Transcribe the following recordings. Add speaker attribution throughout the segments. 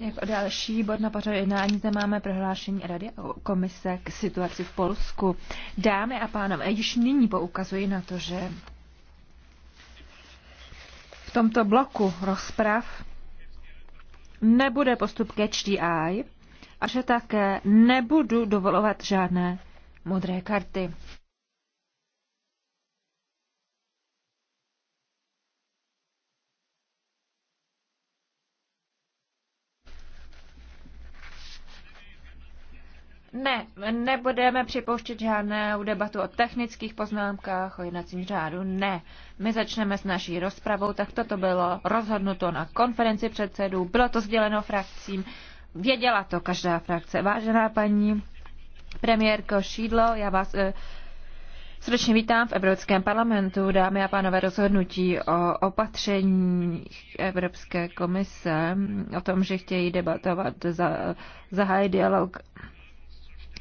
Speaker 1: Jako další bod na pořadu jednání zde máme prohlášení Rady komise k situaci v Polsku. Dámy a pánové, již nyní poukazuji na to, že v tomto bloku rozprav nebude postup ke HDI a že také nebudu dovolovat žádné modré karty. Ne, nebudeme připouštět žádnou debatu o technických poznámkách, o jednacím řádu, ne. My začneme s naší rozpravou, tak toto bylo rozhodnuto na konferenci předsedů, bylo to sděleno frakcím, věděla to každá frakce. Vážená paní premiérko Šídlo, já vás eh, srdečně vítám v Evropském parlamentu, dámy a pánové, rozhodnutí o opatření Evropské komise, o tom, že chtějí debatovat, za, zahájit dialog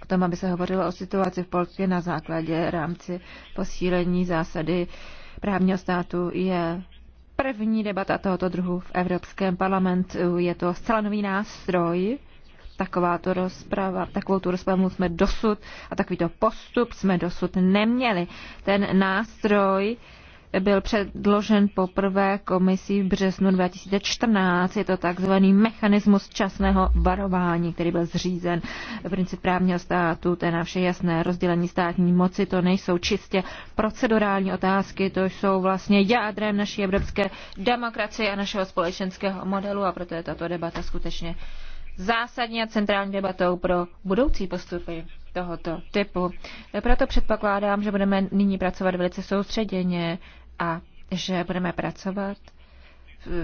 Speaker 1: k tomu, aby se hovořilo o situaci v Polsku na základě rámci posílení zásady právního státu, je první debata tohoto druhu v Evropském parlamentu. Je to zcela nový nástroj, takováto rozprava, takovou tu rozpravu jsme dosud a takovýto postup jsme dosud neměli. Ten nástroj byl předložen poprvé komisí v březnu 2014. Je to takzvaný mechanismus časného varování, který byl zřízen v princip právního státu. To je na vše jasné rozdělení státní moci. To nejsou čistě procedurální otázky, to jsou vlastně jádrem naší evropské demokracie a našeho společenského modelu a proto je tato debata skutečně zásadní a centrální debatou pro budoucí postupy tohoto typu. Proto předpokládám, že budeme nyní pracovat velice soustředěně a že budeme pracovat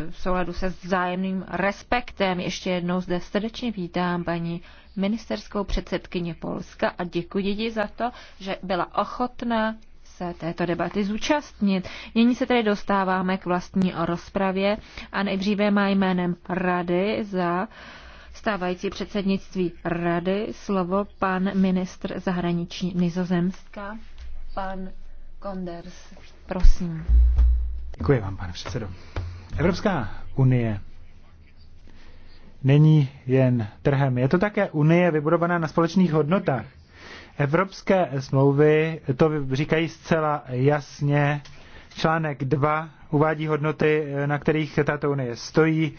Speaker 1: v souladu se vzájemným respektem. Ještě jednou zde srdečně vítám paní ministerskou předsedkyni Polska a děkuji jí za to, že byla ochotná se této debaty zúčastnit. Nyní se tedy dostáváme k vlastní rozpravě a nejdříve má jménem Rady za stávající předsednictví Rady slovo pan ministr zahraniční Nizozemska, pan Konders. Prosím.
Speaker 2: Děkuji vám, pane předsedo. Evropská unie není jen trhem. Je to také unie vybudovaná na společných hodnotách. Evropské smlouvy to říkají zcela jasně. Článek 2 uvádí hodnoty, na kterých tato unie stojí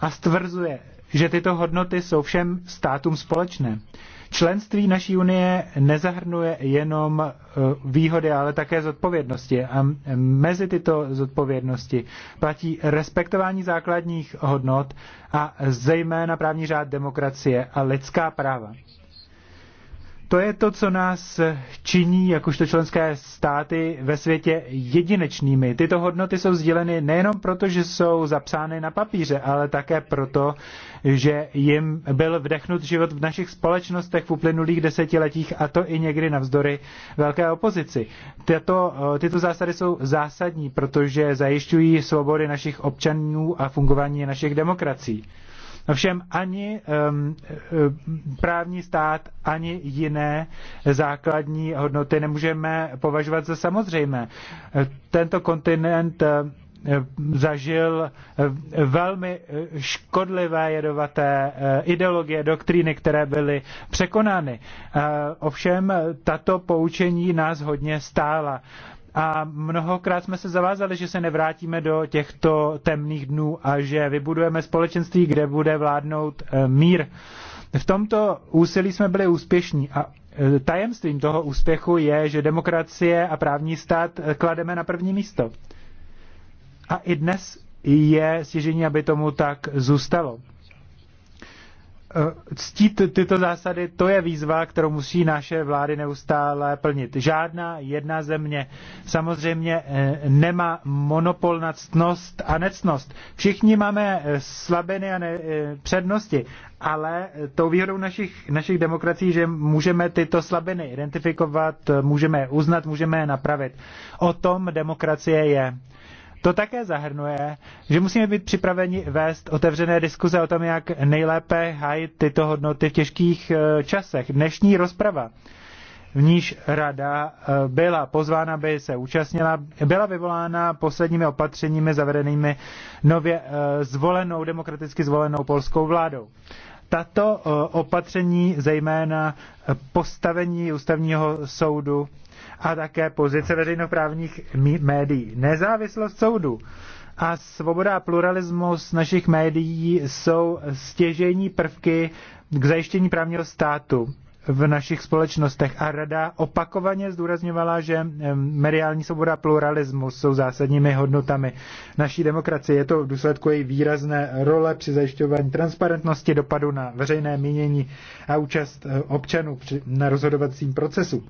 Speaker 2: a stvrzuje, že tyto hodnoty jsou všem státům společné. Členství naší unie nezahrnuje jenom eh, výhody, ale také zodpovědnosti. A mezi tyto zodpovědnosti platí respektování základních hodnot a zejména právní řád demokracie a lidská práva. To je to, co nás činí, jakožto členské státy ve světě jedinečnými. Tyto hodnoty jsou sdíleny nejenom proto, že jsou zapsány na papíře, ale také proto, že jim byl vdechnut život v našich společnostech v uplynulých desetiletích a to i někdy navzdory velké opozici. Tyto tyto zásady jsou zásadní, protože zajišťují svobody našich občanů a fungování našich demokracií. Ovšem ani um, právní stát, ani jiné základní hodnoty nemůžeme považovat za samozřejmé. Tento kontinent zažil velmi eh, škodlivé jedovaté eh, ideologie, doktríny, které byly překonány. Eh, ovšem tato poučení nás hodně stála. A mnohokrát jsme se zavázali, že se nevrátíme do těchto temných dnů a že vybudujeme společenství, kde bude vládnout eh, mír. V tomto úsilí jsme byli úspěšní a eh, tajemstvím toho úspěchu je, že demokracie a právní stát eh, klademe na první místo. A i dnes je stěžení, aby tomu tak zůstalo. Eh, ctít tyto zásady, to je výzva, kterou musí naše vlády neustále plnit. Žádná jedna země samozřejmě eh, nemá monopol na ctnost a necnost. Všichni máme eh, slabiny a ne, přednosti, ale tou výhodou našich, našich demokracií, že můžeme tyto slabiny identifikovat, můžeme je uznat, můžeme je napravit. O tom demokracie je. To také zahrnuje, že musíme být připraveni vést otevřené diskuze o tom, jak nejlépe hájit tyto hodnoty v těžkých eh, časech. Dnešní rozprava, v níž rada eh, byla pozvána, by se účastnila, byla vyvolána posledními opatřeními zavedenými nově eh, zvolenou, demokraticky zvolenou polskou vládou. Tato opatření, zejména postavení ústavního soudu, a také pozice veřejnoprávních médií. Nezávislost soudu a svoboda a pluralismus našich médií jsou stěžejní prvky k zajištění právního státu v našich společnostech a rada opakovaně zdůrazňovala, že mediální svoboda a pluralismus jsou zásadními hodnotami naší demokracie. Je to v důsledku její výrazné role při zajišťování transparentnosti dopadu na veřejné mínění a účast e, občanů na rozhodovacím procesu.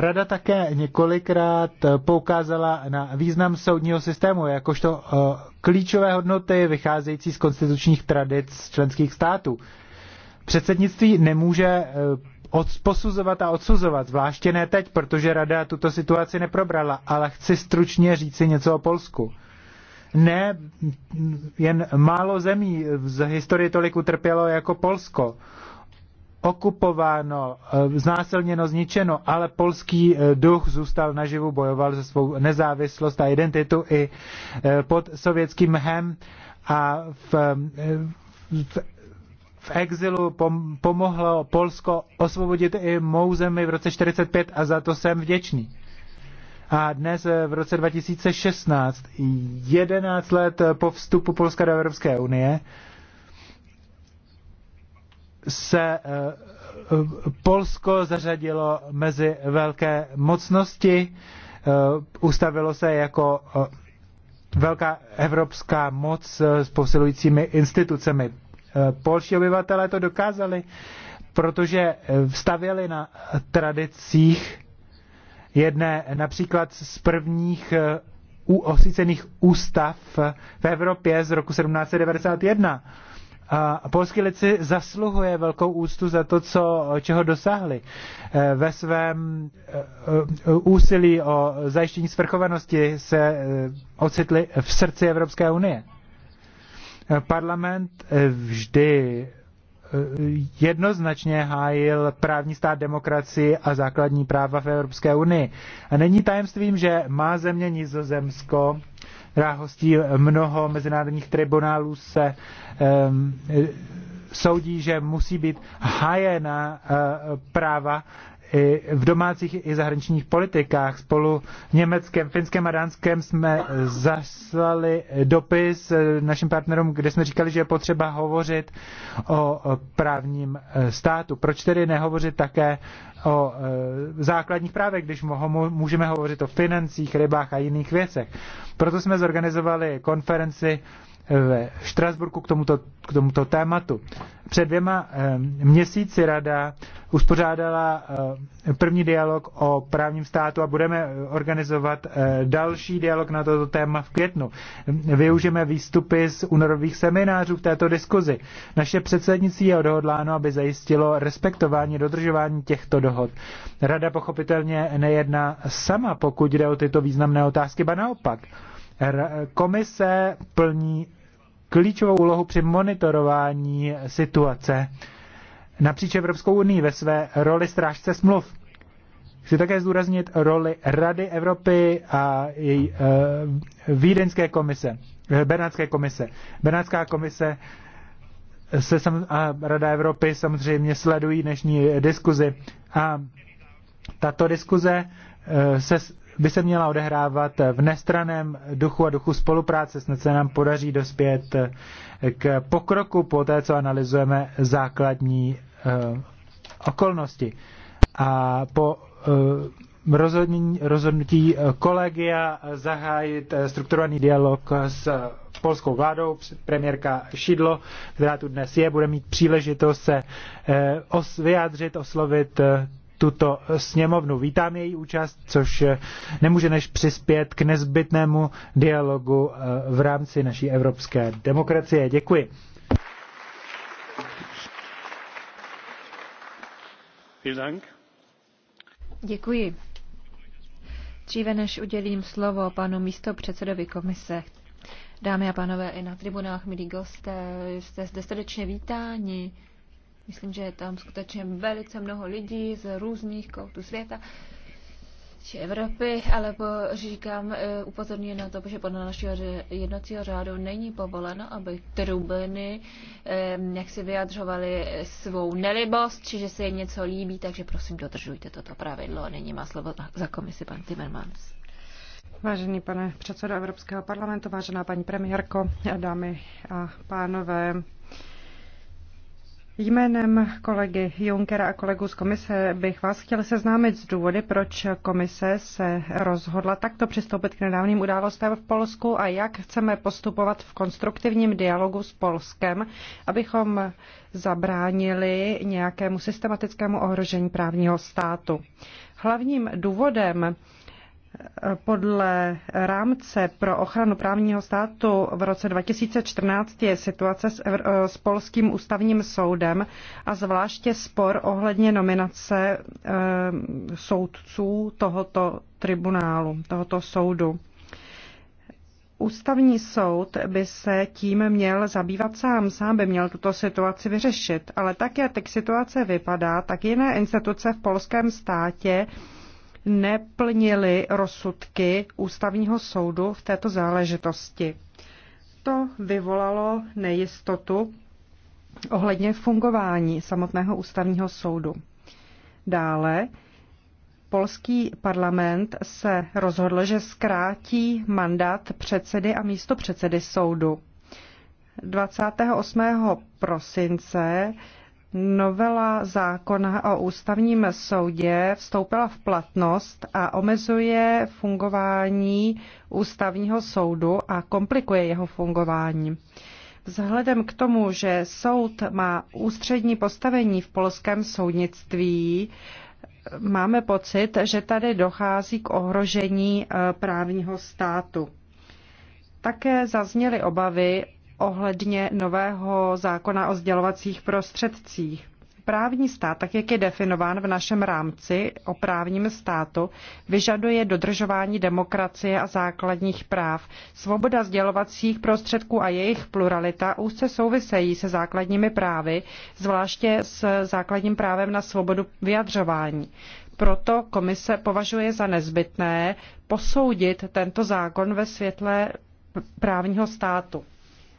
Speaker 2: Rada také několikrát poukázala na význam soudního systému jakožto eh, klíčové hodnoty vycházející z konstitučních tradic členských států. Předsednictví nemůže eh, posuzovat a odsuzovat, zvláště ne teď, protože Rada tuto situaci neprobrala, ale chci stručně říci něco o Polsku. Ne, jen málo zemí z historie tolik utrpělo jako Polsko okupováno, eh, znásilněno, zničeno, ale polský eh, duch zůstal naživu, bojoval za svou nezávislost a identitu i eh, pod sovětským mhem a v, v, v exilu pomohlo Polsko osvobodit i mou zemi v roce 45 a za to jsem vděčný. A dnes v roce 2016, 11 let po vstupu Polska do Evropské unie, se eh, Polsko zařadilo mezi velké mocnosti, eh, ustavilo se jako eh, velká evropská moc s posilujícími institucemi. Polští obyvatelé to dokázali, protože vstavěli na tradicích jedné například z prvních osícených ústav v Evropě z roku 1791 a polský lid si zasluhuje velkou úctu za to, co, čeho dosáhli eh, ve svém eh, eh, úsilí o zajištění svrchovanosti se ocitli v srdci Evropské unie. Parlament vždy jednoznačně hájil právní stát demokracii a základní práva v Evropské unii. A není tajemstvím, že má země Nizozemsko která hostí mnoho mezinárodních tribunálů, se um, soudí, že musí být hájena eh, práva i v domácích i zahraničních politikách. Spolu v Německém, Finskem a Dánskem jsme zaslali dopis našim partnerům, kde jsme říkali, že je potřeba hovořit o právním státu. Proč tedy nehovořit také o e, základních právech, když můžeme hovořit o financích, rybách a jiných věcech. Proto jsme zorganizovali konferenci ve Štrasburku k tomuto, k tomuto tématu. Před dvěma eh, měsíci rada uspořádala eh, první dialog o právním státu a budeme eh, organizovat další dialog na toto téma v květnu. Využijeme výstupy z únorových seminářů v této diskuzi. Naše předsednictví je odhodláno, aby zajistilo respektování dodržování těchto dohod. Rada pochopitelně nejedná sama, pokud jde o tyto významné otázky, ba naopak. Komise plní klíčovou úlohu při monitorování situace napříč Evropskou unii ve své roli strážce smluv. Chci také zdůraznit roli Rady Evropy a její uh, Vídeňské komise, eh, Bernátské komise. Bernátská komise se sam, a Rada Evropy samozřejmě sledují dnešní diskuzi a tato diskuze eh, se by se měla odehrávat v nestraném duchu a duchu spolupráce. Snad se nám podaří dospět eh, k pokroku po té, co analyzujeme základní eh, okolnosti. A po eh, rozhodnutí, rozhodnutí kolegia zahájit strukturovaný dialog s polskou vládou, premiérka Šidlo, která tu dnes je, bude mít příležitost se vyjádřit, oslovit tuto sněmovnu. Vítám její účast, což eh, nemůže než přispět k nezbytnému dialogu eh, v rámci naší evropské demokracie. Děkuji.
Speaker 1: Děkuji. Dříve než udělím slovo panu místopředsedovi komise, dámy a pánové, i na tribunách, milí gosté, jste zde srdečně vítáni. Myslím, že je tam skutečně velice mnoho lidí z různých koutů světa či Evropy, ale po, říkám, eh, upozorňuji na to, že podle našeho jednacího řádu není povoleno, aby trubiny eh, jak si vyjadřovaly eh, svou nelibost, či že se jim něco líbí, takže prosím dodržujte toto pravidlo. Nyní má slovo za komisi pan Timmermans.
Speaker 3: Vážený pane předsedo Evropského parlamentu, vážená paní premiérko, dámy a pánové, Jménem kolegy Junkera a kolegů z komise bych vás chtěl seznámit s důvody, proč komise se rozhodla takto přistoupit k nedávným událostem v Polsku a jak chceme postupovat v konstruktivním dialogu s Polskem, abychom zabránili nějakému systematickému ohrožení právního státu. Hlavním důvodem podle rámce pro ochranu právního státu v roce 2014 je situace s, s Polským ústavním soudem a zvláště spor ohledně nominace e, soudců tohoto tribunálu, tohoto soudu. Ústavní soud by se tím měl zabývat sám, sám by měl tuto situaci vyřešit, ale tak, jak teď situace vypadá, tak jiné instituce v polském státě neplnili rozsudky ústavního soudu v této záležitosti. To vyvolalo nejistotu ohledně fungování samotného ústavního soudu. Dále polský parlament se rozhodl, že zkrátí mandát předsedy a místo předsedy soudu. 28. prosince novela zákona o ústavním soudě vstoupila v platnost a omezuje fungování ústavního soudu a komplikuje jeho fungování. Vzhledem k tomu, že soud má ústřední postavení v polském soudnictví, máme pocit, že tady dochází k ohrožení eh, právního státu. Také zazněly obavy ohledně nového zákona o sdělovacích prostředcích. Právní stát, tak jak je definován v našem rámci o právním státu, vyžaduje dodržování demokracie a základních práv. Svoboda sdělovacích prostředků a jejich pluralita úzce souvisejí se základními právy, zvláště s základním právem na svobodu vyjadřování. Proto komise považuje za nezbytné posoudit tento zákon ve světle právního státu.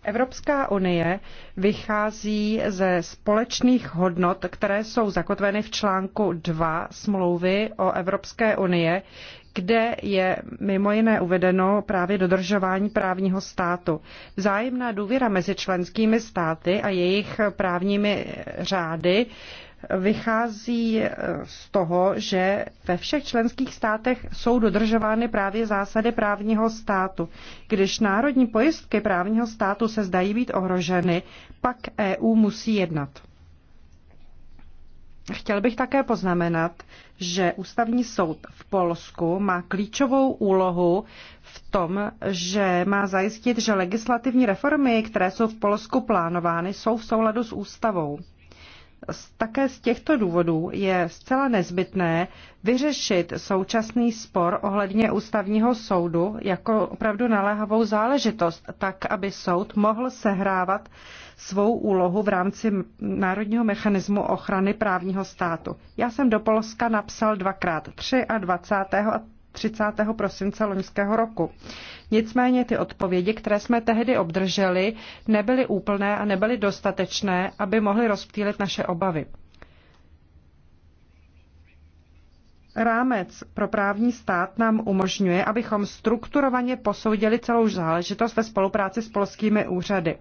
Speaker 3: Evropská unie vychází ze společných hodnot, které jsou zakotveny v článku 2 smlouvy o Evropské unie, kde je mimo jiné uvedeno právě dodržování právního státu. Vzájemná důvěra mezi členskými státy a jejich právními řády vychází eh, z toho, že ve všech členských státech jsou dodržovány právě zásady právního státu. Když národní pojistky právního státu se zdají být ohroženy, pak EU musí jednat. Chtěl bych také poznamenat, že ústavní soud v Polsku má klíčovou úlohu v tom, že má zajistit, že legislativní reformy, které jsou v Polsku plánovány, jsou v souladu s ústavou. Také z těchto důvodů je zcela nezbytné vyřešit současný spor ohledně ústavního soudu jako opravdu naléhavou záležitost, tak aby soud mohl sehrávat svou úlohu v rámci Národního mechanismu ochrany právního státu. Já jsem do Polska napsal dvakrát 23. a 30. prosince loňského roku. Nicméně ty odpovědi, které jsme tehdy obdrželi, nebyly úplné a nebyly dostatečné, aby mohly rozptýlit naše obavy. Rámec pro právní stát nám umožňuje, abychom strukturovaně posoudili celou záležitost ve spolupráci s polskými úřady.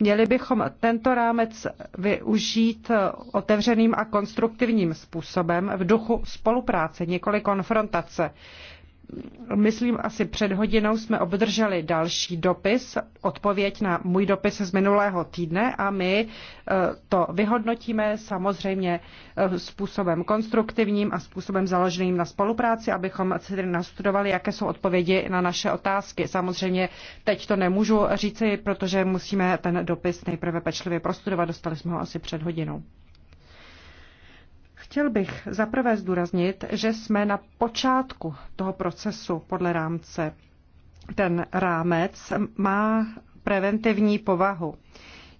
Speaker 3: Měli bychom tento rámec využít otevřeným a konstruktivním způsobem v duchu spolupráce, nikoli konfrontace myslím, asi před hodinou jsme obdrželi další dopis, odpověď na můj dopis z minulého týdne a my eh, to vyhodnotíme samozřejmě eh, způsobem konstruktivním a způsobem založeným na spolupráci, abychom si tedy nastudovali, jaké jsou odpovědi na naše otázky. Samozřejmě teď to nemůžu říci, protože musíme ten dopis nejprve pečlivě prostudovat, dostali jsme ho asi před hodinou. Chtěl bych zaprvé zdůraznit, že jsme na počátku toho procesu podle rámce. Ten rámec má preventivní povahu.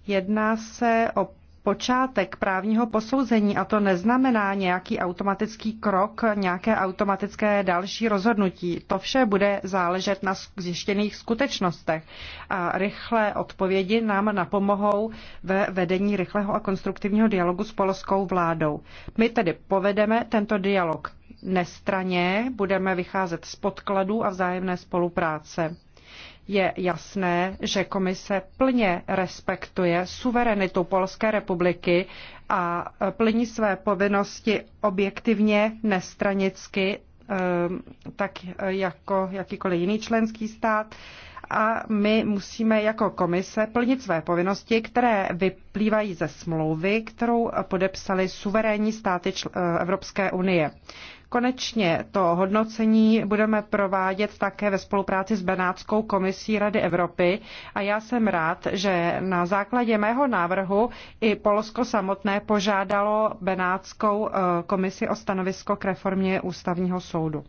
Speaker 3: Jedná se o počátek právního posouzení a to neznamená nějaký automatický krok, nějaké automatické další rozhodnutí. To vše bude záležet na zjištěných skutečnostech a rychlé odpovědi nám napomohou ve vedení rychlého a konstruktivního dialogu s polskou vládou. My tedy povedeme tento dialog nestraně, budeme vycházet z podkladů a vzájemné spolupráce je jasné, že komise plně respektuje suverenitu Polské republiky a plní své povinnosti objektivně, nestranicky, ehm, tak jako jakýkoliv jiný členský stát a my musíme jako komise plnit své povinnosti, které vyplývají ze smlouvy, kterou podepsali suverénní státy eh, Evropské unie. Konečně to hodnocení budeme provádět také ve spolupráci s Benátskou komisí Rady Evropy a já jsem rád, že na základě mého návrhu i Polsko samotné požádalo Benátskou eh, komisi o stanovisko k reformě ústavního soudu.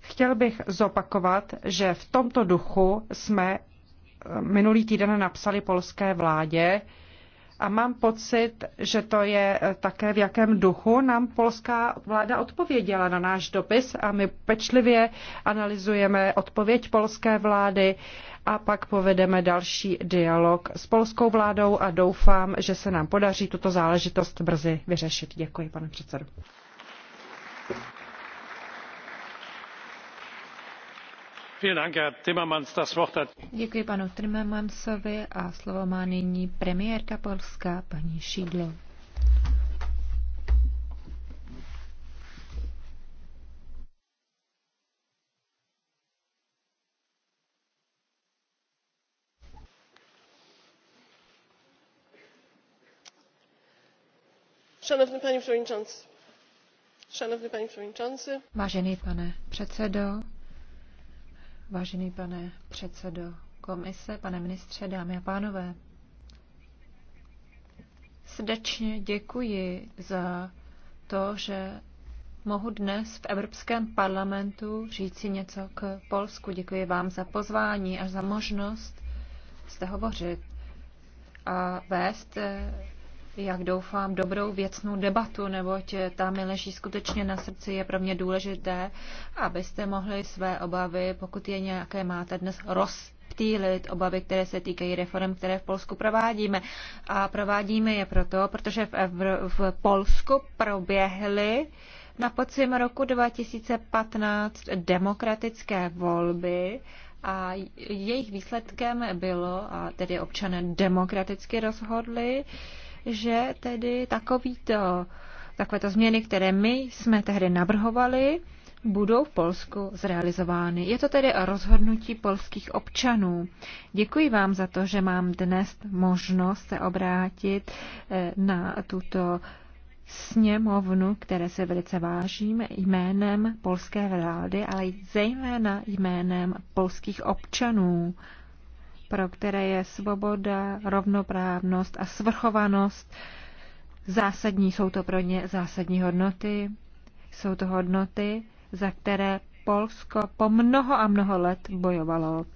Speaker 3: Chtěl bych zopakovat, že v tomto duchu jsme eh, minulý týden napsali polské vládě, a mám pocit, že to je eh, také v jakém duchu nám polská vláda odpověděla na náš dopis a my pečlivě analyzujeme odpověď polské vlády a pak povedeme další dialog s polskou vládou a doufám, že se nám podaří tuto záležitost brzy vyřešit. Děkuji, pane předsedo.
Speaker 1: Děkuji panu Timmermansovi a slovo má nyní premiérka Polska, paní Šídlo.
Speaker 4: Szanowny panie przewodniczący. Szanowny panie przewodniczący.
Speaker 1: Vážený pane předsedo, Vážený pane předsedo komise, pane ministře, dámy a pánové, srdečně děkuji za to, že mohu dnes v Evropském parlamentu říci něco k Polsku. Děkuji vám za pozvání a za možnost zde hovořit a vést jak doufám, dobrou věcnou debatu, neboť ta mi leží skutečně na srdci, je pro mě důležité, abyste mohli své obavy, pokud je nějaké máte dnes, roz obavy, které se týkají reform, které v Polsku provádíme. A provádíme je proto, protože v, Evro- v Polsku proběhly na podzim roku 2015 demokratické volby a jejich výsledkem bylo, a tedy občané demokraticky rozhodli, že tedy takovýto, takovéto změny, které my jsme tehdy navrhovali, budou v Polsku zrealizovány. Je to tedy rozhodnutí polských občanů. Děkuji vám za to, že mám dnes možnost se obrátit eh, na tuto sněmovnu, které se velice vážím, jménem polské vlády, ale zejména jménem polských občanů pro které je svoboda, rovnoprávnost a svrchovanost zásadní. Jsou to pro ně zásadní hodnoty. Jsou to hodnoty, za které Polsko po mnoho a mnoho let bojovalo.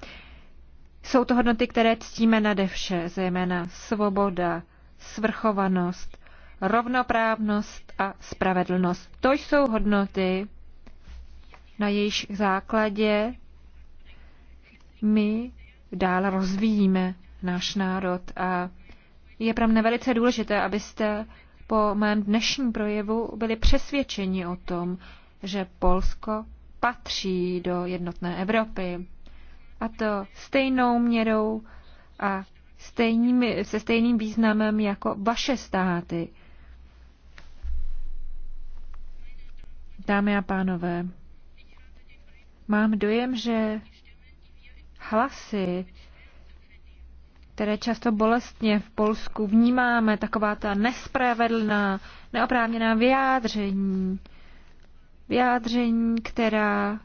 Speaker 1: Jsou to hodnoty, které ctíme nade vše, zejména svoboda, svrchovanost, rovnoprávnost a spravedlnost. To jsou hodnoty, na jejich základě my dál rozvíjíme náš národ. A je pro mě velice důležité, abyste po mém dnešním projevu byli přesvědčeni o tom, že Polsko patří do jednotné Evropy. A to stejnou měrou a stejným, se stejným významem jako vaše státy. Dámy a pánové, mám dojem, že hlasy, které často bolestně v Polsku vnímáme, taková ta nespravedlná, neoprávněná vyjádření, vyjádření, která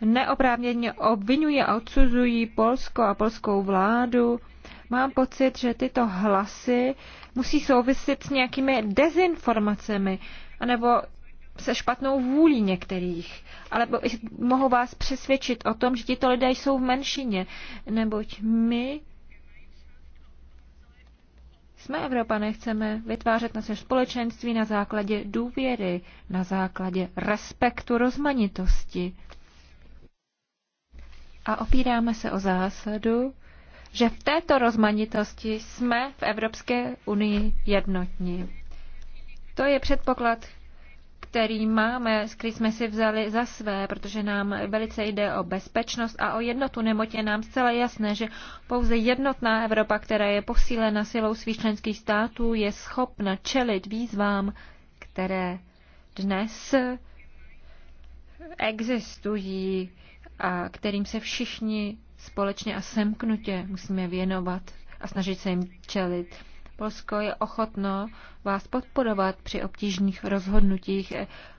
Speaker 1: neoprávněně obvinují a odsuzují Polsko a polskou vládu. Mám pocit, že tyto hlasy musí souviset s nějakými dezinformacemi, anebo se špatnou vůlí některých, ale mohu vás přesvědčit o tom, že tito lidé jsou v menšině, neboť my jsme Evropané, chceme vytvářet naše společenství na základě důvěry, na základě respektu rozmanitosti. A opíráme se o zásadu, že v této rozmanitosti jsme v Evropské unii jednotní. To je předpoklad který máme, který jsme si vzali za své, protože nám velice jde o bezpečnost a o jednotu, neboť je nám zcela jasné, že pouze jednotná Evropa, která je posílena silou svých členských států, je schopna čelit výzvám, které dnes existují a kterým se všichni společně a semknutě musíme věnovat a snažit se jim čelit. Polsko je ochotno vás podporovat při obtížných rozhodnutích.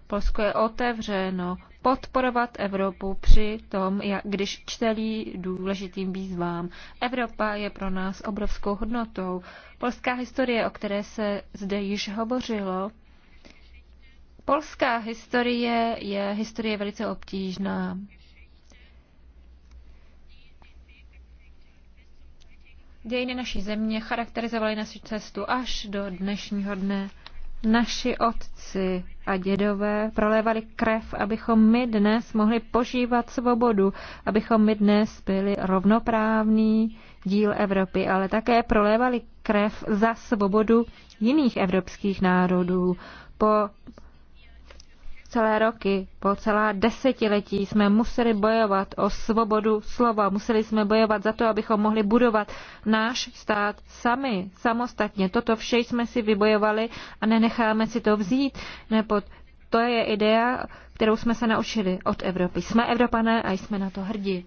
Speaker 1: Polsko je otevřeno podporovat Evropu při tom, jak, když čtelí důležitým výzvám. Evropa je pro nás obrovskou hodnotou. Polská historie, o které se zde již hovořilo, Polská historie je historie velice obtížná. Dějiny naší země charakterizovaly naši cestu až do dnešního dne. Naši otci a dědové prolévali krev, abychom my dnes mohli požívat svobodu, abychom my dnes byli rovnoprávný díl Evropy, ale také prolévali krev za svobodu jiných evropských národů. Po celé roky, po celá desetiletí jsme museli bojovat o svobodu slova, museli jsme bojovat za to, abychom mohli budovat náš stát sami, samostatně. Toto vše jsme si vybojovali a nenecháme si to vzít, nebo to je idea, kterou jsme se naučili od Evropy. Jsme Evropané a jsme na to hrdí.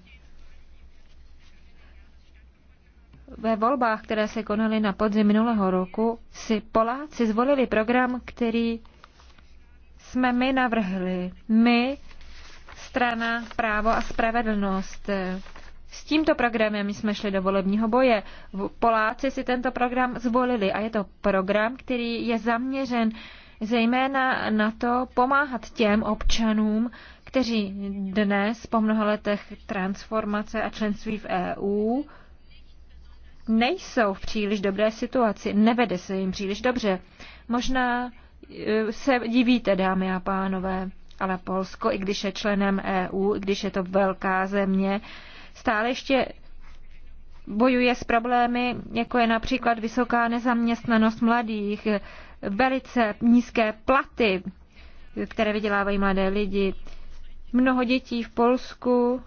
Speaker 1: Ve volbách, které se konaly na podzim minulého roku, si Poláci zvolili program, který jsme my navrhli. My, strana Právo a spravedlnost. S tímto programem jsme šli do volebního boje. Poláci si tento program zvolili a je to program, který je zaměřen zejména na to pomáhat těm občanům, kteří dnes po mnoha letech transformace a členství v EU nejsou v příliš dobré situaci, nevede se jim příliš dobře. Možná se divíte, dámy a pánové, ale Polsko, i když je členem EU, i když je to velká země, stále ještě bojuje s problémy, jako je například vysoká nezaměstnanost mladých, velice nízké platy, které vydělávají mladé lidi. Mnoho dětí v Polsku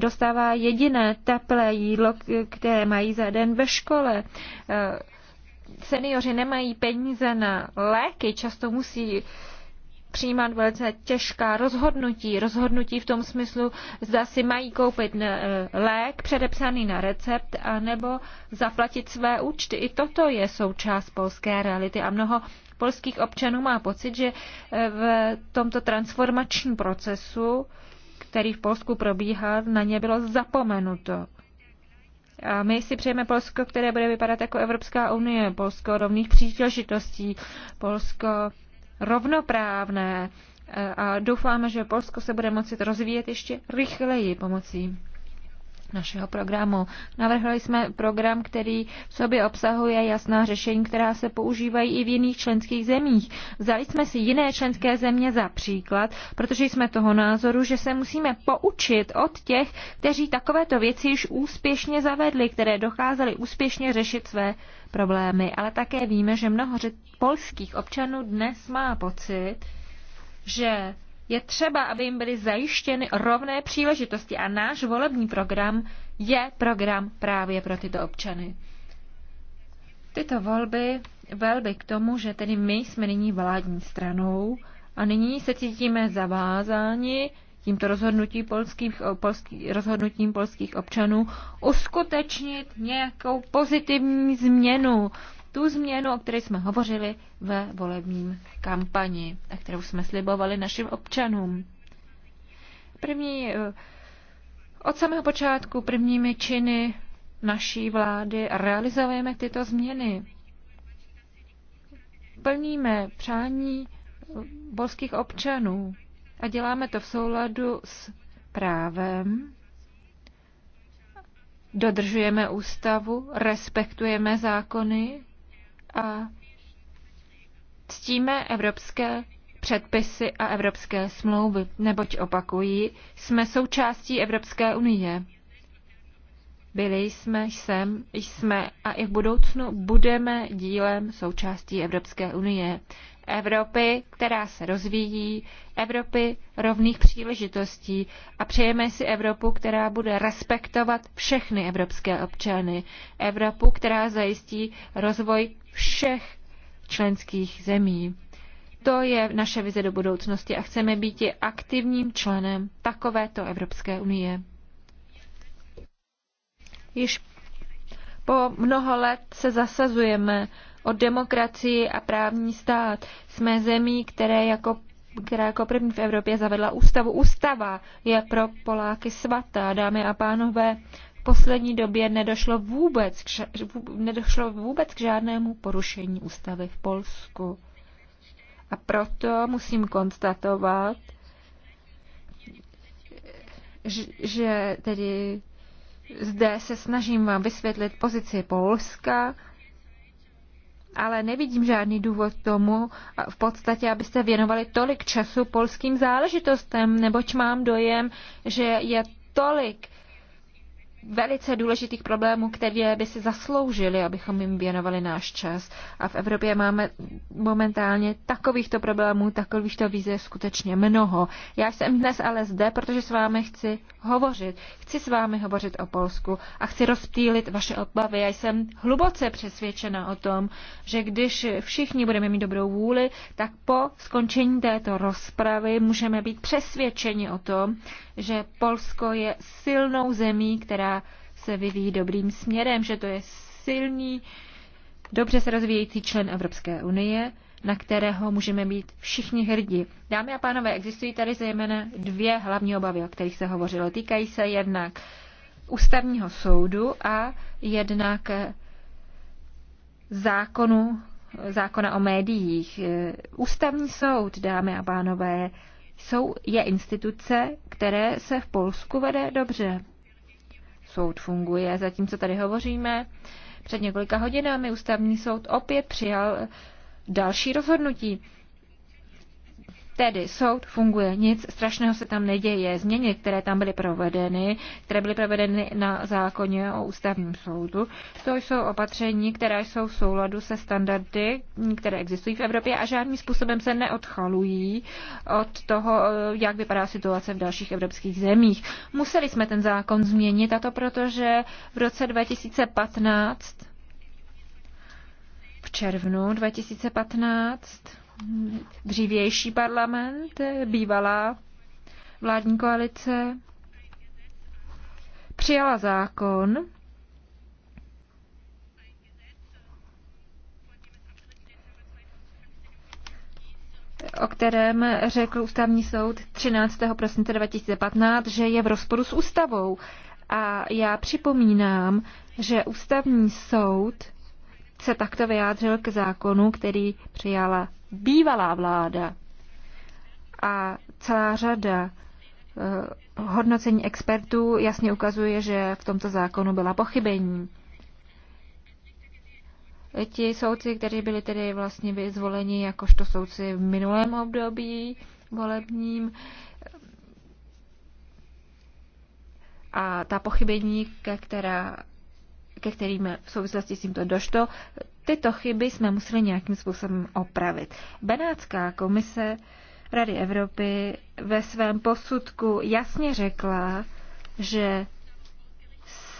Speaker 1: dostává, jediné teplé jídlo, které mají za den ve škole seniori nemají peníze na léky, často musí přijímat velice těžká rozhodnutí. Rozhodnutí v tom smyslu, zda si mají koupit eh, lék předepsaný na recept, anebo zaplatit své účty. I toto je součást polské reality a mnoho polských občanů má pocit, že eh, v tomto transformačním procesu, který v Polsku probíhal, na ně bylo zapomenuto. A my si přejeme Polsko, které bude vypadat jako Evropská unie, Polsko rovných příležitostí, Polsko rovnoprávné a doufáme, že Polsko se bude moci rozvíjet ještě rychleji pomocí našeho programu. Navrhli jsme program, který v sobě obsahuje jasná řešení, která se používají i v jiných členských zemích. Vzali jsme si jiné členské země za příklad, protože jsme toho názoru, že se musíme poučit od těch, kteří takovéto věci již úspěšně zavedli, které dokázali úspěšně řešit své problémy. Ale také víme, že mnoho polských občanů dnes má pocit, že je třeba, aby jim byly zajištěny rovné příležitosti a náš volební program je program právě pro tyto občany. Tyto volby velby k tomu, že tedy my jsme nyní vládní stranou a nyní se cítíme zavázáni tímto rozhodnutí polských, polský, rozhodnutím polských občanů uskutečnit nějakou pozitivní změnu tu změnu, o které jsme hovořili ve volebním kampani a kterou jsme slibovali našim občanům. První, eh, od samého počátku prvními činy naší vlády realizujeme tyto změny. Plníme přání eh, polských občanů a děláme to v souladu s právem, dodržujeme ústavu, respektujeme zákony a ctíme evropské předpisy a evropské smlouvy, neboť opakují, jsme součástí Evropské unie. Byli jsme, jsem, jsme a i v budoucnu budeme dílem součástí Evropské unie. Evropy, která se rozvíjí, Evropy rovných příležitostí a přejeme si Evropu, která bude respektovat všechny evropské občany, Evropu, která zajistí rozvoj všech členských zemí. To je naše vize do budoucnosti a chceme být i aktivním členem takovéto Evropské unie. Již po mnoho let se zasazujeme o demokracii a právní stát. Jsme zemí, které jako která jako první v Evropě zavedla ústavu. Ústava je pro Poláky svatá, dámy a pánové poslední době nedošlo vůbec k, nedošlo vůbec k žádnému porušení ústavy v Polsku. A proto musím konstatovat, že tedy zde se snažím vám vysvětlit pozici Polska, ale nevidím žádný důvod tomu, v podstatě, abyste věnovali tolik času polským záležitostem, neboť mám dojem, že je tolik velice důležitých problémů, které by si zasloužili, abychom jim věnovali náš čas. A v Evropě máme momentálně takovýchto problémů, takovýchto výzev skutečně mnoho. Já jsem dnes ale zde, protože s vámi chci hovořit. Chci s vámi hovořit o Polsku a chci rozptýlit vaše obavy. Já jsem hluboce přesvědčena o tom, že když všichni budeme mít dobrou vůli, tak po skončení této rozpravy můžeme být přesvědčeni o tom, že Polsko je silnou zemí, která se vyvíjí dobrým směrem, že to je silný, dobře se rozvíjející člen Evropské unie, na kterého můžeme být všichni hrdí. Dámy a pánové, existují tady zejména dvě hlavní obavy, o kterých se hovořilo. Týkají se jednak ústavního soudu a jednak zákonu, zákona o médiích. Ústavní soud, dámy a pánové, jsou, je instituce, které se v Polsku vede dobře soud funguje. Zatímco tady hovoříme, před několika hodinami ústavní soud opět přijal další rozhodnutí. Tedy soud funguje, nic strašného se tam neděje. Změny, které tam byly provedeny, které byly provedeny na zákoně o ústavním soudu, to jsou opatření, která jsou v souladu se standardy, které existují v Evropě a žádným způsobem se neodchalují od toho, jak vypadá situace v dalších evropských zemích. Museli jsme ten zákon změnit a to protože v roce 2015 v červnu 2015 dřívější parlament, bývalá vládní koalice, přijala zákon, o kterém řekl ústavní soud 13. prosince 2015, že je v rozporu s ústavou. A já připomínám, že ústavní soud se takto vyjádřil k zákonu, který přijala bývalá vláda a celá řada eh, hodnocení expertů jasně ukazuje, že v tomto zákonu byla pochybení. Ti soudci, kteří byli tedy vlastně vyzvoleni jakožto soudci v minulém období volebním, a ta pochybení, ke, která, ke kterým v souvislosti s tímto došlo, Tyto chyby jsme museli nějakým způsobem opravit. Benátská komise Rady Evropy ve svém posudku jasně řekla, že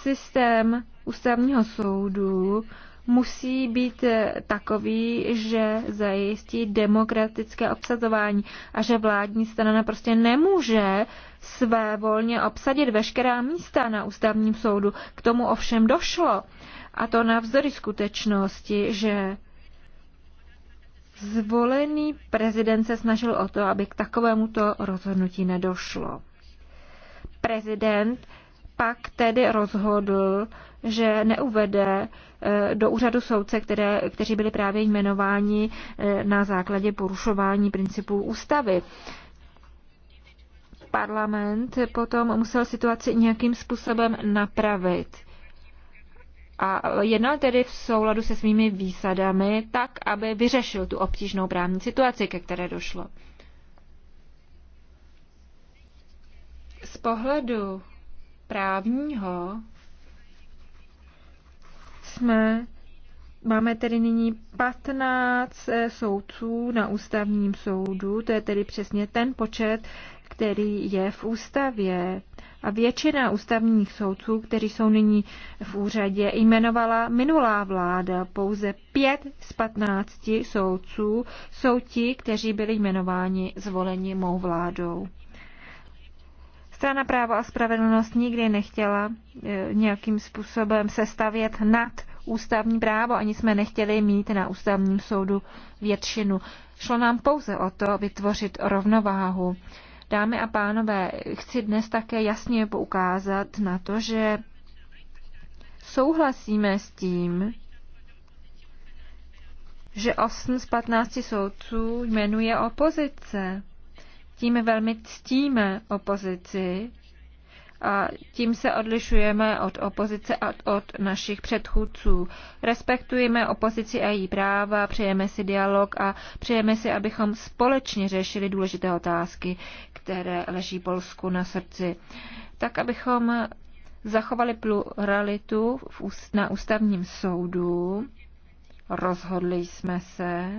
Speaker 1: systém ústavního soudu musí být takový, že zajistí demokratické obsazování a že vládní strana prostě nemůže své volně obsadit veškerá místa na ústavním soudu. K tomu ovšem došlo. A to navzory skutečnosti, že zvolený prezident se snažil o to, aby k takovémuto rozhodnutí nedošlo. Prezident pak tedy rozhodl, že neuvede eh, do úřadu soudce, které, kteří byli právě jmenováni eh, na základě porušování principů ústavy. Parlament potom musel situaci nějakým způsobem napravit a jednal tedy v souladu se svými výsadami tak, aby vyřešil tu obtížnou právní situaci, ke které došlo. Z pohledu právního jsme, máme tedy nyní 15 eh, soudců na ústavním soudu, to je tedy přesně ten počet, který je v ústavě. A většina ústavních soudců, kteří jsou nyní v úřadě, jmenovala minulá vláda. Pouze pět z patnácti soudců jsou ti, kteří byli jmenováni zvoleni mou vládou. Strana práva a spravedlnost nikdy nechtěla e, nějakým způsobem se stavět nad ústavní právo, ani jsme nechtěli mít na ústavním soudu většinu. Šlo nám pouze o to vytvořit rovnováhu. Dámy a pánové, chci dnes také jasně poukázat na to, že souhlasíme s tím, že 8 z 15 soudců jmenuje opozice. Tím velmi ctíme opozici a tím se odlišujeme od opozice a od našich předchůdců. Respektujeme opozici a její práva, přejeme si dialog a přejeme si, abychom společně řešili důležité otázky, které leží Polsku na srdci. Tak, abychom zachovali pluralitu na ústavním soudu, rozhodli jsme se,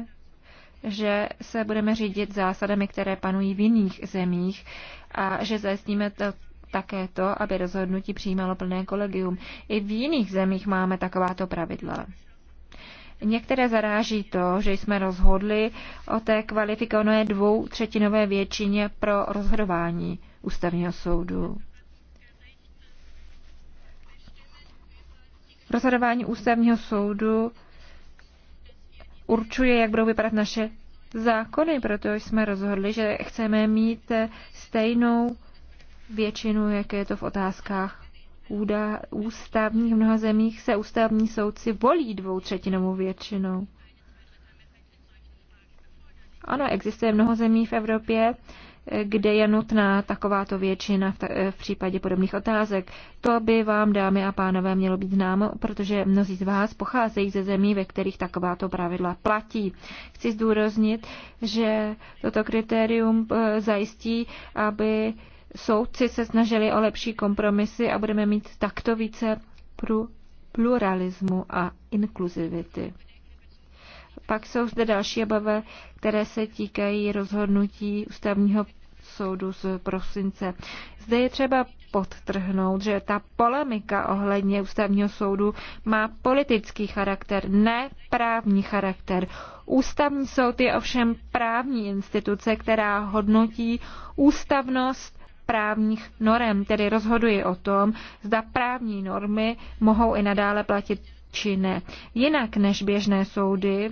Speaker 1: že se budeme řídit zásadami, které panují v jiných zemích a že zajistíme také to, aby rozhodnutí přijímalo plné kolegium. I v jiných zemích máme takováto pravidla. Některé zaráží to, že jsme rozhodli o té kvalifikované dvou třetinové většině pro rozhodování ústavního soudu. Rozhodování ústavního soudu určuje, jak budou vypadat naše zákony, proto jsme rozhodli, že chceme mít stejnou většinu, jak je to v otázkách úda, ústavních. V mnoha zemích se ústavní soudci volí dvou třetinovou většinou. Ano, existuje mnoho zemí v Evropě, kde je nutná takováto většina v, ta, v případě podobných otázek. To by vám, dámy a pánové, mělo být známo, protože mnozí z vás pocházejí ze zemí, ve kterých takováto pravidla platí. Chci zdůraznit, že toto kritérium eh, zajistí, aby soudci se snažili o lepší kompromisy a budeme mít takto více pluralismu a inkluzivity. Pak jsou zde další obavy, které se týkají rozhodnutí ústavního soudu z prosince. Zde je třeba podtrhnout, že ta polemika ohledně ústavního soudu má politický charakter, ne právní charakter. Ústavní soud je ovšem právní instituce, která hodnotí ústavnost právních norem, tedy rozhoduji o tom, zda právní normy mohou i nadále platit či ne. Jinak než běžné soudy,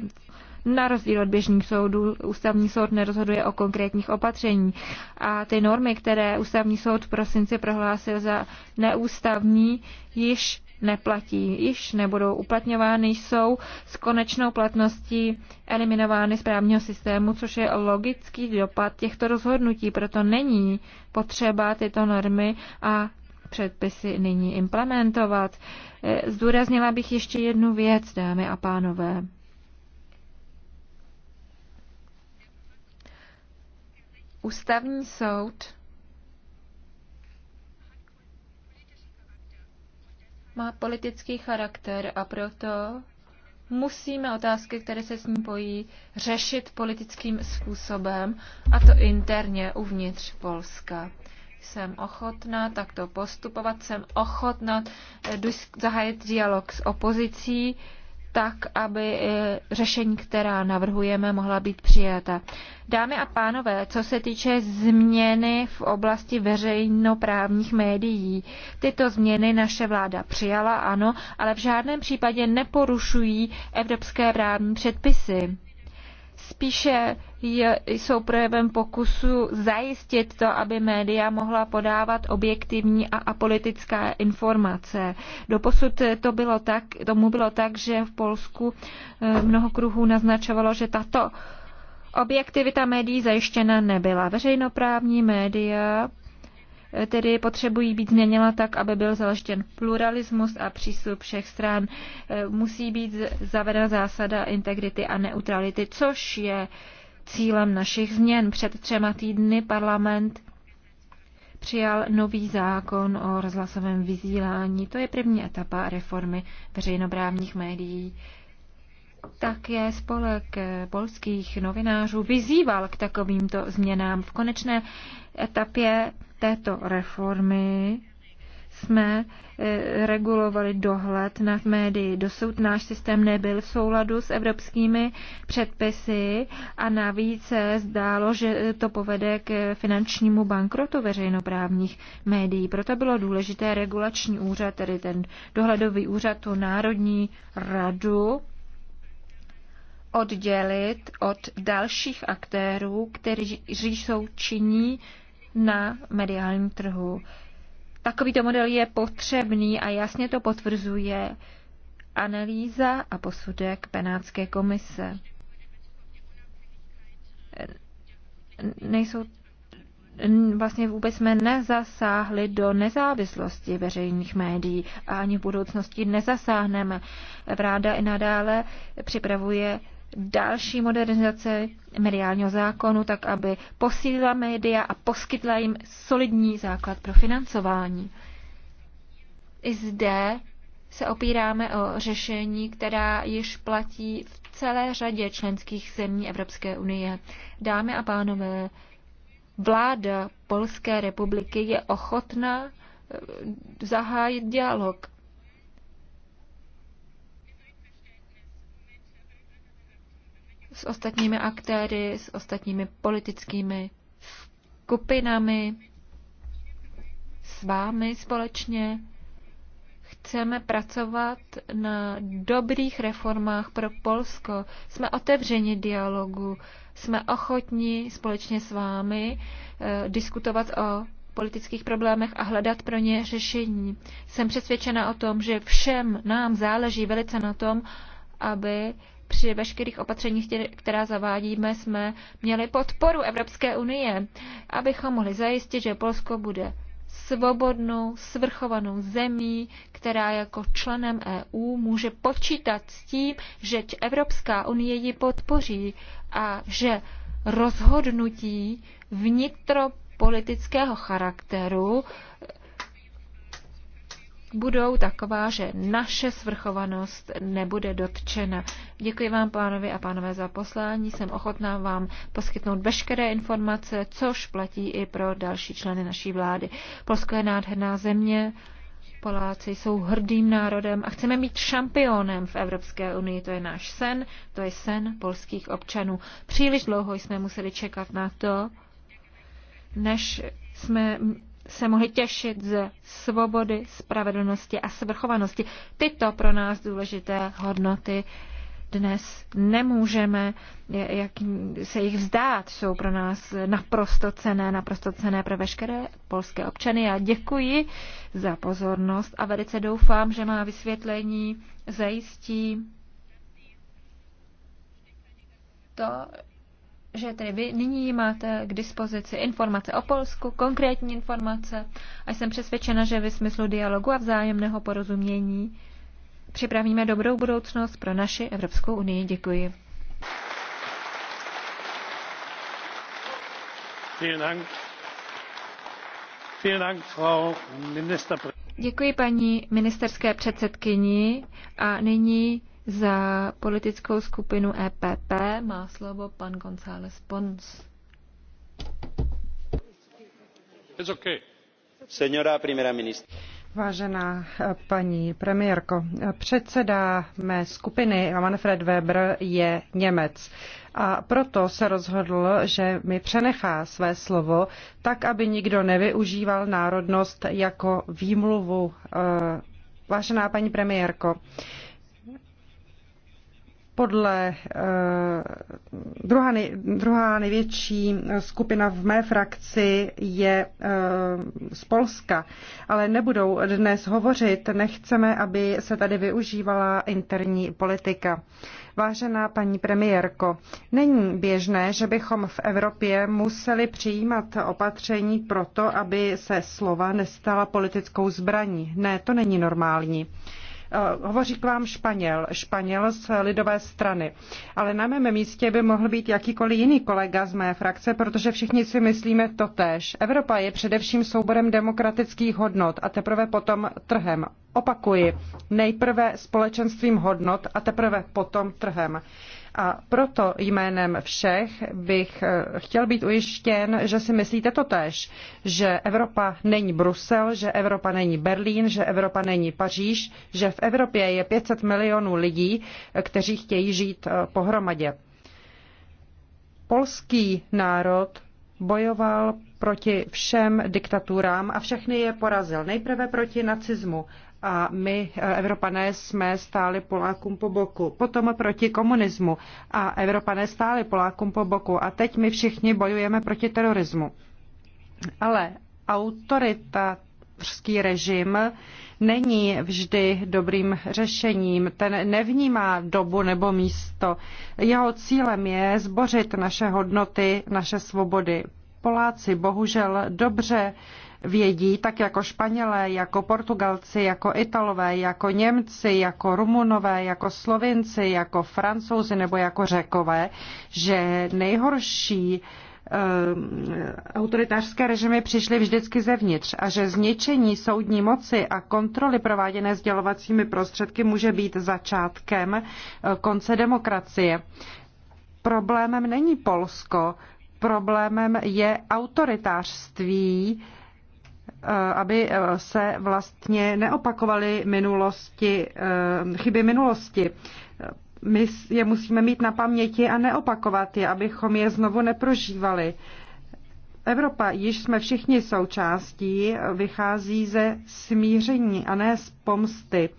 Speaker 1: na rozdíl od běžných soudů, ústavní soud nerozhoduje o konkrétních opatření. A ty normy, které ústavní soud v prosinci prohlásil za neústavní, již neplatí, již nebudou uplatňovány, jsou s konečnou platností eliminovány z právního systému, což je logický dopad těchto rozhodnutí, proto není potřeba tyto normy a předpisy nyní implementovat. Eh, zdůraznila bych ještě jednu věc, dámy a pánové. Ústavní soud má politický charakter a proto musíme otázky, které se s ním pojí, řešit politickým způsobem, a to interně uvnitř Polska. Jsem ochotná takto postupovat, jsem ochotná eh, zahájit dialog s opozicí, tak, aby e, řešení, která navrhujeme, mohla být přijata. Dámy a pánové, co se týče změny v oblasti veřejnoprávních médií, tyto změny naše vláda přijala, ano, ale v žádném případě neporušují evropské právní předpisy spíše jsou projevem pokusu zajistit to, aby média mohla podávat objektivní a apolitická informace. Doposud to bylo tak, tomu bylo tak, že v Polsku eh, mnoho kruhů naznačovalo, že tato objektivita médií zajištěna nebyla. Veřejnoprávní média tedy potřebují být změněna tak, aby byl založen pluralismus a přístup všech stran. Musí být zavedena zásada integrity a neutrality, což je cílem našich změn. Před třema týdny parlament přijal nový zákon o rozhlasovém vyzílání. To je první etapa reformy veřejnoprávních médií. Tak je spolek polských novinářů vyzýval k takovýmto změnám. V konečné etapě této reformy jsme eh, regulovali dohled nad médií. Dosud náš systém nebyl v souladu s evropskými předpisy a navíc se zdálo, že to povede k finančnímu bankrotu veřejnoprávních médií. Proto bylo důležité regulační úřad, tedy ten dohledový úřad, tu Národní radu, oddělit od dalších aktérů, kteří jsou činní na mediálním trhu. Takovýto model je potřebný a jasně to potvrzuje analýza a posudek penácké komise. Nejsou vlastně vůbec jsme nezasáhli do nezávislosti veřejných médií a ani v budoucnosti nezasáhneme. Vráda i nadále připravuje další modernizace mediálního zákonu, tak aby posílila média a poskytla jim solidní základ pro financování. I zde se opíráme o řešení, která již platí v celé řadě členských zemí Evropské unie. Dámy a pánové, vláda Polské republiky je ochotná eh, zahájit dialog s ostatními aktéry, s ostatními politickými skupinami, s vámi společně. Chceme pracovat na dobrých reformách pro Polsko. Jsme otevřeni dialogu, jsme ochotni společně s vámi eh, diskutovat o politických problémech a hledat pro ně řešení. Jsem přesvědčena o tom, že všem nám záleží velice na tom, aby při veškerých opatřeních, která zavádíme, jsme měli podporu Evropské unie, abychom mohli zajistit, že Polsko bude svobodnou, svrchovanou zemí, která jako členem EU může počítat s tím, že Evropská unie ji podpoří a že rozhodnutí vnitropolitického charakteru budou taková, že naše svrchovanost nebude dotčena. Děkuji vám, pánovi a pánové, za poslání. Jsem ochotná vám poskytnout veškeré informace, což platí i pro další členy naší vlády. Polsko je nádherná země, Poláci jsou hrdým národem a chceme být šampionem v Evropské unii. To je náš sen, to je sen polských občanů. Příliš dlouho jsme museli čekat na to, než jsme se mohli těšit ze svobody, spravedlnosti a svrchovanosti. Tyto pro nás důležité hodnoty dnes nemůžeme jak se jich vzdát. Jsou pro nás naprosto cené, naprosto cené pro veškeré polské občany. Já děkuji za pozornost a velice doufám, že má vysvětlení zajistí to, že tedy vy nyní máte k dispozici informace o Polsku, konkrétní informace a jsem přesvědčena, že ve smyslu dialogu a vzájemného porozumění připravíme dobrou budoucnost pro naši Evropskou unii. Děkuji. Děkuji paní ministerské předsedkyni a nyní za politickou skupinu EPP má slovo pan González Pons.
Speaker 3: Vážená eh, paní premiérko, předseda mé skupiny Manfred Weber je Němec a proto se rozhodl, že mi přenechá své slovo, tak aby nikdo nevyužíval národnost jako výmluvu. Eh, Vážená paní premiérko, podle eh, druhá, nej, druhá největší skupina v mé frakci je eh, z Polska, ale nebudou dnes hovořit, nechceme, aby se tady využívala interní politika. Vážená paní premiérko, není běžné, že bychom v Evropě museli přijímat opatření proto, aby se slova nestala politickou zbraní. Ne, to není normální. Eh, hovoří k vám Španěl, Španěl z lidové strany. Ale na mém místě by mohl být jakýkoliv jiný kolega z mé frakce, protože všichni si myslíme totéž. Evropa je především souborem demokratických hodnot a teprve potom trhem. Opakuji, nejprve společenstvím hodnot a teprve potom trhem. A proto jménem všech bych eh, chtěl být ujištěn, že si myslíte to tež, že Evropa není Brusel, že Evropa není Berlín, že Evropa není Paříž, že v Evropě je 500 milionů lidí, eh, kteří chtějí žít eh, pohromadě. Polský národ bojoval proti všem diktaturám a všechny je porazil. Nejprve proti nacismu a my, Evropané, jsme stáli Polákům po boku. Potom proti komunismu a Evropané stáli Polákům po boku. A teď my všichni bojujeme proti terorismu. Ale autoritářský režim není vždy dobrým řešením. Ten nevnímá dobu nebo místo. Jeho cílem je zbořit naše hodnoty, naše svobody. Poláci bohužel dobře uh, vědí, tak jako Španělé, jako Portugalci, jako Italové, jako Němci, jako Rumunové, jako Slovinci, jako Francouzi nebo jako Řekové, že nejhorší eh, autoritářské režimy přišly vždycky zevnitř a že zničení soudní moci a kontroly prováděné sdělovacími prostředky může být začátkem eh, konce demokracie. Problémem není Polsko, problémem je autoritářství, Eh, aby eh, se vlastně neopakovaly minulosti, eh, chyby minulosti. My je musíme mít na paměti a neopakovat je, abychom je znovu neprožívali. Evropa, již jsme všichni součástí, vychází ze smíření a ne z pomsty.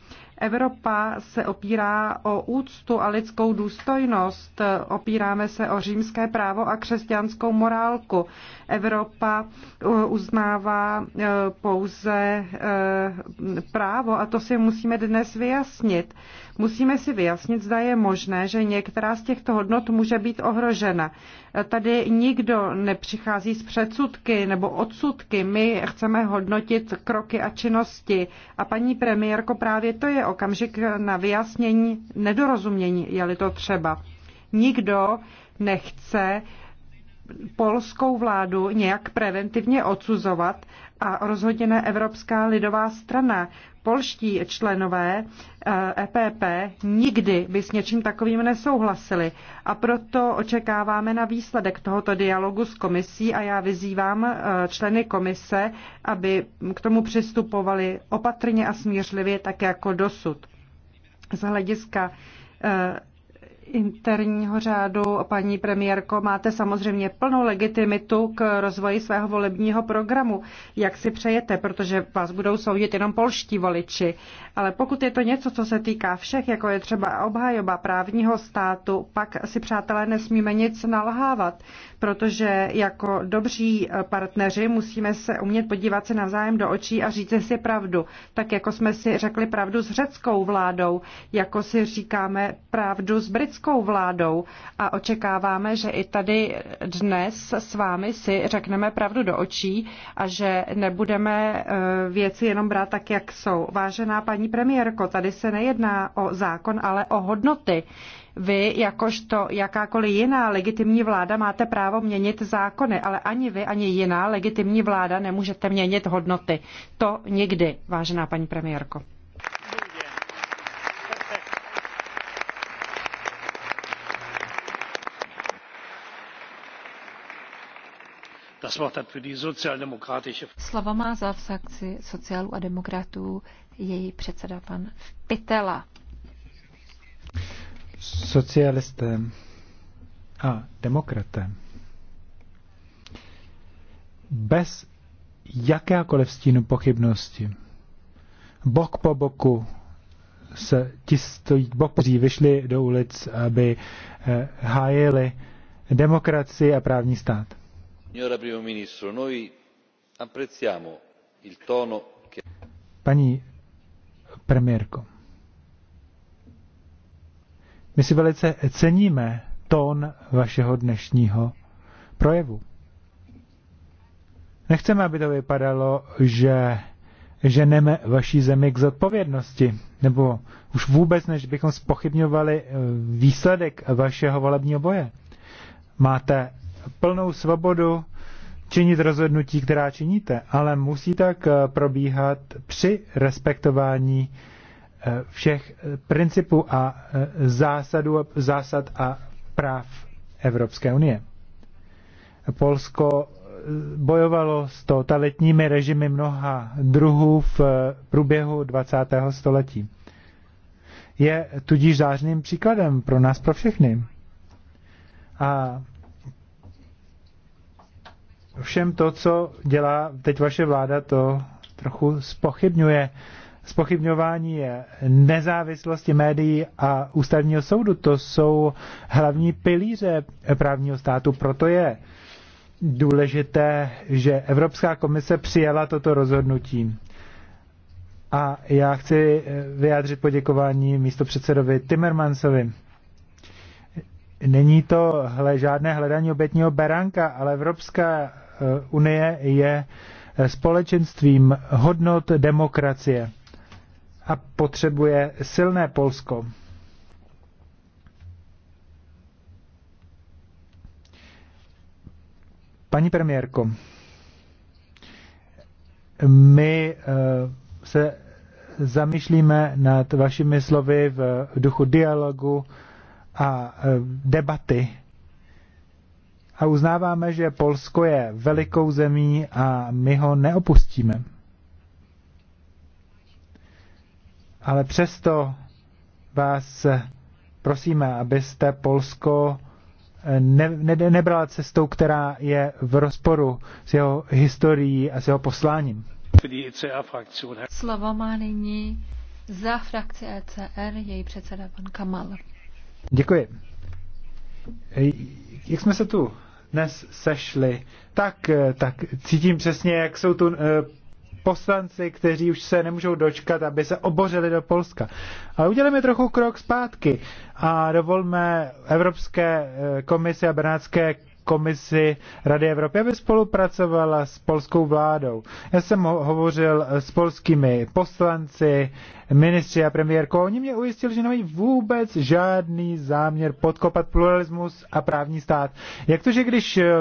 Speaker 3: Evropa se opírá o úctu a lidskou důstojnost, opíráme se o římské právo a křesťanskou morálku. Evropa eh, uznává eh, pouze eh, právo a to si musíme dnes vyjasnit. Musíme si vyjasnit, zda je možné, že některá z těchto hodnot může být ohrožena. Tady nikdo nepřichází s předsudky nebo odsudky. My chceme hodnotit kroky a činnosti. A paní premiérko, právě to je okamžik na vyjasnění nedorozumění, je-li to třeba. Nikdo nechce polskou vládu nějak preventivně odsuzovat, a rozhodně ne Evropská lidová strana. Polští členové EPP eh, e nikdy by s něčím takovým nesouhlasili a proto očekáváme na výsledek tohoto dialogu s komisí a já vyzývám eh, členy komise, aby k tomu přistupovali opatrně a smířlivě, tak jako dosud. Z hlediska eh, interního řádu, paní premiérko, máte samozřejmě plnou legitimitu k rozvoji svého volebního programu, jak si přejete, protože vás budou soudit jenom polští voliči. Ale pokud je to něco, co se týká všech, jako je třeba obhajoba právního státu, pak si přátelé nesmíme nic nalhávat protože jako dobří eh, partneři musíme se umět podívat se navzájem do očí a říct si pravdu. Tak jako jsme si řekli pravdu s řeckou vládou, jako si říkáme pravdu s britskou vládou a očekáváme, že i tady dnes s vámi si řekneme pravdu do očí a že nebudeme eh, věci jenom brát tak, jak jsou. Vážená paní premiérko, tady se nejedná o zákon, ale o hodnoty. Vy, jakožto jakákoliv jiná legitimní vláda, máte právo měnit zákony, ale ani vy, ani jiná legitimní vláda nemůžete měnit hodnoty. To nikdy, vážená paní premiérko.
Speaker 1: Slovo má za v sakci sociálů a demokratů její předseda pan Pitela
Speaker 2: socialistem a demokratem bez jakékoliv stínu pochybnosti bok po boku se ti stojí, bok, po vyšli do ulic, aby eh, hájili demokracii a právní stát. Paní premiérko, my si velice ceníme tón vašeho dnešního projevu. Nechceme, aby to vypadalo, že ženeme vaší zemi k zodpovědnosti, nebo už vůbec, než bychom spochybňovali eh, výsledek vašeho volebního boje. Máte plnou svobodu činit rozhodnutí, která činíte, ale musí tak eh, probíhat při respektování Eh, všech eh, principů a eh, zásadů, zásad a práv Evropské unie. Polsko bojovalo s totalitními režimy mnoha druhů v průběhu 20. století. Je tudíž zářným příkladem pro nás, pro všechny. A všem to, co dělá teď vaše vláda, to trochu spochybňuje spochybňování nezávislosti médií a ústavního soudu. To jsou hlavní pilíře právního státu, proto je důležité, že Evropská komise přijala toto rozhodnutí. A já chci eh, vyjádřit poděkování místopředsedovi Timmermansovi. Není to hle, žádné hledání obětního beránka, ale Evropská eh, unie je eh, společenstvím hodnot demokracie a potřebuje silné Polsko. Paní premiérko, my eh, se zamýšlíme nad vašimi slovy v duchu dialogu a eh, debaty. A uznáváme, že Polsko je velikou zemí a my ho neopustíme. ale přesto vás prosíme, abyste Polsko eh, ne, ne, nebrala cestou, která je v rozporu s jeho historií a s jeho posláním.
Speaker 1: Slovo má nyní za frakci ECR její předseda pan Kamal.
Speaker 2: Děkuji. Eh, jak jsme se tu dnes sešli, tak, eh, tak cítím přesně, jak jsou tu poslanci, kteří už se nemůžou dočkat, aby se obořili do Polska. Ale udělejme trochu krok zpátky a dovolme Evropské eh, komisi a Benátské komisi Rady Evropy, aby spolupracovala s polskou vládou. Já jsem hovořil eh, s polskými poslanci, ministři a premiérkou. Oni mě ujistili, že nemají vůbec žádný záměr podkopat pluralismus a právní stát. Jak to, že když eh,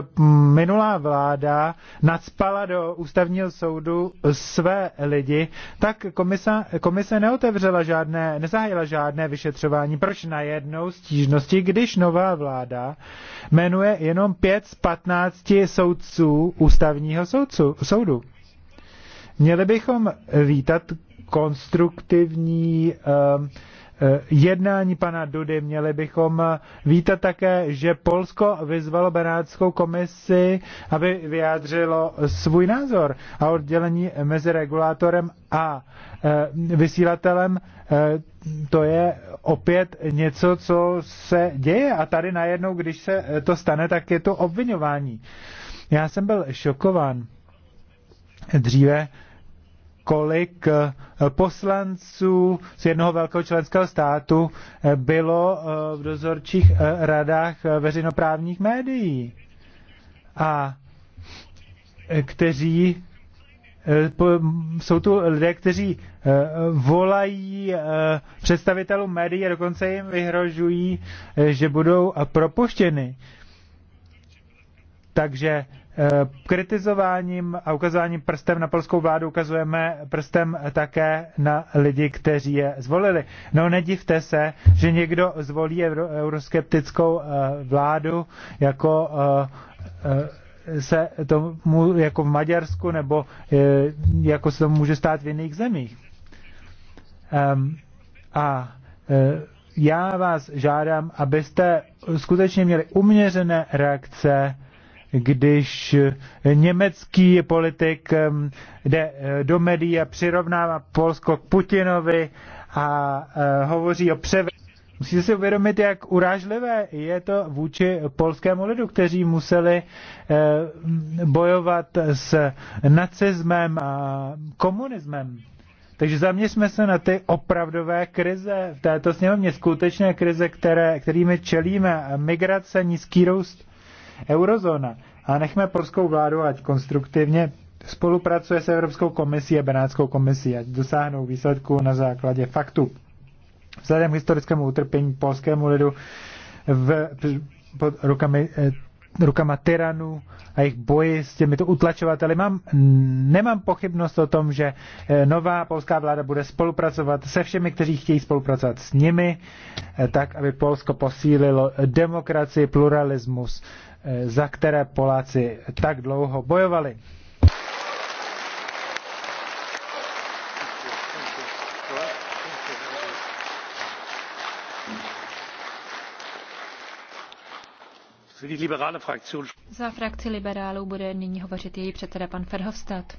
Speaker 2: minulá vláda nadspala do ústavního soudu své lidi, tak komisa, komise neotevřela žádné, nezahájila žádné vyšetřování. Proč najednou stížnosti, když nová vláda jmenuje jenom 5 z 15 soudců ústavního soudcu, soudu. Měli bychom vítat konstruktivní uh, Eh, jednání pana Dudy měli bychom eh, vítat také, že Polsko vyzvalo Benátskou komisi, aby vyjádřilo svůj názor a oddělení mezi regulátorem a eh, vysílatelem, to je opět něco, co se děje a tady najednou, když se to stane, tak je to obvinování. Já jsem byl šokován dříve, kolik eh, poslanců z jednoho velkého členského státu eh, bylo eh, v dozorčích radách veřejnoprávních médií a kteří jsou tu lidé, kteří volají představitelům médií a dokonce jim vyhrožují, že budou propuštěny. Takže kritizováním a ukazováním prstem na polskou vládu ukazujeme prstem také na lidi, kteří je zvolili. No nedivte se, že někdo zvolí euroskeptickou eh, vládu jako eh, eh, se tomu, jako v Maďarsku nebo jako se tomu může stát v jiných zemích. Ehm, a já vás žádám, abyste skutečně měli uměřené reakce když německý politik jde eh, do médií a přirovnává Polsko k Putinovi a eh, hovoří o převedení. Musíte si uvědomit, jak urážlivé je to vůči polskému lidu, kteří museli eh, bojovat s nacismem a komunismem. Takže zaměřme se na ty opravdové krize v této sněmovně, skutečné krize, které, kterými čelíme. Migrace, nízký růst, eurozóna. A nechme polskou vládu, ať konstruktivně spolupracuje s Evropskou komisí a Benátskou komisí, ať dosáhnou výsledku na základě faktu Vzhledem k historickému utrpení polskému lidu v, pod rukami, eh, rukama tyranů a jejich boji s těmito utlačovateli. Mám, nemám pochybnost o tom, že eh, nová polská vláda bude spolupracovat se všemi, kteří chtějí spolupracovat s nimi, eh, tak, aby Polsko posílilo demokracii, pluralismus Eh, za které Poláci tak dlouho bojovali.
Speaker 1: Za frakci liberálů bude nyní hovořit její předseda pan Ferhofstadt.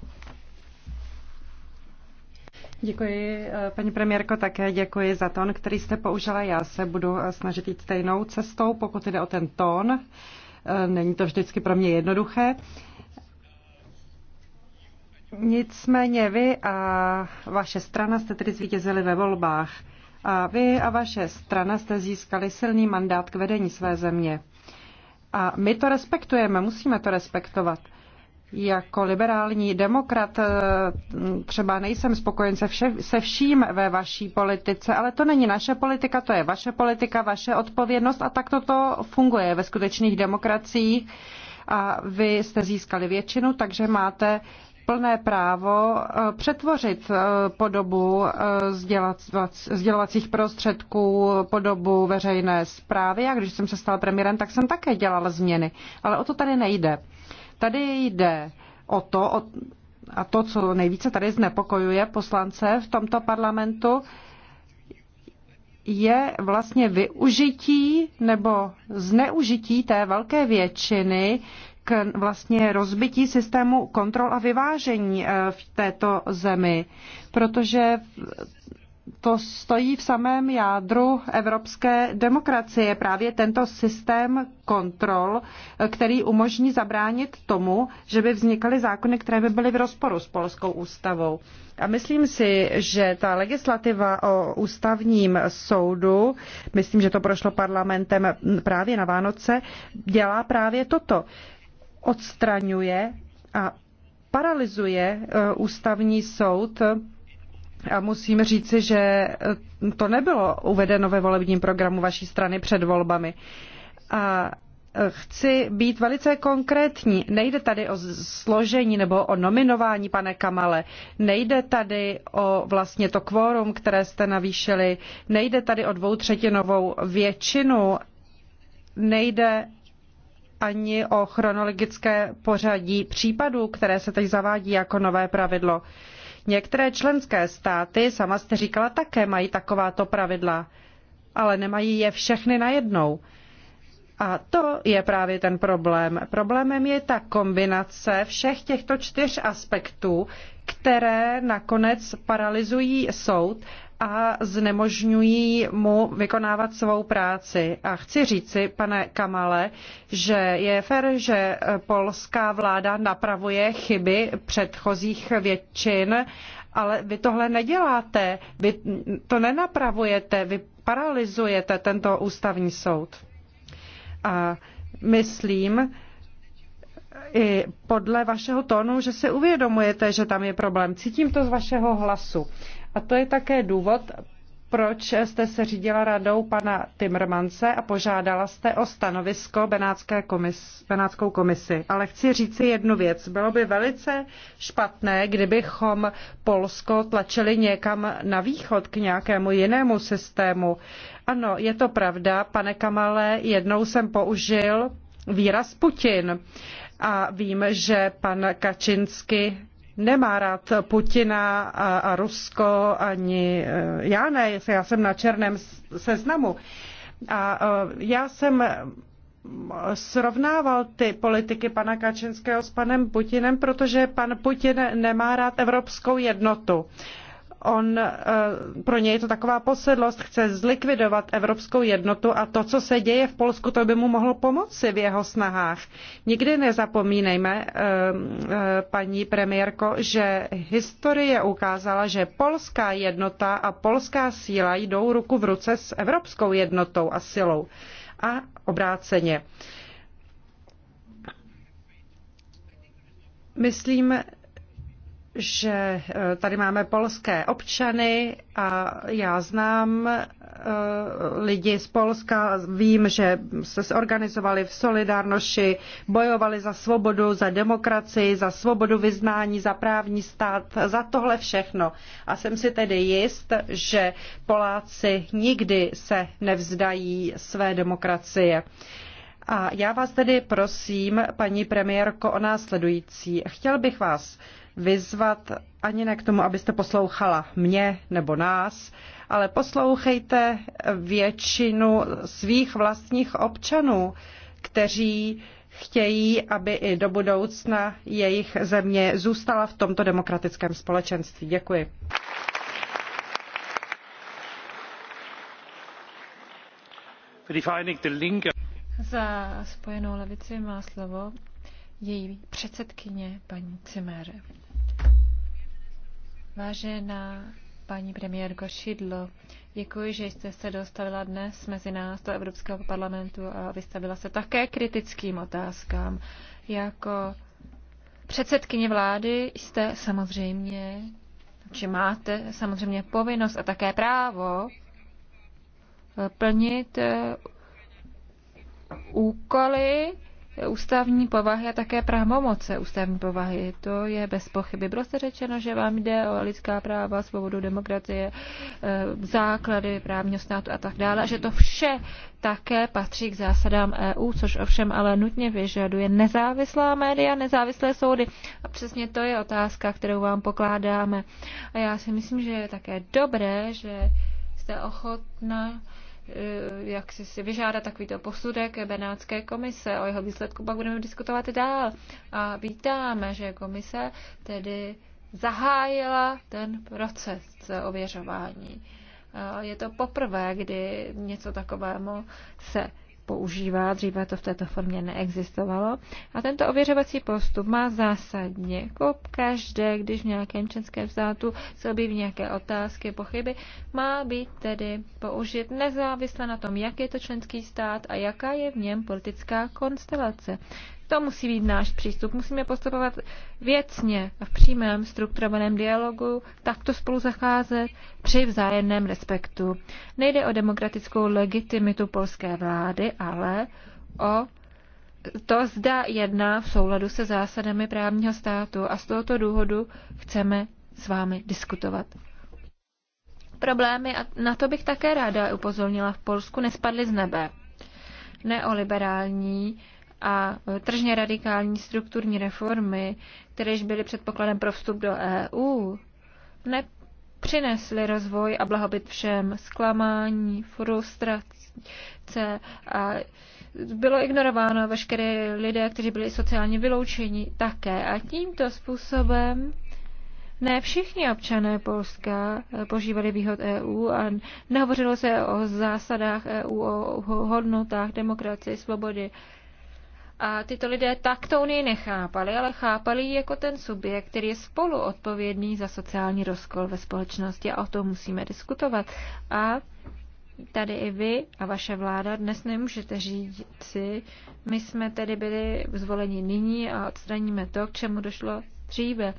Speaker 3: Děkuji, eh, paní premiérko, také děkuji za tón, který jste použila. Já se budu eh, snažit jít stejnou cestou, pokud jde o ten tón. Eh, není to vždycky pro mě jednoduché. Nicméně vy a vaše strana jste tedy zvítězili ve volbách. A vy a vaše strana jste získali silný mandát k vedení své země. A my to respektujeme, musíme to respektovat. Jako liberální demokrat eh, třeba nejsem spokojen se, vše, se vším ve vaší politice, ale to není naše politika, to je vaše politika, vaše odpovědnost a tak toto funguje ve skutečných demokraciích. A vy jste získali většinu, takže máte plné právo eh, přetvořit eh, podobu sdělovacích prostředků, podobu veřejné zprávy. A když jsem se stal premiérem, tak jsem také dělal změny. Ale o to tady nejde. Tady jde o to, o, a to, co nejvíce tady znepokojuje poslance v tomto parlamentu, je vlastně využití nebo zneužití té velké většiny k vlastně rozbití systému kontrol a vyvážení eh, v této zemi, protože to stojí v samém jádru evropské demokracie, právě tento systém kontrol, který umožní zabránit tomu, že by vznikaly zákony, které by byly v rozporu s polskou ústavou. A myslím si, že ta legislativa o ústavním soudu, myslím, že to prošlo parlamentem právě na Vánoce, dělá právě toto. Odstraňuje a paralizuje e, ústavní soud a musím říci, že eh, to nebylo uvedeno ve volebním programu vaší strany před volbami. A eh, chci být velice konkrétní. Nejde tady o složení nebo o nominování, pane Kamale. Nejde tady o vlastně to kvórum, které jste navýšili. Nejde tady o dvoutřetinovou většinu. Nejde ani o chronologické pořadí případů, které se teď zavádí jako nové pravidlo. Uh, Některé členské státy, sama jste říkala, také mají takováto pravidla, ale nemají je všechny najednou. A to je právě ten problém. Problémem je ta kombinace všech těchto čtyř aspektů, které nakonec paralyzují soud a znemožňují mu vykonávat svou práci. A chci říci, pane Kamale, že je fér, že polská vláda napravuje chyby předchozích většin, ale vy tohle neděláte, vy to nenapravujete, vy paralizujete tento ústavní soud. A myslím, i podle vašeho tónu, že se uvědomujete, že tam je problém. Cítím to z vašeho hlasu. A to je také důvod, proč jste se řídila radou pana Timrmance a požádala jste o stanovisko Benátské komis, Benátskou komisi. Ale chci říci jednu věc. Bylo by velice špatné, kdybychom Polsko tlačili někam na východ k nějakému jinému systému. Ano, je to pravda, pane Kamale, jednou jsem použil výraz Putin a vím, že pan Kačinsky nemá rád Putina a, a Rusko, ani eh, já ne, já jsem na černém seznamu. A eh, já jsem eh, srovnával ty politiky pana Kačenského s panem Putinem, protože pan Putin nemá rád evropskou jednotu on, eh, pro něj je to taková posedlost, chce zlikvidovat evropskou jednotu a to, co se děje v Polsku, to by mu mohlo pomoci v jeho snahách. Nikdy nezapomínejme, eh, eh, paní premiérko, že historie ukázala, že polská jednota a polská síla jdou ruku v ruce s evropskou jednotou a silou. A obráceně. Myslím, že eh, tady máme polské občany a já znám eh, lidi z Polska, vím, že se zorganizovali v Solidarnoši, bojovali za svobodu, za demokracii, za svobodu vyznání, za právní stát, za tohle všechno. A jsem si tedy jist, že Poláci nikdy se nevzdají své demokracie. A já vás tedy prosím, paní premiérko, o následující. Chtěl bych vás vyzvat ani ne k tomu, abyste poslouchala mě nebo nás, ale poslouchejte většinu svých vlastních občanů, kteří chtějí, aby i do budoucna jejich země zůstala v tomto demokratickém společenství.
Speaker 5: Děkuji.
Speaker 1: Za spojenou levici má slovo její předsedkyně paní Cimer. Vážená paní premiérko Šidlo, děkuji, že jste se dostavila dnes mezi nás do Evropského parlamentu a vystavila se také kritickým otázkám. Jako předsedkyně vlády jste samozřejmě, či máte samozřejmě povinnost a také právo plnit úkoly, ústavní povahy a také pravomoce ústavní povahy. To je bez pochyby. Bylo jste řečeno, že vám jde o lidská práva, svobodu, demokracie, eh, základy právního státu a tak dále, že to vše také patří k zásadám EU, což ovšem ale nutně vyžaduje nezávislá média, nezávislé soudy. A přesně to je otázka, kterou vám pokládáme. A já si myslím, že je také dobré, že jste ochotná Eh, jak si, si vyžádat takovýto posudek Benátské komise. O jeho výsledku pak budeme diskutovat dál. A vítáme, že komise tedy zahájila ten proces ověřování. Je to poprvé, kdy něco takovému se používá, dříve to v této formě neexistovalo. A tento ověřovací postup má zásadně každé, když v nějakém českém státu se objeví nějaké otázky, pochyby, má být tedy použit nezávisle na tom, jak je to členský stát a jaká je v něm politická konstelace. To musí být náš přístup. Musíme postupovat věcně a v přímém strukturovaném dialogu, takto spolu zacházet při vzájemném respektu. Nejde o demokratickou legitimitu polské vlády, ale o to zda jedná v souladu se zásadami právního státu a z tohoto důvodu chceme s vámi diskutovat. Problémy, a na to bych také ráda upozornila v Polsku, nespadly z nebe. Neoliberální a tržně radikální strukturní reformy, kteréž byly předpokladem pro vstup do EU, nepřinesly rozvoj a blahobyt všem, zklamání, frustrace a bylo ignorováno veškeré lidé, kteří byli sociálně vyloučeni také. A tímto způsobem ne všichni občané Polska požívali výhod EU a nehovořilo se o zásadách EU, o hodnotách demokracie, svobody a tyto lidé takto Unii nechápali, ale chápali ji jako ten subjekt, který je spolu odpovědný za sociální rozkol ve společnosti a o tom musíme diskutovat. A tady i vy a vaše vláda dnes nemůžete říct si, my jsme tedy byli zvoleni nyní a odstraníme to, k čemu došlo dříve.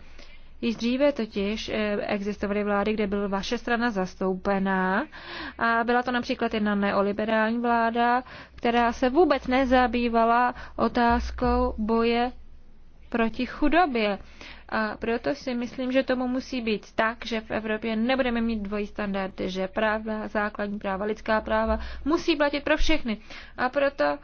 Speaker 1: Již dříve totiž eh, existovaly vlády, kde byla vaše strana zastoupená a byla to například jedna neoliberální vláda, která se vůbec nezabývala otázkou boje proti chudobě. A proto si myslím, že tomu musí být tak, že v Evropě nebudeme mít dvojí standardy, že práva, základní práva, lidská práva musí platit pro všechny. A proto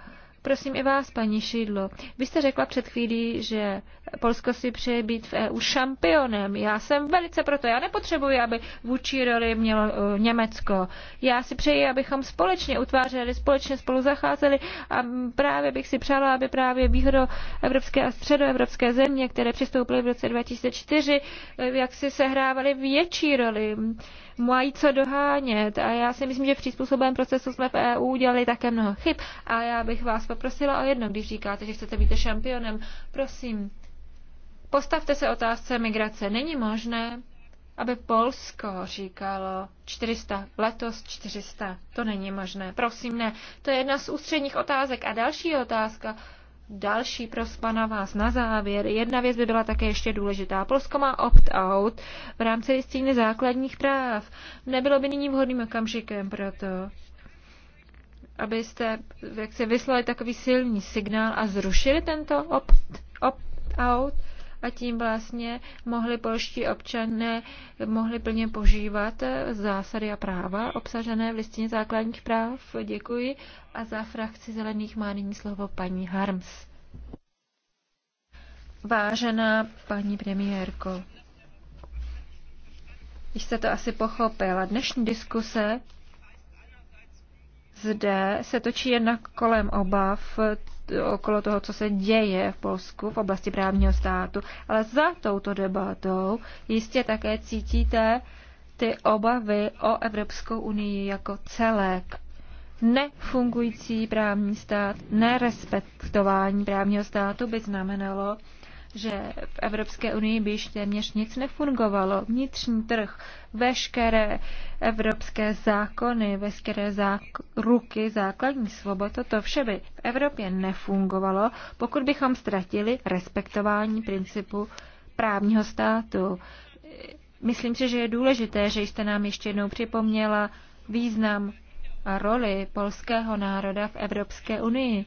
Speaker 1: Prosím i vás, paní Šídlo. Vy jste řekla před chvílí, že Polsko si přeje být v EU šampionem. Já jsem velice proto. Já nepotřebuji, aby vůči roli mělo uh, Německo. Já si přeji, abychom společně utvářeli, společně spolu zacházeli a právě bych si přála, aby právě evropské a středoevropské země, které přistoupily v roce 2004, eh, jak si sehrávaly větší roli. Uh, mají co dohánět. A já si myslím, že v přizpůsobeném procesu jsme v EU udělali také mnoho chyb. A já bych vás poprosila o jedno, když říkáte, že chcete být šampionem. Prosím, postavte se otázce migrace. Není možné, aby Polsko říkalo 400, letos 400. To není možné. Prosím, ne. To je jedna z ústředních otázek. A další otázka. Další prosba na vás na závěr. Jedna věc by byla také ještě důležitá. Polsko má opt-out v rámci listiny základních práv. Nebylo by nyní vhodným okamžikem pro to, abyste jak se vyslali takový silný signál a zrušili tento opt-out? Opt a tím vlastně mohli polští občané mohli plně požívat zásady a práva obsažené v listině základních práv. Děkuji a za frakci zelených má nyní slovo paní Harms. Vážená paní premiérko, když jste to asi pochopila, dnešní diskuse zde se točí jednak kolem obav, okolo toho, co se děje v Polsku v oblasti právního státu, ale za touto debatou jistě také cítíte ty obavy o Evropskou unii jako celek. Nefungující právní stát, nerespektování právního státu by znamenalo, že v Evropské unii by již téměř nic nefungovalo. Vnitřní trh, veškeré evropské zákony, veškeré zák- ruky, základní svobod, toto vše by v Evropě nefungovalo, pokud bychom ztratili respektování principu právního státu. Myslím si, že je důležité, že jste nám ještě jednou připomněla význam a roli polského národa v Evropské unii.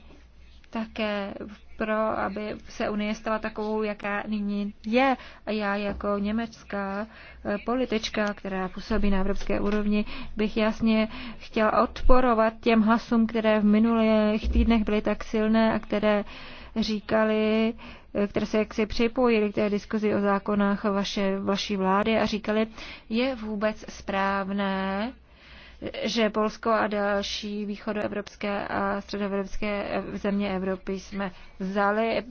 Speaker 1: Také v pro, aby se Unie stala takovou, jaká nyní je. A já jako německá eh, politička, která působí na evropské úrovni, bych jasně chtěla odporovat těm hlasům, které v minulých týdnech byly tak silné a které říkali, eh, které se jaksi připojili k té diskuzi o zákonách vaše, vaší vlády a říkali, je vůbec správné, že Polsko a další východoevropské a středoevropské země Evropy jsme vzali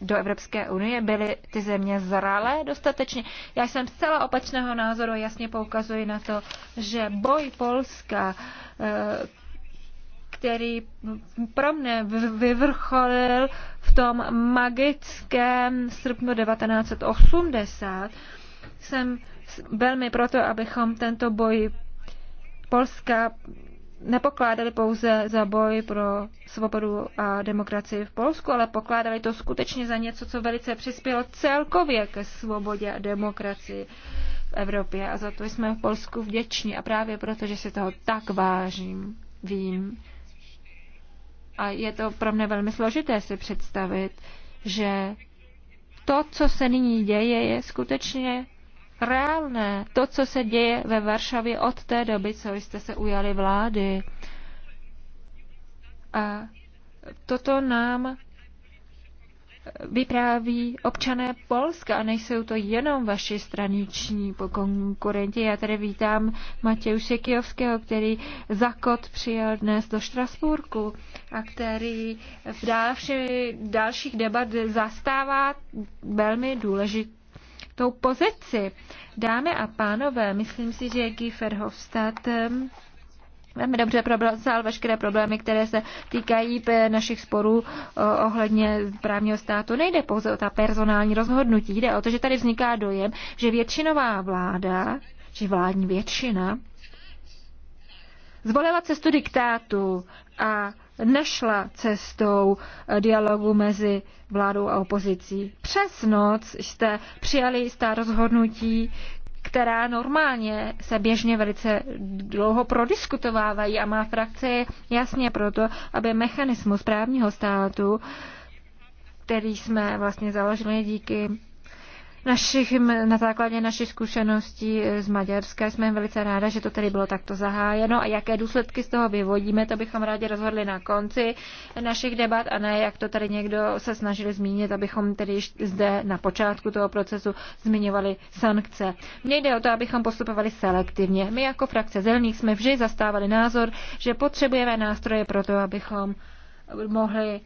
Speaker 1: do Evropské unie, byly ty země zralé dostatečně. Já jsem zcela opačného názoru, jasně poukazuji na to, že boj Polska, eh, který pro mne vyvrcholil v tom magickém srpnu 1980, jsem velmi proto, abychom tento boj Polska nepokládali pouze za boj pro svobodu a demokracii v Polsku, ale pokládali to skutečně za něco, co velice přispělo celkově ke svobodě a demokracii v Evropě. A za to jsme v Polsku vděční a právě proto, že si toho tak vážím, vím. A je to pro mě velmi složité si představit, že to, co se nyní děje, je skutečně reálné, to, co se děje ve Varšavě od té doby, co jste se ujali vlády. A toto nám vypráví občané Polska a nejsou to jenom vaši straniční konkurenti. Já tady vítám Matěju Šekijovského, který za kot přijel dnes do Štrasburku a který v dalších debat zastává velmi důležitý tou pozici. Dámy a pánové, myslím si, že Guy Verhofstadt ehm, velmi dobře probral veškeré problémy, které se týkají našich sporů ohledně právního státu. Nejde pouze o ta personální rozhodnutí, jde o to, že tady vzniká dojem, že většinová vláda, či vládní většina, zvolila cestu diktátu a nešla cestou eh, dialogu mezi vládou a opozicí. Přes noc jste přijali jistá rozhodnutí, která normálně se běžně velice dlouho prodiskutovávají a má frakce jasně proto, aby mechanismus právního státu, který jsme vlastně založili díky našich, na základě našich zkušeností z Maďarska jsme velice ráda, že to tady bylo takto zahájeno a jaké důsledky z toho vyvodíme, to bychom rádi rozhodli na konci našich debat a ne, jak to tady někdo se snažil zmínit, abychom tedy již zde na počátku toho procesu zmiňovali sankce. Mně jde o to, abychom postupovali selektivně. My jako frakce zelených jsme vždy zastávali názor, že potřebujeme nástroje pro to, abychom mohli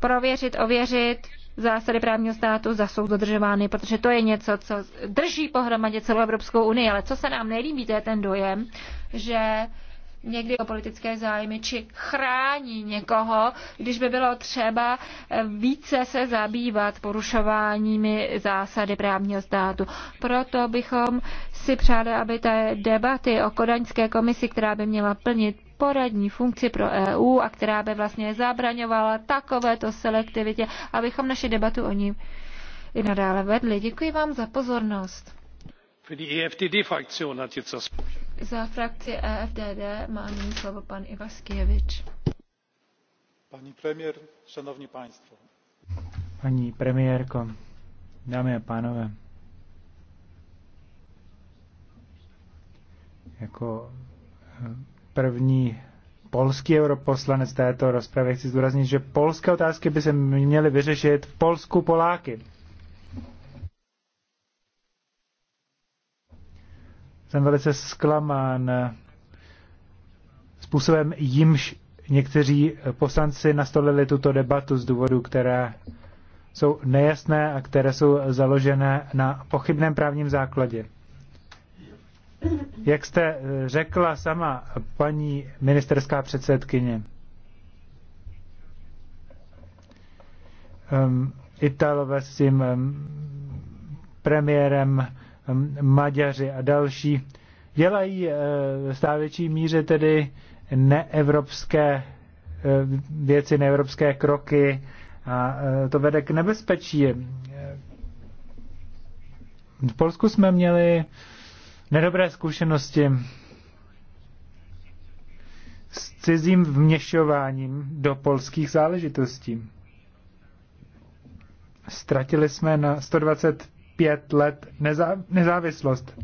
Speaker 1: prověřit, ověřit, zásady právního státu za jsou dodržovány, protože to je něco, co drží pohromadě celou Evropskou unii. Ale co se nám nejlíbí, to je ten dojem, že někdy o politické zájmy, či chrání někoho, když by bylo třeba více se zabývat porušováními zásady právního státu. Proto bychom si přáli, aby té debaty o kodaňské komisi, která by měla plnit poradní funkci pro EU a která by vlastně zabraňovala takovéto selektivitě, abychom naši debatu o ní i nadále vedli. Děkuji vám za pozornost.
Speaker 5: E
Speaker 1: za frakci EFDD má nyní slovo pan Ivaskiewicz.
Speaker 2: Pani premiér, šanovní pánstvo. Paní premiérko, dámy a pánové, jako první polský europoslanec této rozpravy. Chci zdůraznit, že polské otázky by se měly vyřešit v Polsku Poláky. Jsem velice zklamán způsobem, jimž někteří poslanci nastolili tuto debatu z důvodu, které jsou nejasné a které jsou založené na pochybném právním základě. Jak jste eh, řekla sama, paní ministerská předsedkyně, ehm, Italové s tím ehm, premiérem, ehm, Maďaři a další, dělají eh, v stávětší míře tedy neevropské eh, věci, neevropské kroky a to vede k nebezpečí. V Polsku jsme měli nedobré zkušenosti s cizím vměšováním do polských záležitostí. Ztratili jsme na 125 let nezá, nezávislost.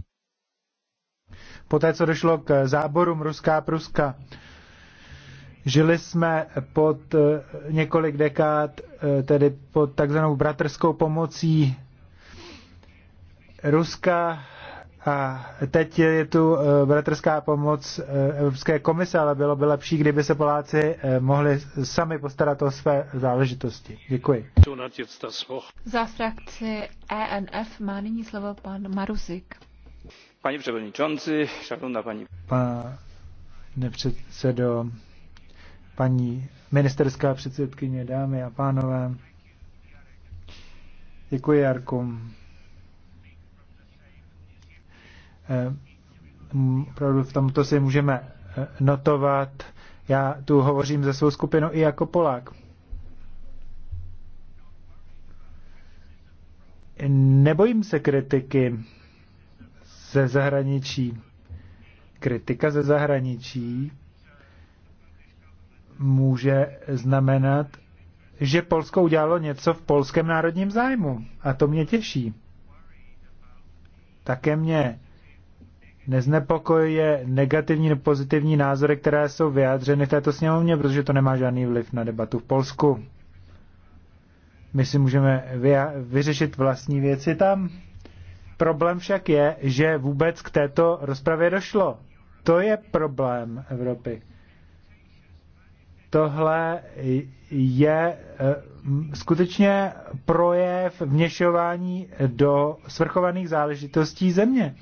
Speaker 2: Poté, co došlo k záborům Ruská a Pruska, žili jsme pod eh, několik dekád, eh, tedy pod takzvanou bratrskou pomocí Ruska a teď je tu eh, bratrská pomoc eh, Evropské komise, ale bylo by lepší, kdyby se Poláci eh, mohli sami postarat o své záležitosti. Děkuji.
Speaker 1: Za frakci ENF má nyní slovo pan Maruzik.
Speaker 5: Pani předsedající, šanovná paní.
Speaker 2: Pane předsedo, paní ministerská předsedkyně, dámy a pánové. Děkuji, Jarku Eh, opravdu v tomto si můžeme eh, notovat. Já tu hovořím ze svou skupinu i jako Polák. Nebojím se kritiky ze zahraničí. Kritika ze zahraničí může znamenat, že Polsko udělalo něco v polském národním zájmu. A to mě těší. Také mě neznepokojuje negativní nebo pozitivní názory, které jsou vyjádřeny v této sněmovně, protože to nemá žádný vliv na debatu v Polsku. My si můžeme vyřešit vlastní věci tam. Problém však je, že vůbec k této rozpravě došlo. To je problém Evropy. Tohle je eh, skutečně projev vněšování do svrchovaných záležitostí země.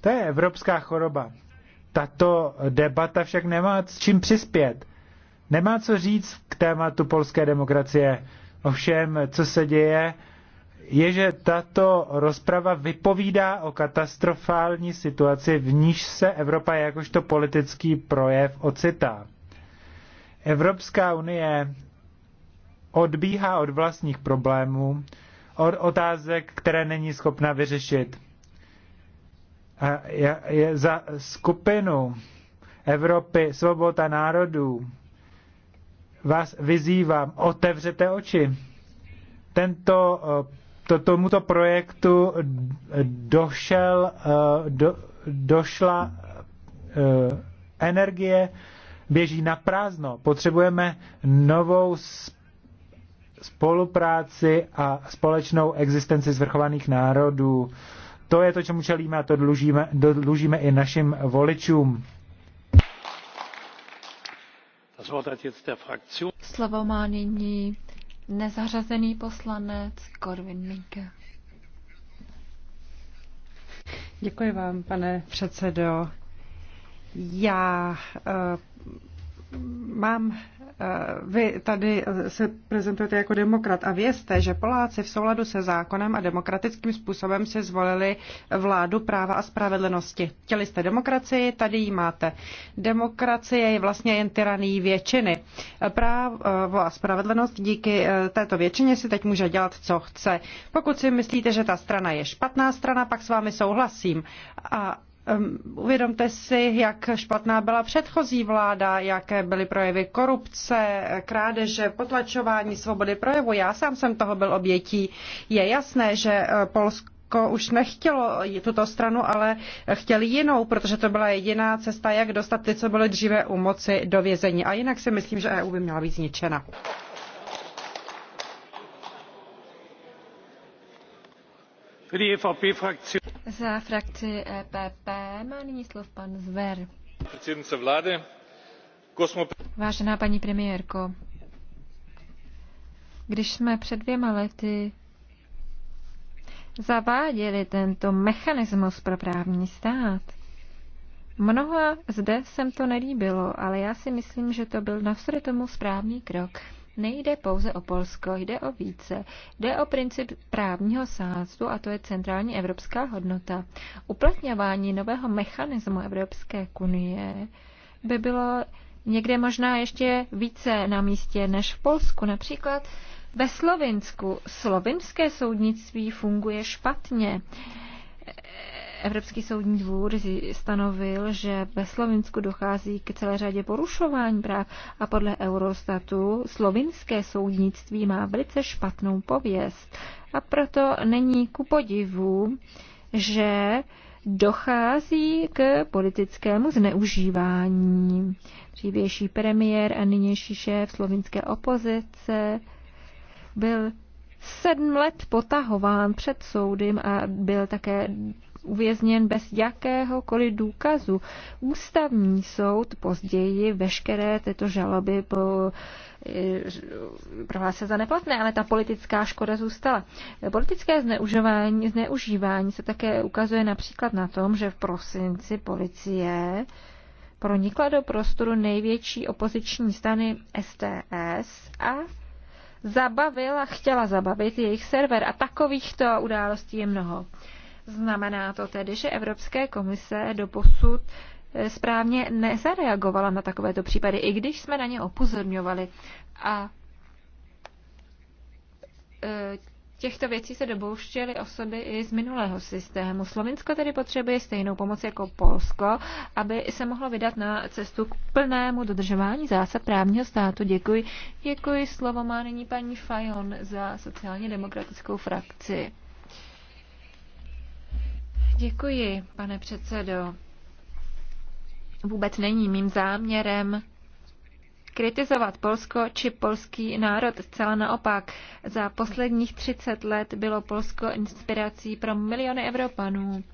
Speaker 2: To je evropská choroba. Tato debata však nemá s čím přispět. Nemá co říct k tématu polské demokracie. Ovšem, co se děje, je, že tato rozprava vypovídá o katastrofální situaci, v níž se Evropa jakožto politický projev ocitá. Evropská unie odbíhá od vlastních problémů, od otázek, které není schopna vyřešit za skupinu Evropy Svoboda národů vás vyzývám, otevřete oči. Tento, eh, to, tomuto projektu došel, eh, do, došla eh, energie, běží na prázdno. Potřebujeme novou spolupráci a společnou existenci zvrchovaných národů. To je to, čemu čelíme a to dlužíme, dlužíme i našim voličům.
Speaker 1: Slovo má nyní nezařazený poslanec Korvin Minke. Děkuji vám, pane
Speaker 3: předsedo. Já uh, mám eh, vy tady se prezentujete jako demokrat a vězte, že Poláci v souladu se zákonem a demokratickým způsobem si zvolili vládu práva a spravedlnosti. Chtěli jste demokracii, tady ji máte. Demokracie je vlastně jen tyraný většiny. Právo a spravedlnost díky eh, této většině si teď může dělat, co chce. Pokud si myslíte, že ta strana je špatná strana, pak s vámi souhlasím. A Uvědomte si, jak špatná byla předchozí vláda, jaké byly projevy korupce, krádeže, potlačování svobody projevu. Já sám jsem toho byl obětí. Je jasné, že eh, Polsko už nechtělo tuto stranu, ale chtěli jinou, protože to byla jediná cesta, jak dostat ty, co byly dříve u moci, do vězení. A jinak si myslím, že EU by měla být zničena.
Speaker 1: Za frakci EPP má nyní slov pan Zver.
Speaker 5: Předsednice vlády, kosmo...
Speaker 1: Vážená paní premiérko, když jsme před dvěma lety zaváděli tento mechanismus pro právní stát, mnoha zde jsem to nelíbilo, ale já si myslím, že to byl navzdory tomu správný krok nejde pouze o Polsko, jde o více. Jde o princip právního sázdu a to je centrální evropská hodnota. Uplatňování nového mechanismu Evropské unie by bylo někde možná ještě více na místě než v Polsku. Například ve Slovinsku slovinské soudnictví funguje špatně Evropský soudní dvůr stanovil, že ve Slovinsku dochází k celé řadě porušování práv a podle Eurostatu slovinské soudnictví má velice špatnou pověst. A proto není ku podivu, že dochází k politickému zneužívání. Dřívější premiér a nynější šéf slovinské opozice byl sedm let potahován před soudem a byl také uvězněn bez jakéhokoliv důkazu. Ústavní soud později veškeré tyto žaloby po, e, prohlásil za neplatné, ale ta politická škoda zůstala. Politické zneužívání, zneužívání se také ukazuje například na tom, že v prosinci policie pronikla do prostoru největší opoziční stany STS a zabavila, chtěla zabavit jejich server. A takovýchto událostí je mnoho. Znamená to tedy, že Evropské komise do posud eh, správně nezareagovala na takovéto případy, i když jsme na ně upozorňovali. A eh, Těchto věcí se dobouštěly osoby i z minulého systému. Slovinsko tedy potřebuje stejnou pomoc jako Polsko, aby se mohlo vydat na cestu k plnému dodržování zásad právního státu. Děkuji. Děkuji. Slovo má nyní paní Fajon za sociálně demokratickou frakci. Děkuji, pane předsedo. Vůbec není mým záměrem kritizovat Polsko či polský národ. Zcela naopak, za posledních 30 let bylo Polsko inspirací pro miliony Evropanů.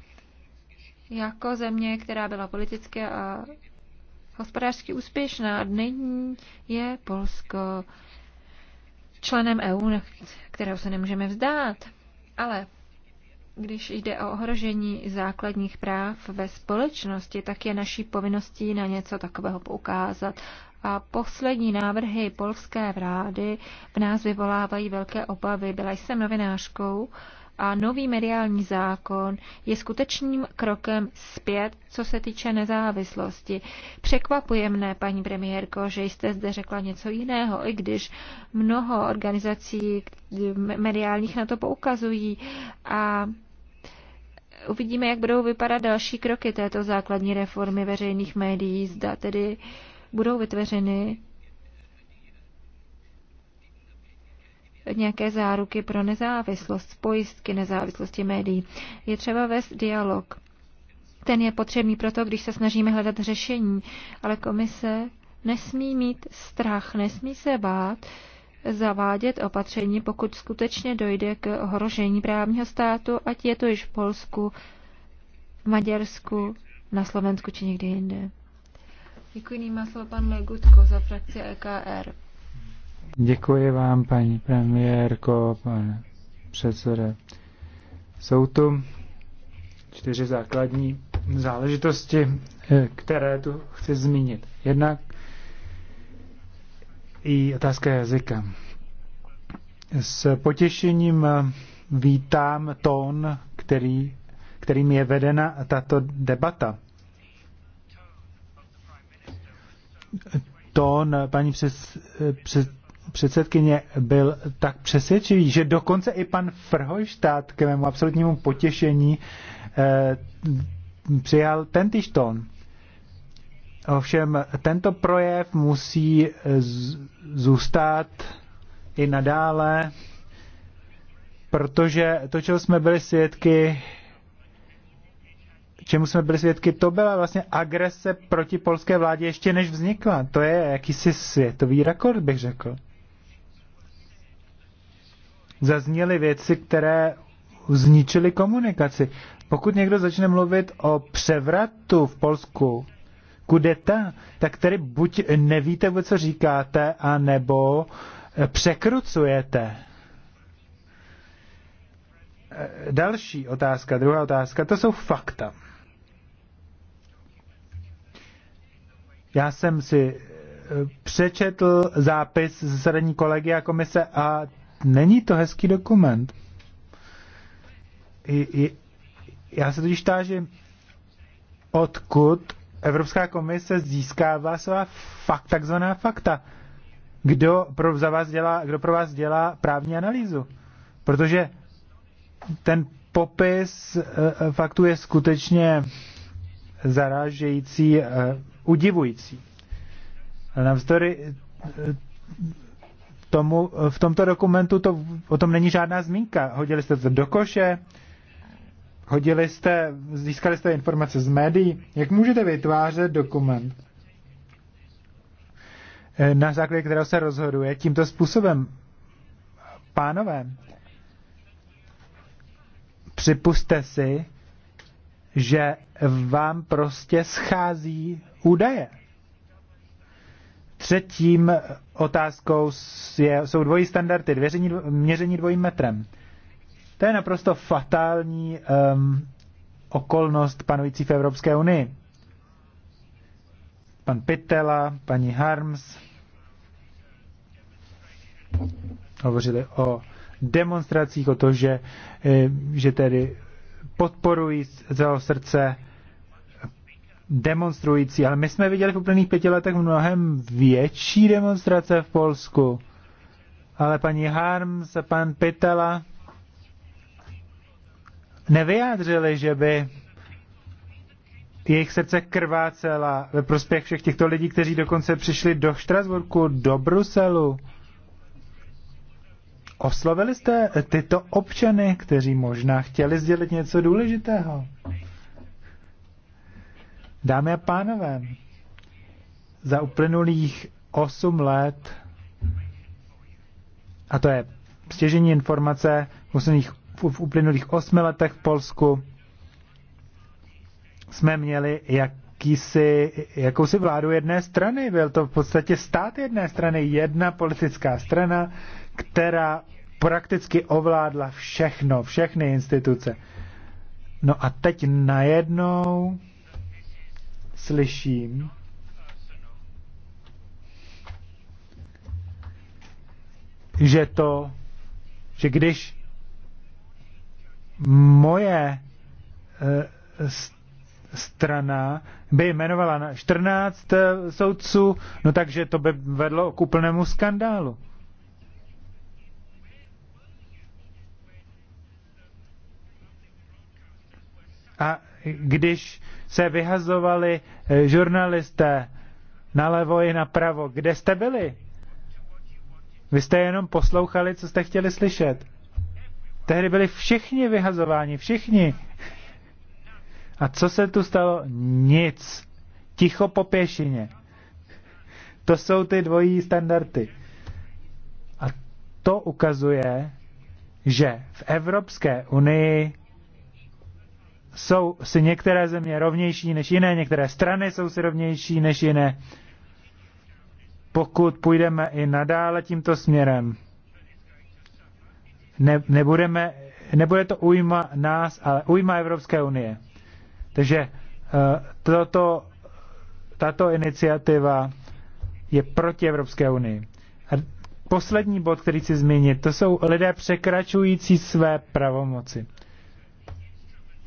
Speaker 1: Jako země, která byla politicky a hospodářsky úspěšná, nyní je Polsko členem EU, kterého se nemůžeme vzdát. Ale když jde o ohrožení základních práv ve společnosti, tak je naší povinností na něco takového poukázat. A poslední návrhy polské vlády v nás vyvolávají velké obavy. Byla jsem novinářkou, a nový mediální zákon je skutečným krokem zpět, co se týče nezávislosti. Překvapuje mne, paní premiérko, že jste zde řekla něco jiného, i když mnoho organizací mediálních na to poukazují a uvidíme, jak budou vypadat další kroky této základní reformy veřejných médií, zda tedy budou vytvořeny nějaké záruky pro nezávislost, pojistky nezávislosti médií. Je třeba vést dialog. Ten je potřebný proto, když se snažíme hledat řešení, ale komise nesmí mít strach, nesmí se bát zavádět opatření, pokud skutečně dojde k ohrožení právního státu, ať je to již v Polsku, v Maďarsku, na Slovensku či někde jinde. Děkuji, má slovo pan Legutko za frakci EKR.
Speaker 2: Děkuji vám, paní premiérko, pane předsede. Jsou tu čtyři základní záležitosti, eh, které tu chci zmínit. Jednak i otázka jazyka. S potěšením eh, vítám tón, který, kterým je vedena tato debata. Tón paní přes, eh, přes, předsedkyně byl tak přesvědčivý, že dokonce i pan Frhojštát k mému absolutnímu potěšení eh, přijal tentýž tón. Ovšem tento projev musí zůstat i nadále, protože to, čeho jsme byli svědky, čemu jsme byli svědky, to byla vlastně agrese proti polské vládě ještě než vznikla. To je jakýsi světový rekord, bych řekl zazněly věci, které zničily komunikaci. Pokud někdo začne mluvit o převratu v Polsku, kudeta, tak tedy buď nevíte, o co říkáte, anebo eh, překrucujete. Eh, další otázka, druhá otázka, to jsou fakta. Já jsem si eh, přečetl zápis z zasedání kolegy a komise a Není to hezký dokument. I, i, já se totiž táži, odkud Evropská komise získává svá fakt, takzvaná fakta. Kdo pro, za vás dělá, kdo pro vás dělá právní analýzu? Protože ten popis e, faktu je skutečně zarážející, e, udivující. Ale navzdory tomu, v tomto dokumentu to, o tom není žádná zmínka. Hodili jste to do koše, hodili jste, získali jste informace z médií. Jak můžete vytvářet dokument, eh, na základě kterého se rozhoduje tímto způsobem? Pánové, připuste si, že vám prostě schází údaje. Třetím otázkou je, jsou dvojí standardy, dvěření, měření dvojím metrem. To je naprosto fatální um, okolnost panující v Evropské unii. Pan Pitela, paní Harms hovořili o demonstracích, o to, že, eh, že tedy podporují z celého srdce demonstrující, ale my jsme viděli v úplných pěti letech mnohem větší demonstrace v Polsku. Ale paní Harms a pan Pitela nevyjádřili, že by jejich srdce krvácela ve prospěch všech těchto lidí, kteří dokonce přišli do Štrasburku, do Bruselu. Oslovili jste tyto občany, kteří možná chtěli sdělit něco důležitého. Dámy a pánové, za uplynulých 8 let, a to je stěžení informace v, uplynulých, v 8 letech v Polsku, jsme měli jakýsi, jakousi vládu jedné strany. Byl to v podstatě stát jedné strany, jedna politická strana, která prakticky ovládla všechno, všechny instituce. No a teď najednou slyším, že to, že když moje eh, strana by jmenovala na 14 eh, soudců, no takže to by vedlo k úplnému skandálu. A když se vyhazovali eh, žurnalisté nalevo i napravo. Kde jste byli? Vy jste jenom poslouchali, co jste chtěli slyšet. Tehdy byli všichni vyhazováni, všichni. A co se tu stalo? Nic. Ticho po pěšině. To jsou ty dvojí standardy. A to ukazuje, že v Evropské unii jsou si některé země rovnější než jiné, některé strany jsou si rovnější než jiné. Pokud půjdeme i nadále tímto směrem, ne, nebudeme, nebude to ujma nás, ale ujma Evropské unie. Takže eh, toto, tato iniciativa je proti Evropské unii. A poslední bod, který chci zmínit, to jsou lidé překračující své pravomoci.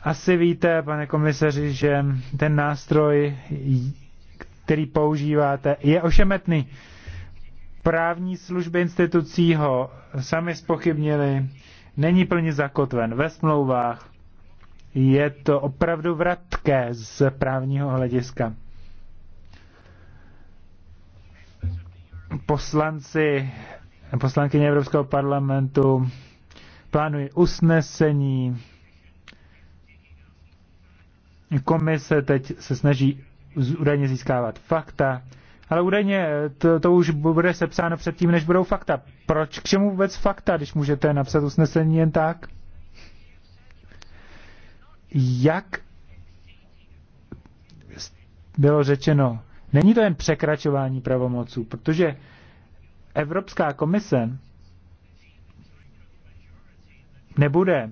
Speaker 2: Asi víte, pane komisaři, že ten nástroj, který používáte, je ošemetný. Právní služby institucí ho sami spochybnili, není plně zakotven ve smlouvách. Je to opravdu vratké z právního hlediska. Poslanci, poslankyně Evropského parlamentu plánují usnesení, komise teď se snaží údajně získávat fakta, ale údajně eh, to, to už bude sepsáno předtím, než budou fakta. Proč k čemu vůbec fakta, když můžete napsat usnesení jen tak? Jak bylo řečeno, není to jen překračování pravomoců, protože Evropská komise nebude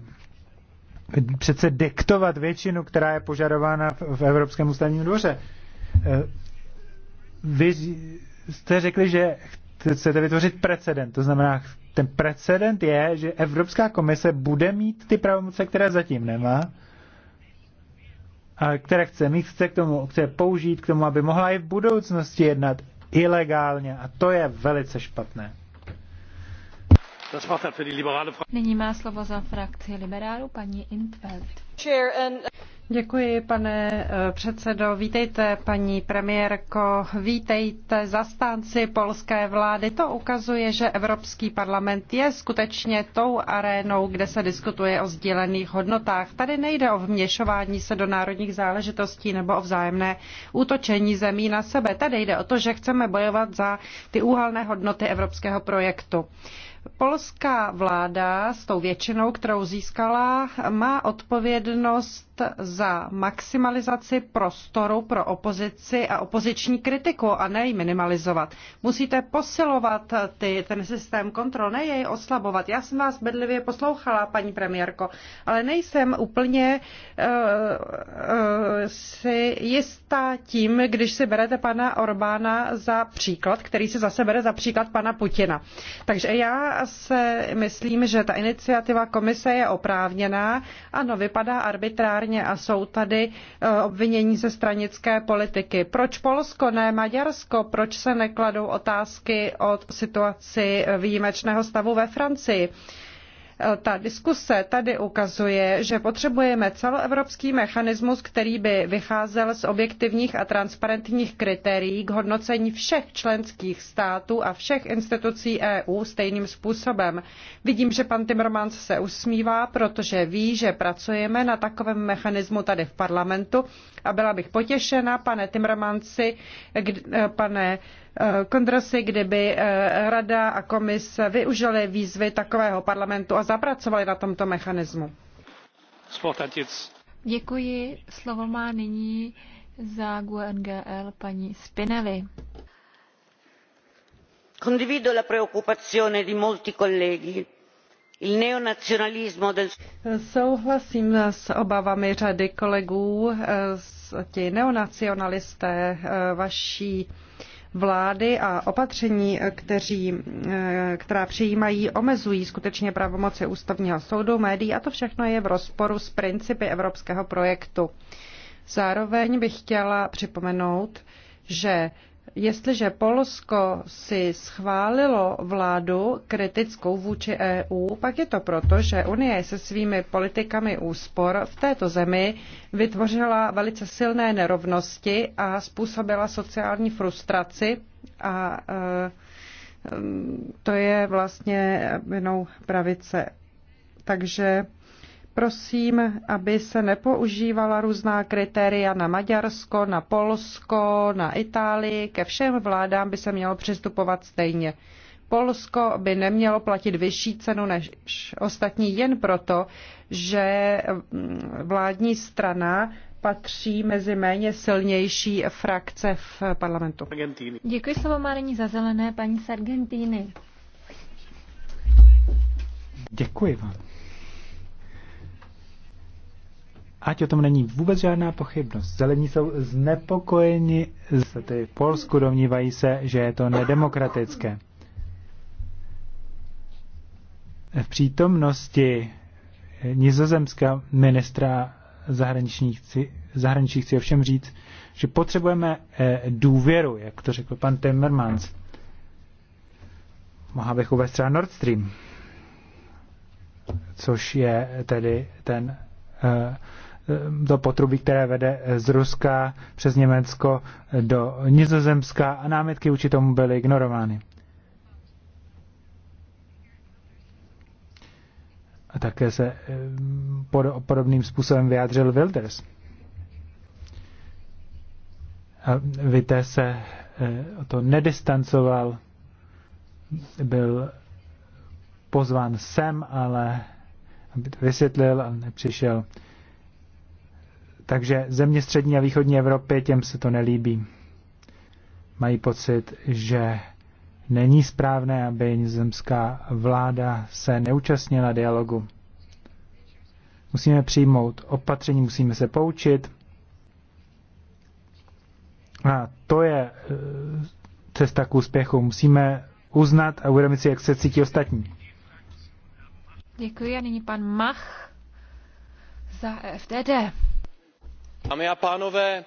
Speaker 2: přece diktovat většinu, která je požadována v, v Evropském ústavním dvoře. E, vy jste řekli, že chcete vytvořit precedent, to znamená, ten precedent je, že Evropská komise bude mít ty pravomoce, které zatím nemá, a které chce mít, chce k tomu, chce použít k tomu, aby mohla i v budoucnosti jednat ilegálně a to je velice špatné.
Speaker 1: Nyní má slovo za frakci liberálu paní Intveld. Děkuji, pane
Speaker 3: eh, předsedo. Vítejte, paní premiérko, vítejte zastánci polské vlády. To ukazuje, že Evropský parlament je skutečně tou arénou, kde se diskutuje o sdílených hodnotách. Tady nejde o vměšování se do národních záležitostí nebo o vzájemné útočení zemí na sebe. Tady jde o to, že chceme bojovat za ty úhelné hodnoty evropského projektu. Polská vláda s tou většinou, kterou získala, má odpovědnost za maximalizaci prostoru pro opozici a opoziční kritiku a ne ji minimalizovat. Musíte posilovat ty, ten systém kontrol, ne jej oslabovat. Já jsem vás bedlivě poslouchala, paní premiérko, ale nejsem úplně uh, uh, si jistá tím, když si berete pana Orbána za příklad, který si zase bere za příklad pana Putina. Takže já se myslím, že ta iniciativa komise je oprávněná. Ano, vypadá arbitrárně solidárně a jsou tady eh, obvinění ze stranické politiky. Proč Polsko, ne Maďarsko? Proč se nekladou otázky o situaci eh, výjimečného stavu ve Francii? Ta diskuse tady ukazuje, že potřebujeme celoevropský mechanismus, který by vycházel z objektivních a transparentních kritérií k hodnocení všech členských států a všech institucí EU stejným způsobem. Vidím, že pan Timmermans se usmívá, protože ví, že pracujeme na takovém mechanismu tady v parlamentu a byla bych potěšena, pane Timmermansi, eh, pane Eh, Kondrasi, kdyby eh, Rada a komise využili výzvy takového parlamentu a zapracovali na tomto
Speaker 5: mechanismu.
Speaker 1: Děkuji. Slovo má nyní za GUNGL paní Spinelli. Condivido la preoccupazione di molti colleghi Il del.
Speaker 3: souhlasím s obavami řady kolegů eh, ti neonacionalisté vaší vlády a opatření, kteří, eh, která přijímají, omezují skutečně pravomoci ústavního soudu, médií a to všechno je v rozporu s principy evropského projektu. Zároveň bych chtěla připomenout, že Jestliže Polsko si schválilo vládu kritickou vůči EU, pak je to proto, že Unie se svými politikami úspor v této zemi vytvořila velice silné nerovnosti a způsobila sociální frustraci a e, to je vlastně vinou pravice. Takže prosím, aby se nepoužívala různá kritéria na Maďarsko, na Polsko, na Itálii. Ke všem vládám by se mělo přistupovat stejně. Polsko by nemělo platit vyšší cenu než ostatní jen proto, že mm, vládní strana patří mezi méně silnější frakce v parlamentu. Argentíny.
Speaker 1: Děkuji slovo má za zelené paní z Argentíny.
Speaker 2: Děkuji vám. ať o tom není vůbec žádná pochybnost. Zelení jsou znepokojeni, ty v Polsku domnívají se, že je to nedemokratické. V přítomnosti nizozemského ministra zahraničních zahraničních chci ovšem říct, že potřebujeme eh, důvěru, jak to řekl pan Timmermans. Mohl bych uvést třeba Nord Stream, což je tedy ten uh, do potrubí, které vede z Ruska přes Německo do Nizozemska a námitky vůči tomu byly ignorovány. A také se eh, podobným způsobem vyjádřil Wilders. A Vité se eh, o to nedistancoval, byl pozván sem, ale aby to vysvětlil, ale nepřišel. Takže země střední a východní Evropy, těm se to nelíbí. Mají pocit, že není správné, aby nizozemská vláda se neúčastnila dialogu. Musíme přijmout opatření, musíme se poučit. A to je eh, cesta k úspěchu. Musíme uznat a uvědomit si, jak se cítí ostatní.
Speaker 1: Děkuji a nyní pan Mach za e FDD
Speaker 4: dámy a pánové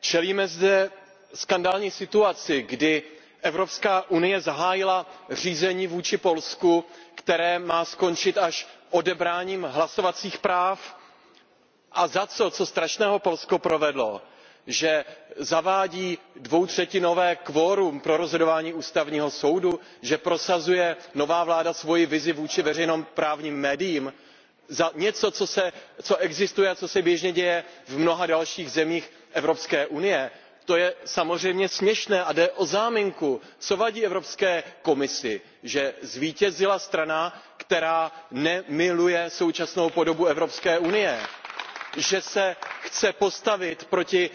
Speaker 4: čelíme zde skandální situaci kdy evropská unie zahájila řízení vůči polsku které má skončit až odebráním hlasovacích práv. a za co? co strašného polsko provedlo? že zavádí dvoutřetinové kvorum pro rozhodování ústavního soudu že prosazuje nová vláda svoji vizi vůči veřejnoprávním médiím? za něco co existuje a co se běžně děje v mnoha dalších zemích evropské unie? to je samozřejmě směšné a jde o záminku. co vadí evropské komisi? že zvítězila strana která nemiluje současnou podobu evropské unie že se chce postavit proti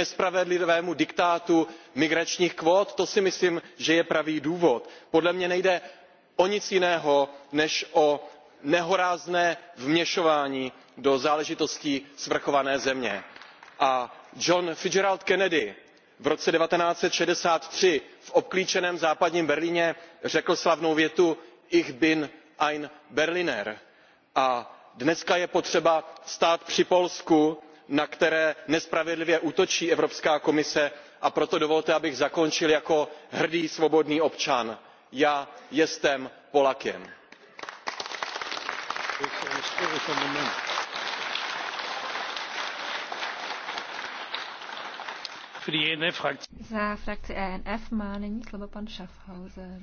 Speaker 4: nespravedlivému diktátu migračních kvót to si myslím že je pravý důvod. podle mě nejde o nic jiného než o nehorázné vměšování do záležitostí svrchované země. a john fitzgerald kennedy v roce one thousand nine hundred and sixty three v obklíčeném západním berlíně řekl slavnou větu ich bin ein berliner. a dnes je potřeba stát při polsku na které nespravedlivě útočí evropská komise a proto dovolte abych zakončil jako hrdý svobodný občan Já jestem polakiem.
Speaker 1: Za frakci ENF má nyní slovo pan Schaffhauser.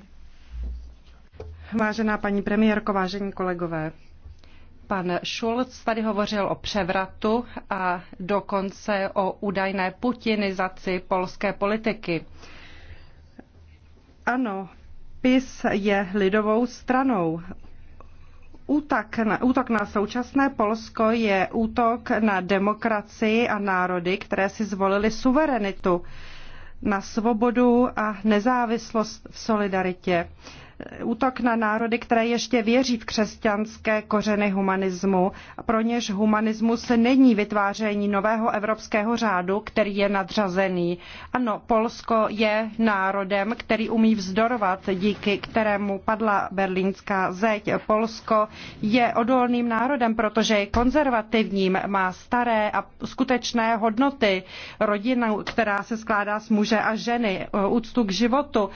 Speaker 3: Vážená paní premiérko, vážení kolegové, pan Schulz tady hovořil o převratu a dokonce o údajné putinizaci polské politiky. Ano, PIS je lidovou stranou. Útok na, útok na současné Polsko je útok na demokracii a národy, které si zvolili suverenitu, na svobodu a nezávislost v solidaritě útok na národy, které ještě věří v křesťanské kořeny humanismu. Pro něž humanismus není vytváření nového evropského řádu, který je nadřazený. Ano, Polsko je národem, který umí vzdorovat, díky kterému padla berlínská zeď. Polsko je odolným národem, protože je konzervativním, má staré a skutečné hodnoty, rodinu, která se skládá z muže a ženy, úctu k životu,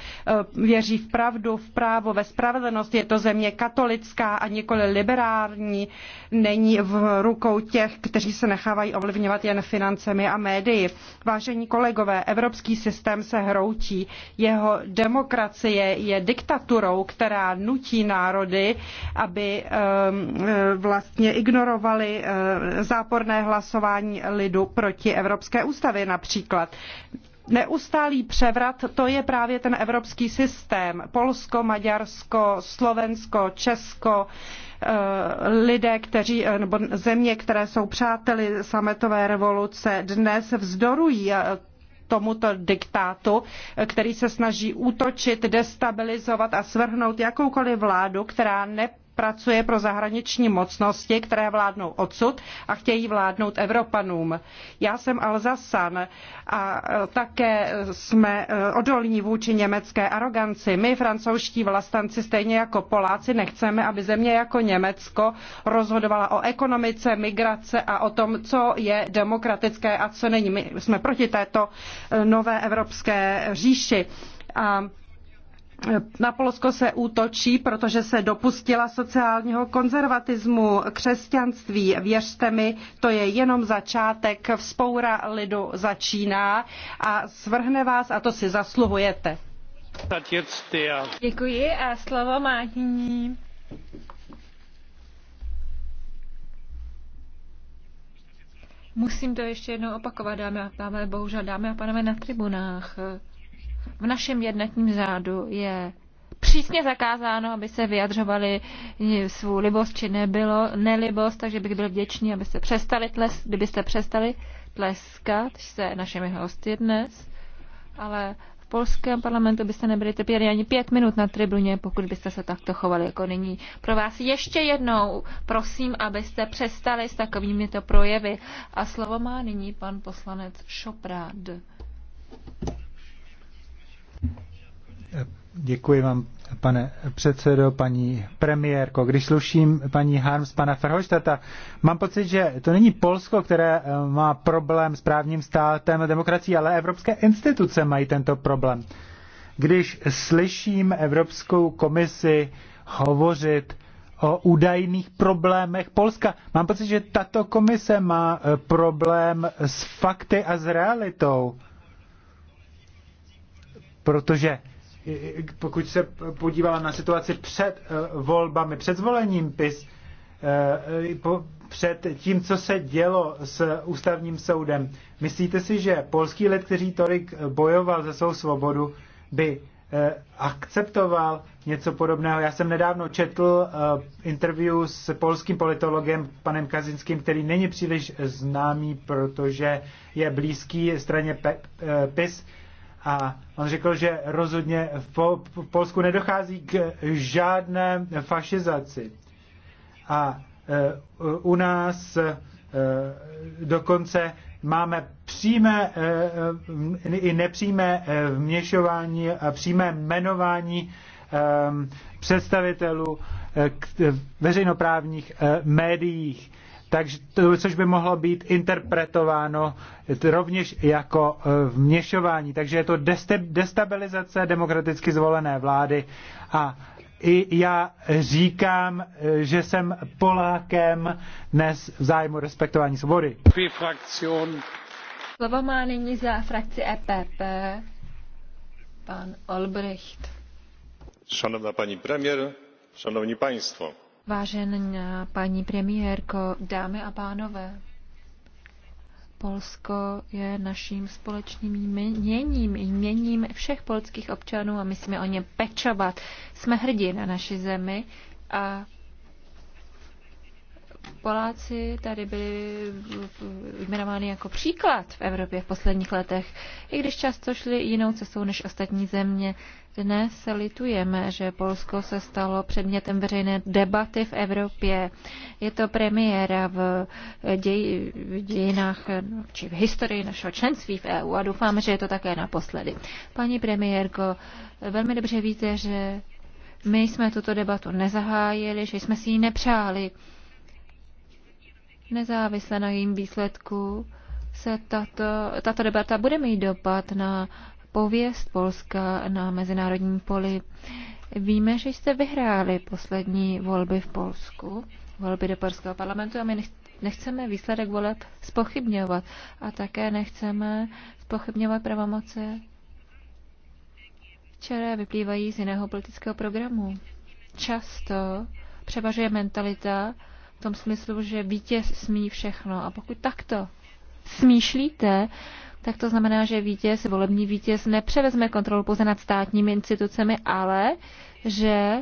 Speaker 3: věří v pravdu, v právu právo, ve spravedlnost. Je to země katolická a nikoli liberální. Není v rukou těch, kteří se nechávají ovlivňovat jen financemi a médii. Vážení kolegové, evropský systém se hroutí. Jeho demokracie je diktaturou, která nutí národy, aby ehm, e, vlastně ignorovali e, záporné hlasování lidu proti Evropské ústavě například neustálý převrat, to je právě ten evropský systém. Polsko, Maďarsko, Slovensko, Česko, eh, lidé, kteří, eh, nebo země, které jsou přáteli sametové revoluce, dnes vzdorují eh, tomuto diktátu, který se snaží útočit, destabilizovat a svrhnout jakoukoliv vládu, která ne pracuje pro zahraniční mocnosti, které vládnou odsud a chtějí vládnout Evropanům. Já jsem Alzasan a e, také jsme e, odolní vůči německé aroganci. My, francouzští vlastanci, stejně jako Poláci, nechceme, aby země jako Německo rozhodovala o ekonomice, migrace a o tom, co je demokratické a co není. My jsme proti této e, nové evropské říši. A na Polsko se útočí, protože se dopustila sociálního konzervatismu, křesťanství. Věřte mi, to je jenom začátek, vzpoura lidu začíná a svrhne vás a to si zasluhujete.
Speaker 1: Děkuji a slovo má nyní. Musím to ještě jednou opakovat, dámy a pánové, bohužel dámy a pánové na tribunách v našem jednatním řádu je přísně zakázáno, aby se vyjadřovali svou libost či nebylo, nelibost, takže bych byl vděčný, abyste přestali tles, kdybyste přestali tleskat se našimi hosty dnes, ale v polském parlamentu byste nebyli trpěli ani pět minut na tribuně, pokud byste se takto chovali jako nyní. Pro vás ještě jednou prosím, abyste přestali s takovými to projevy. A slovo má nyní pan poslanec Šoprád.
Speaker 2: Děkuji vám, pane předsedo, paní premiérko. Když sluším paní Harms, pana Ferhoštata, mám pocit, že to není Polsko, které eh, má problém s právním státem a demokracií, ale evropské instituce mají tento problém. Když slyším Evropskou komisi hovořit o údajných problémech Polska, mám pocit, že tato komise má eh, problém s fakty a s realitou protože pokud se podívala na situaci před e, volbami, před zvolením PIS, e, před tím, co se dělo s ústavním soudem, myslíte si, že polský lid, který tolik bojoval za svou svobodu, by e, akceptoval něco podobného. Já jsem nedávno četl interview s polským politologem panem Kazinským, který není příliš známý, protože je blízký straně PIS. Pe- a on řekl, že rozhodně v, v Polsku nedochází k žádné fašizaci. A e, u nás e, dokonce máme přímé e, i nepřímé vměšování a přímé jmenování představitelů veřejnoprávních médiích takže, to což by mohlo být interpretováno rovněž jako e, vměšování. Takže je to destabilizace demokraticky zvolené vlády a i já říkám, e, že jsem Polákem dnes v zájmu respektování svobody.
Speaker 1: Slovo má nyní za frakci EPP pan Olbricht.
Speaker 4: Szanowna pani premier, szanowni państwo.
Speaker 1: Vážená eh, paní premiérko, dámy a pánové, Polsko je naším společným měním, měním všech polských občanů a my jsme o ně pečovat. Jsme hrdí na naši zemi a Poláci tady byli jmenováni jako příklad v Evropě v posledních letech, i když často šli jinou cestou než ostatní země. Dnes litujeme, že Polsko se stalo předmětem veřejné debaty v Evropě. Je to premiéra v, děj, v dějinách či v historii našeho členství v EU a doufáme, že je to také naposledy. Paní premiérko, velmi dobře víte, že my jsme tuto debatu nezahájili, že jsme si ji nepřáli nezávisle na jejím výsledku se tato, tato debata bude mít dopad na pověst Polska na mezinárodním poli. Víme, že jste vyhráli poslední volby v Polsku, volby do Polského parlamentu a my nechceme výsledek voleb spochybňovat a také nechceme spochybňovat pravomoce, které vyplývají z jiného politického programu. Často převažuje mentalita, v tom smyslu, že vítěz smí všechno. A pokud takto smýšlíte, tak to znamená, že vítěz, volební vítěz nepřevezme kontrolu pouze nad státními institucemi, ale že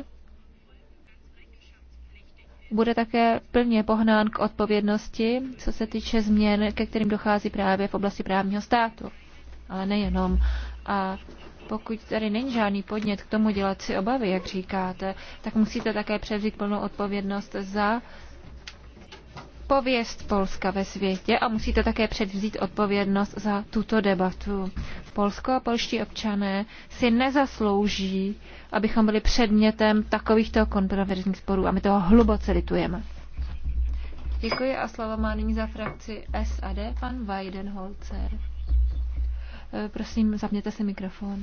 Speaker 1: bude také plně pohnán k odpovědnosti, co se týče změn, ke kterým dochází právě v oblasti právního státu. Ale nejenom. A pokud tady není žádný podnět k tomu dělat si obavy, jak říkáte, tak musíte také převzít plnou odpovědnost za pověst Polska ve světě a musíte také předvzít odpovědnost za tuto debatu. Polsko a polští občané si nezaslouží, abychom byli předmětem takovýchto kontroverzních sporů a my toho hluboce litujeme. Děkuji a slovo má nyní za frakci SAD pan Weidenholzer. E, prosím, zapněte si mikrofon.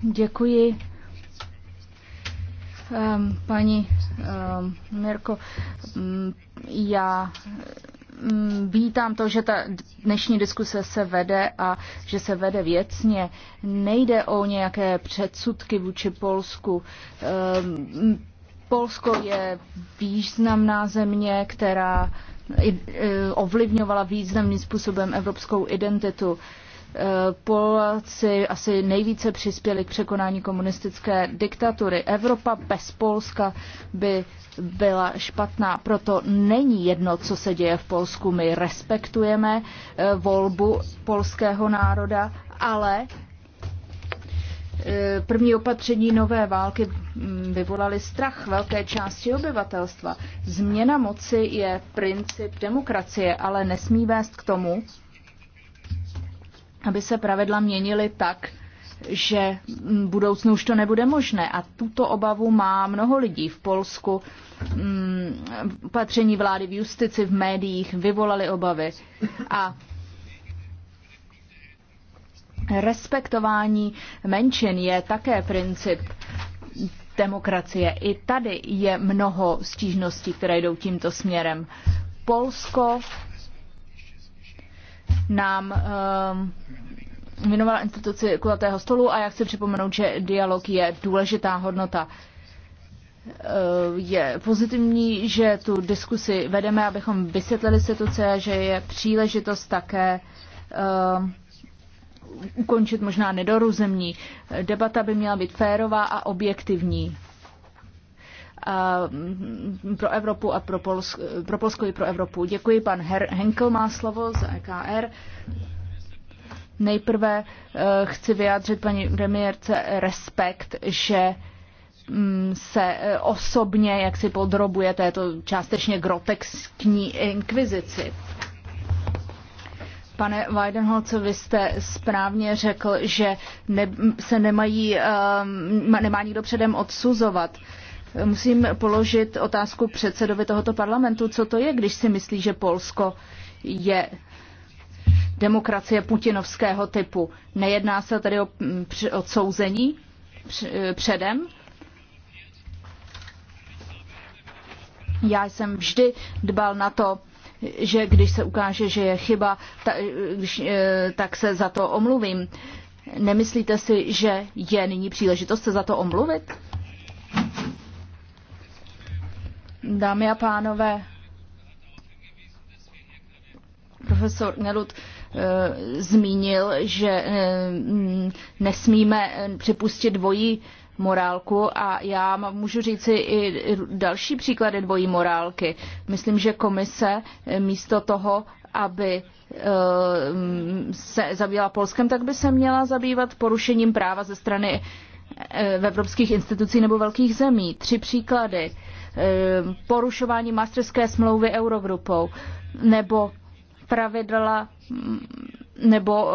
Speaker 6: Děkuji. Ehm, paní ehm, Mirko, mm, já mm, vítám to, že ta dnešní diskuse se vede a že se vede věcně. Nejde o nějaké předsudky vůči Polsku. Ehm, Polsko je významná země, která e, ovlivňovala významným způsobem evropskou identitu. Poláci asi nejvíce přispěli k překonání komunistické diktatury. Evropa bez Polska by byla špatná. Proto není jedno, co se děje v Polsku. My respektujeme eh, volbu polského národa, ale eh, první opatření nové války mm, vyvolaly strach velké části obyvatelstva. Změna moci je princip demokracie, ale nesmí vést k tomu, aby se pravidla měnily tak, že v budoucnu už to nebude možné. A tuto obavu má mnoho lidí v Polsku. Mm, Patření vlády v justici, v médiích vyvolaly obavy. A respektování menšin je také princip demokracie. I tady je mnoho stížností, které jdou tímto směrem. Polsko nám ehm, věnovala instituci kulatého stolu a já chci připomenout, že dialog je důležitá hodnota. Eh, je pozitivní, že tu diskusi vedeme, abychom vysvětlili situace, že je příležitost také ehm, ukončit možná nedorozumí. Debata by měla být férová a objektivní. Mm, pro Evropu a pro Polsko, pro Polsko i pro Evropu. Děkuji, pan Her- Henkel má slovo z EKR. Nejprve eh, chci vyjádřit paní premiérce respekt, že mm, se eh, osobně jak si podrobuje této částečně grotexní inkvizici. Pane Weidenholce, vy jste správně řekl, že ne, se nemají, um, nemá nikdo předem odsuzovat. Uh, Musím položit otázku předsedovi tohoto parlamentu, co to je, když si myslí, že Polsko je demokracie putinovského typu. Nejedná se tedy o odsouzení e, předem? Já jsem vždy dbal na to, že když se ukáže, že je chyba, e, e, tak se za to omluvím. Nemyslíte si, že je nyní příležitost se za to omluvit? Dámy a pánové, profesor Nelud eh, zmínil, že eh, mm, nesmíme eh, připustit dvojí morálku a já můžu říci i další příklady dvojí morálky. Myslím, že komise místo toho, aby mm, se zabývala Polskem, tak by se měla zabývat porušením práva ze strany v evropských institucí nebo velkých zemí. Tři příklady. Eh, porušování masterské smlouvy Eurogrupou nebo pravidla mm, nebo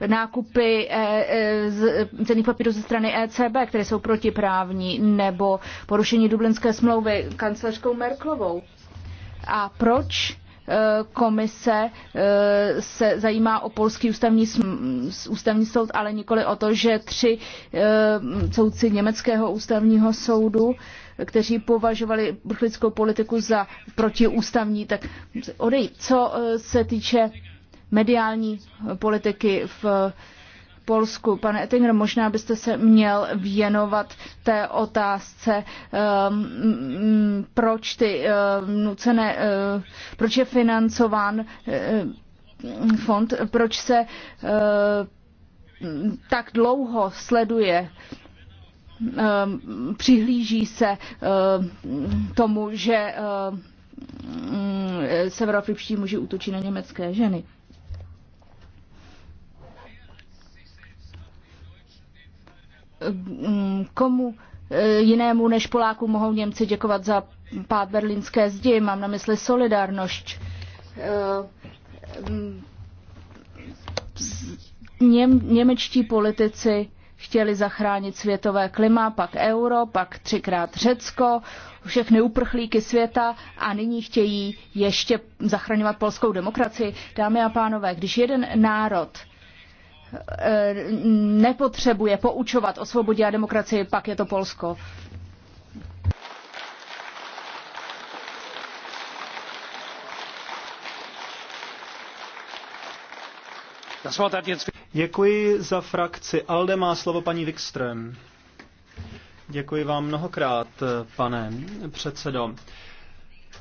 Speaker 6: e, nákupy e, eh, e, cených papírů ze strany ECB, které jsou protiprávní, nebo porušení dublinské smlouvy kancelářskou Merklovou. A proč komise se zajímá o polský ústavní, ústavní soud, ale nikoli o to, že tři soudci německého ústavního soudu kteří považovali uprchlickou politiku za protiústavní, tak odejít. Co eh, se týče mediální eh, politiky v eh, Polsku. Pane Ettinger, možná byste se měl věnovat té otázce, um, proč ty um, nucené, uh, proč je financován uh, fond, proč se uh, tak dlouho sleduje Ehm, přihlíží se ehm, tomu, že ehm, severoafričtí muži útočí na německé ženy. Komu eh, jinému než Poláku mohou Němci děkovat za pád berlínské zdi? Mám na mysli solidárnost. Něm, němečtí politici chtěli zachránit světové klima, pak euro, pak třikrát Řecko, všechny uprchlíky světa a nyní chtějí ještě zachraňovat polskou demokracii. Dámy a pánové, když jeden národ eh, nepotřebuje poučovat o svobodě a demokracii, pak je to Polsko.
Speaker 7: Děkuji za frakci. Alde má slovo paní Wikström. Děkuji vám mnohokrát, pane předsedo.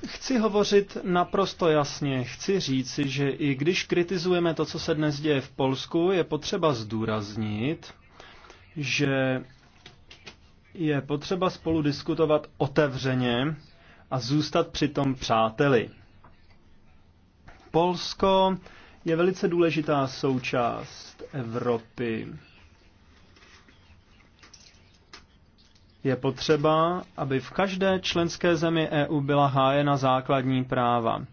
Speaker 7: Chci hovořit naprosto jasně. Chci říci, že i když kritizujeme to, co se dnes děje v Polsku, je potřeba zdůraznit, že je potřeba spolu diskutovat otevřeně a zůstat přitom přáteli. Polsko je velice důležitá součást Evropy. Je potřeba, aby v každé členské zemi EU byla hájena základní práva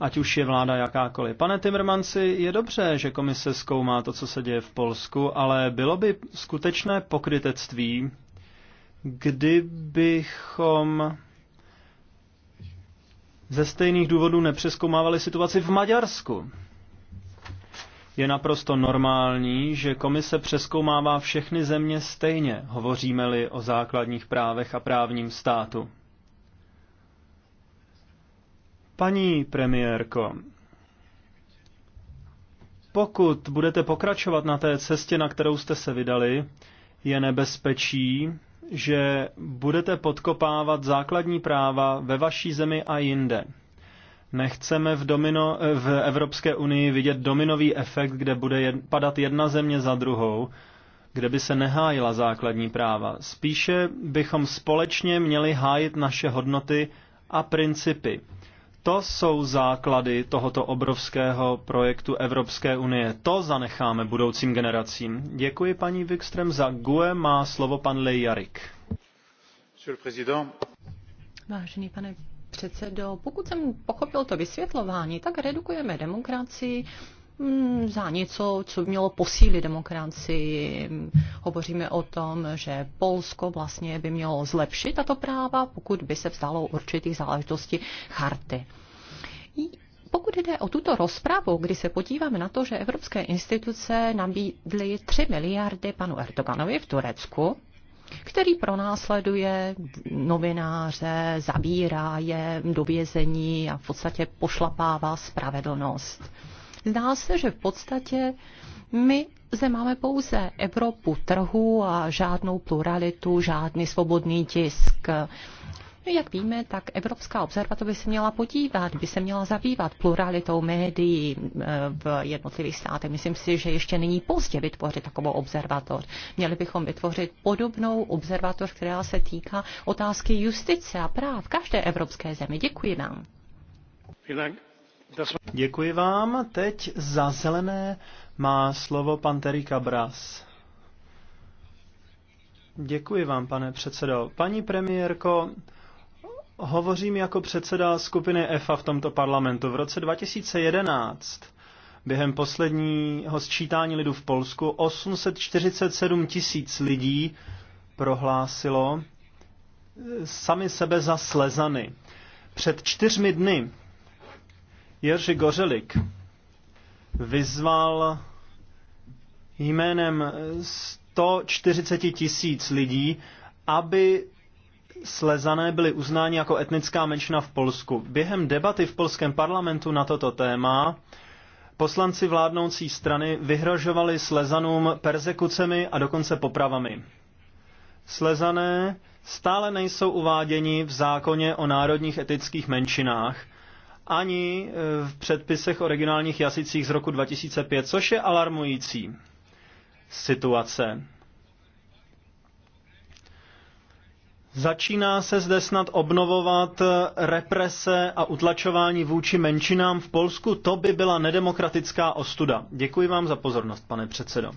Speaker 7: ať už je vláda jakákoliv. Pane Timmermansi, je dobře, že komise zkoumá to, co se děje v Polsku, ale bylo by skutečné pokrytectví, kdybychom ze stejných důvodů nepřeskoumávali situaci v Maďarsku. Je naprosto normální, že komise přeskoumává všechny země stejně, hovoříme-li o základních právech a právním státu. Paní premiérko, pokud budete pokračovat na té cestě, na kterou jste se vydali, je nebezpečí, že budete podkopávat základní práva ve vaší zemi a jinde. Nechceme v, domino, v Evropské unii vidět dominový efekt, kde bude jed, padat jedna země za druhou, kde by se nehájila základní práva. Spíše bychom společně měli hájit naše hodnoty a principy. To jsou základy tohoto obrovského projektu Evropské unie. To zanecháme budoucím generacím. Děkuji paní Wikström za GUE. Má slovo pan Lejarik.
Speaker 2: Vážený
Speaker 8: pane předsedo, pokud jsem pochopil to vysvětlování, tak redukujeme demokracii mm, za něco, co by mělo posílit demokracii. Hovoříme o tom, že Polsko vlastně by mělo zlepšit tato práva, pokud by se vzdalo určitých záležitostí charty. Pokud jde o tuto rozpravu, kdy se podíváme na to, že evropské instituce nabídly 3 miliardy panu Erdoganovi v Turecku, který pronásleduje novináře, zabírá je do vězení a v podstatě pošlapává spravedlnost. Zdá se, že v podstatě my zde máme pouze Evropu trhu a žádnou pluralitu, žádný svobodný tisk. No jak víme, tak Evropská observatoř by se měla podívat, by se měla zabývat pluralitou médií eh, v jednotlivých státech. Myslím si, že ještě není pozdě vytvořit takovou observatoř. Měli bychom vytvořit podobnou observatoř, která se týká otázky justice a práv každé evropské zemi. Děkuji vám.
Speaker 7: Děkuji vám. Teď za zelené má slovo pan Terry Cabras. Děkuji vám, pane předsedo. Paní premiérko, Hovořím jako předseda skupiny EFA v tomto parlamentu. V roce 2011 během posledního sčítání lidu v Polsku 847 tisíc lidí prohlásilo sami sebe za slezany. Před čtyřmi dny Jerzy Gořelik vyzval jménem 140 tisíc lidí, aby Slezané byli uznáni jako etnická menšina v Polsku. Během debaty v polském parlamentu na toto téma poslanci vládnoucí strany vyhrožovali Slezanům persekucemi a dokonce popravami. Slezané stále nejsou uváděni v zákoně o národních etických menšinách, ani e, v předpisech o regionálních jazycích z roku 2005, což je alarmující situace. Začíná se zde snad obnovovat eh, represe a utlačování vůči menšinám v Polsku. To by byla nedemokratická ostuda. Děkuji vám za pozornost, pane předsedo.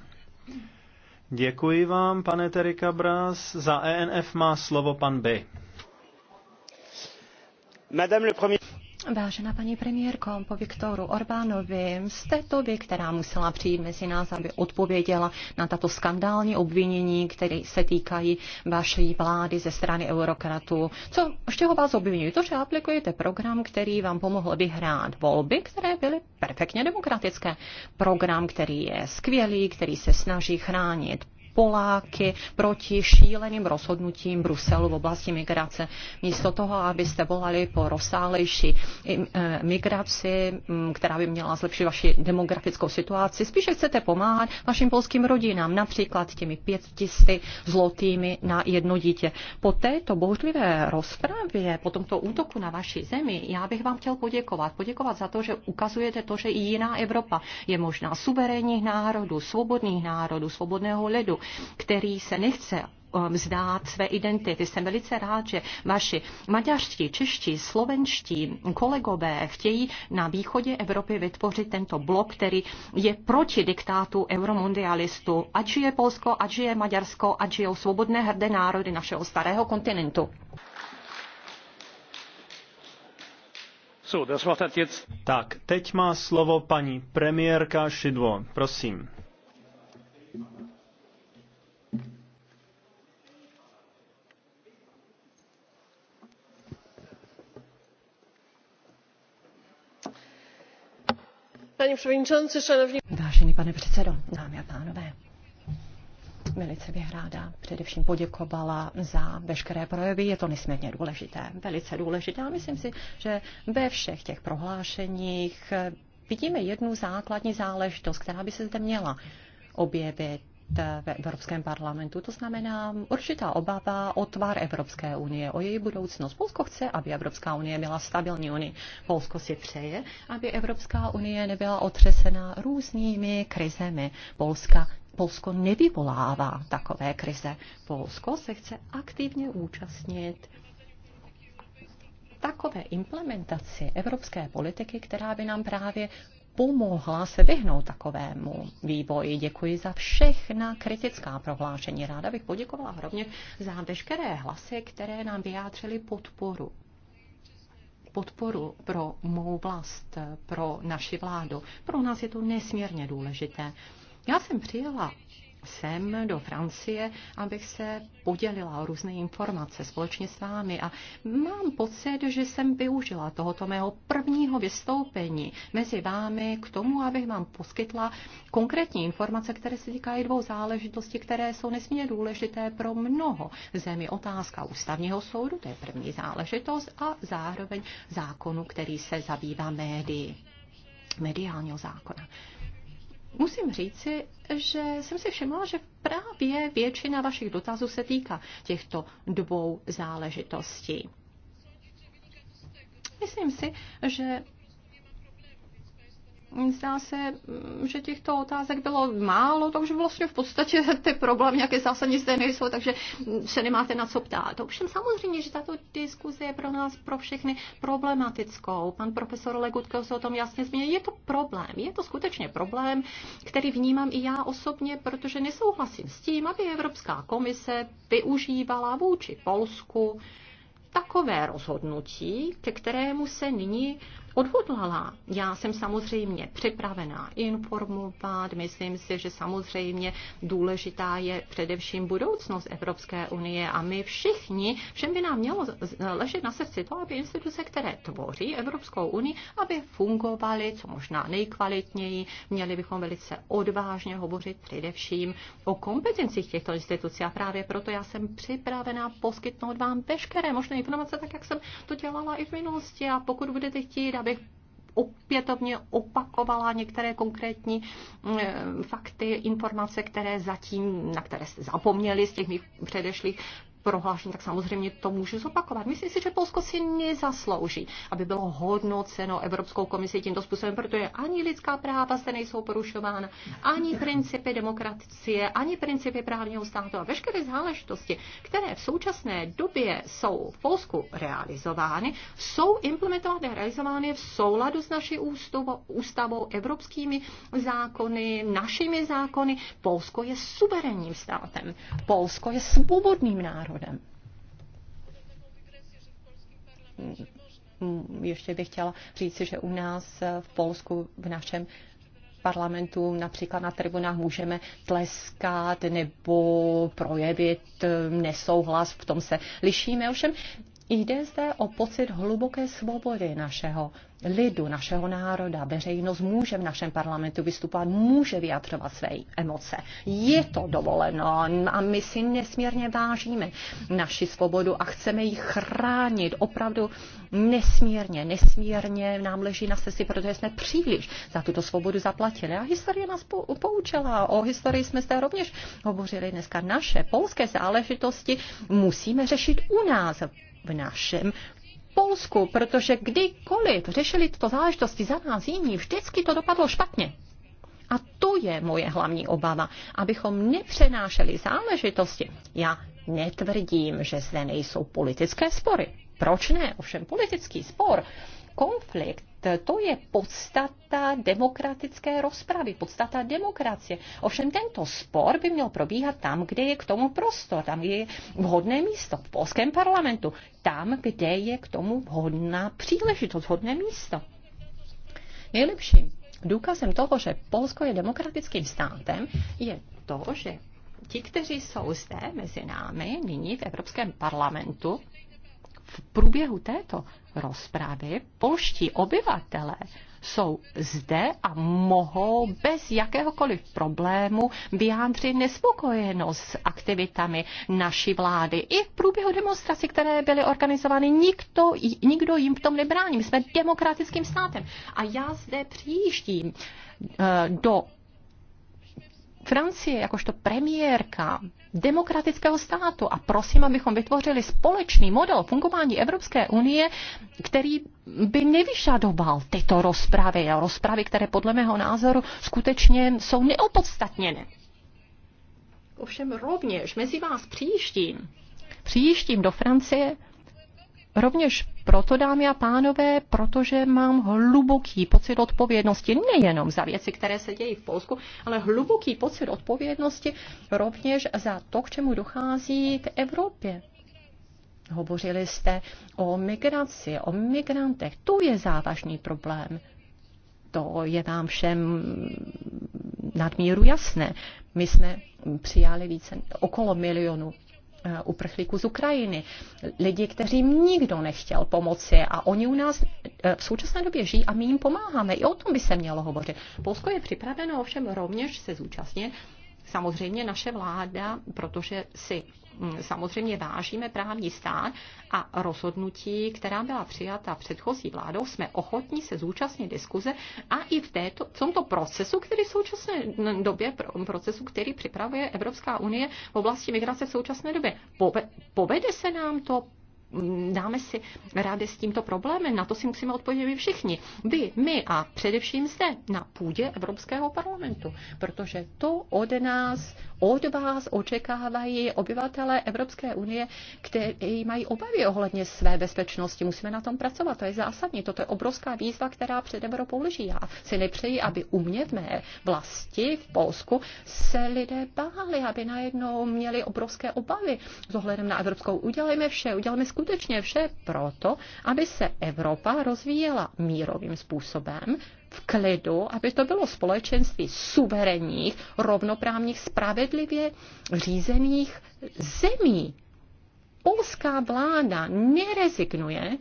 Speaker 7: Děkuji vám, pane Terika Brás. Za ENF má slovo pan B. Madame le premier...
Speaker 8: Vážená paní premiérko, po Viktoru Orbánovi, jste to vy, která musela přijít mezi nás, aby odpověděla na tato skandální obvinění, které se týkají vaší vlády ze strany eurokratů. Co, z čeho vás obvinují? To, že aplikujete program, který vám pomohl vyhrát volby, které byly perfektně demokratické. Program, který je skvělý, který se snaží chránit Poláky proti šíleným rozhodnutím Bruselu v oblasti migrace. Místo toho, abyste volali po rozsálejší eh, migraci, mm, která by měla zlepšit vaši demografickou situaci, spíše chcete pomáhat vašim polským rodinám, například těmi pětisty zlotými na jedno dítě. Po této bouřlivé rozpravě, po tomto útoku na vaši zemi, já bych vám chtěl poděkovat. Poděkovat za to, že ukazujete to, že i jiná Evropa je možná suverénních národů, svobodných národů, svobodného lidu, který se nechce um, vzdát své identity. Jsem velice rád, že vaši maďarští, čeští, slovenští kolegové chtějí na východě Evropy vytvořit tento blok, který je proti diktátu euromundialistů. Ať žije Polsko, ať žije Maďarsko, ať žijou svobodné hrdé národy našeho starého kontinentu.
Speaker 7: Tak, teď má slovo paní premiérka Šidlo. Prosím.
Speaker 8: Vážený pane předsedo, dámy a pánové, velice bych ráda především poděkovala za veškeré projevy. Je to nesmírně důležité, velice důležité. A myslím si, že ve všech těch prohlášeních vidíme jednu základní záležitost, která by se zde měla objevit v Evropském parlamentu. To znamená určitá obava o tvar Evropské unie, o její budoucnost. Polsko chce, aby Evropská unie byla stabilní unii. Polsko si přeje, aby Evropská unie nebyla otřesena různými krizemi. Polska Polsko nevyvolává takové krize. Polsko se chce aktivně účastnit takové implementaci evropské politiky, která by nám právě pomohla se vyhnout takovému vývoji. Děkuji za všechna kritická prohlášení. Ráda bych poděkovala rovně za veškeré hlasy, které nám vyjádřily podporu podporu pro mou vlast, pro naši vládu. Pro nás je to nesmírně důležité. Já jsem přijela sem do Francie, abych se podělila o různé informace společně s vámi a mám pocit, že jsem využila tohoto mého prvního vystoupení mezi vámi k tomu, abych vám poskytla konkrétní informace, které se týkají dvou záležitostí, které jsou nesmírně důležité pro mnoho zemí. Otázka ústavního soudu, to je první záležitost, a zároveň zákonu, který se zabývá médií mediálního zákona musím říci, že jsem si všimla, že právě většina vašich dotazů se týká těchto dvou záležitostí. Myslím si, že zdá se, že těchto otázek bylo málo, takže vlastně v podstatě ty problémy nějaké zásadní zde nejsou, takže se nemáte na co ptát. Ovšem samozřejmě, že tato diskuze je pro nás, pro všechny problematickou. Pan profesor Legutko se o tom jasně zmínil. Je to problém, je to skutečně problém, který vnímám i já osobně, protože nesouhlasím s tím, aby Evropská komise využívala vůči Polsku takové rozhodnutí, ke kterému se nyní odhodlala. Já jsem samozřejmě připravená informovat. Myslím si, že samozřejmě důležitá je především budoucnost Evropské unie a my všichni, všem by nám mělo ležet na srdci to, aby instituce, které tvoří Evropskou unii, aby fungovaly co možná nejkvalitněji. Měli bychom velice odvážně hovořit především o kompetencích těchto institucí a právě proto já jsem připravená poskytnout vám veškeré možné informace, tak jak jsem to dělala i v minulosti a pokud budete chtít, abych opětovně opakovala některé konkrétní eh, fakty, informace, které zatím, na které jste zapomněli z těch mých předešlých prohlášení, tak samozřejmě to můžu zopakovat. Myslím si, že Polsko si nezaslouží, aby bylo hodnoceno Evropskou komisí tímto způsobem, protože ani lidská práva se nejsou porušována, ani principy demokracie, ani principy právního státu a veškeré záležitosti, které v současné době jsou v Polsku realizovány, jsou implementovány a realizovány v souladu s naší ústavou, evropskými zákony, našimi zákony. Polsko je suverénním státem. Polsko je svobodným národem závodem. Hmm, ještě bych chtěla říct, že u nás eh, v Polsku, v našem parlamentu, například na tribunách, můžeme tleskat nebo projevit eh, nesouhlas, v tom se lišíme. Ovšem Jde zde o pocit hluboké svobody našeho lidu, našeho národa. Veřejnost může v našem parlamentu vystupovat, může vyjadřovat své emoce. Je to dovoleno a my si nesmírně vážíme naši svobodu a chceme ji chránit opravdu nesmírně, nesmírně nám leží na sesi, protože jsme příliš za tuto svobodu zaplatili. A historie nás poučila. O historii jsme zde rovněž hovořili dneska. Naše polské záležitosti musíme řešit u nás v našem Polsku, protože kdykoliv řešili tyto záležitosti za nás jiní, vždycky to dopadlo špatně. A to je moje hlavní obava, abychom nepřenášeli záležitosti. Já netvrdím, že zde nejsou politické spory. Proč ne? Ovšem politický spor, konflikt to je podstata demokratické rozpravy, podstata demokracie. Ovšem tento spor by měl probíhat tam, kde je k tomu prostor, tam je vhodné místo, v polském parlamentu, tam, kde je k tomu vhodná příležitost, vhodné místo. Nejlepším důkazem toho, že Polsko je demokratickým státem, je to, že ti, kteří jsou zde mezi námi nyní v Evropském parlamentu, v průběhu této rozpravy polští obyvatelé jsou zde a mohou bez jakéhokoliv problému vyjádřit nespokojenost s aktivitami naší vlády. I v průběhu demonstrací, které byly organizovány, nikdo, nikdo jim v tom nebrání. My jsme demokratickým státem. A já zde přijíždím eh, do Francie jakožto premiérka demokratického státu a prosím, abychom vytvořili společný model fungování Evropské unie, který by nevyžadoval tyto rozpravy, rozpravy, které podle mého názoru skutečně jsou neopodstatněné. Ovšem rovněž mezi vás příštím, příštím do Francie rovněž proto, dámy a pánové, protože mám hluboký pocit odpovědnosti nejenom za věci, které se dějí v Polsku, ale hluboký pocit odpovědnosti rovněž za to, k čemu dochází v Evropě. Hovořili jste o migraci, o migrantech. To je závažný problém. To je vám všem nadmíru jasné. My jsme přijali více okolo milionu Eh, uprchlíků z Ukrajiny. Lidi, kteřím nikdo nechtěl pomoci a oni u nás eh, v současné době žijí a my jim pomáháme. I o tom by se mělo hovořit. Polsko je připraveno ovšem rovněž se zúčastnit samozřejmě naše vláda, protože si mm, samozřejmě vážíme právní stát a rozhodnutí, která byla přijata předchozí vládou, jsme ochotní se zúčastnit diskuze a i v, této, v tomto procesu, který v současné době, procesu, který připravuje Evropská unie v oblasti migrace v současné době. Povede se nám to, Mm, dáme si rádi s tímto problémem? Na to si musíme odpovědět my všichni. Vy, my a především zde na půdě Evropského parlamentu. Protože to od nás od vás očekávají obyvatelé Evropské unie, kteří mají obavy ohledně své bezpečnosti. Musíme na tom pracovat, to je zásadní. Toto je obrovská výzva, která před Evropou leží. Já si nepřeji, aby u mě v mé vlasti v Polsku se lidé báli, aby najednou měli obrovské obavy s ohledem na Evropskou. Udělejme vše, udělejme skutečně vše proto, aby se Evropa rozvíjela mírovým způsobem, v klidu, aby to bylo společenství suverenních, rovnoprávných, spravedlivě řízených zemí. Polská vláda nerezignuje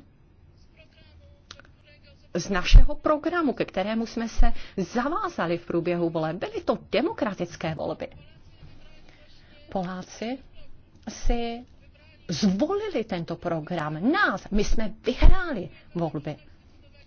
Speaker 8: z našeho programu, ke kterému jsme se zavázali v průběhu voleb. Byly to demokratické volby. Poláci si zvolili tento program, nás, my jsme vyhráli volby.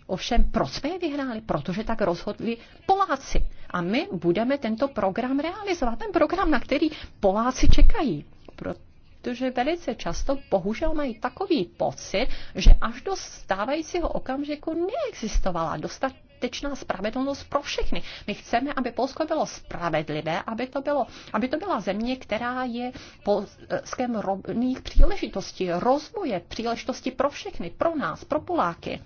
Speaker 8: Ovšem, proč jsme je vyhráli? Protože tak rozhodli Poláci. A my budeme tento program realizovat, ten program, na který Poláci čekají. Protože velice často bohužel mají takový pocit, že až do stávajícího okamžiku neexistovala dostat dostatečná spravedlnost pro všechny. My chceme, aby Polsko bylo spravedlivé, aby to, bylo, aby to byla země, která je polském rovných příležitostí, rozvoje, příležitosti pro všechny, pro nás, pro Poláky.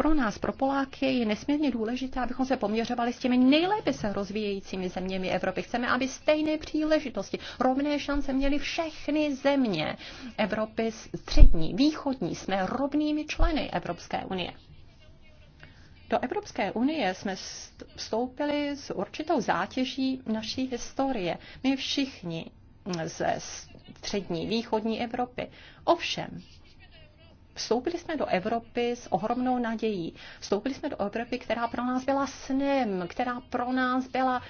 Speaker 8: pro nás, pro Poláky, je nesmírně důležité, abychom se poměřovali s těmi nejlépe se rozvíjejícími zeměmi Evropy. Chceme, aby stejné příležitosti, rovné šance měly všechny země Evropy střední, východní. Jsme rovnými členy Evropské unie. Do Evropské unie jsme vstoupili s určitou zátěží naší historie. My všichni ze střední, východní Evropy. Ovšem, Vstoupili jsme do Evropy s ohromnou nadějí. Vstoupili jsme do Evropy, která pro nás byla snem, která pro nás byla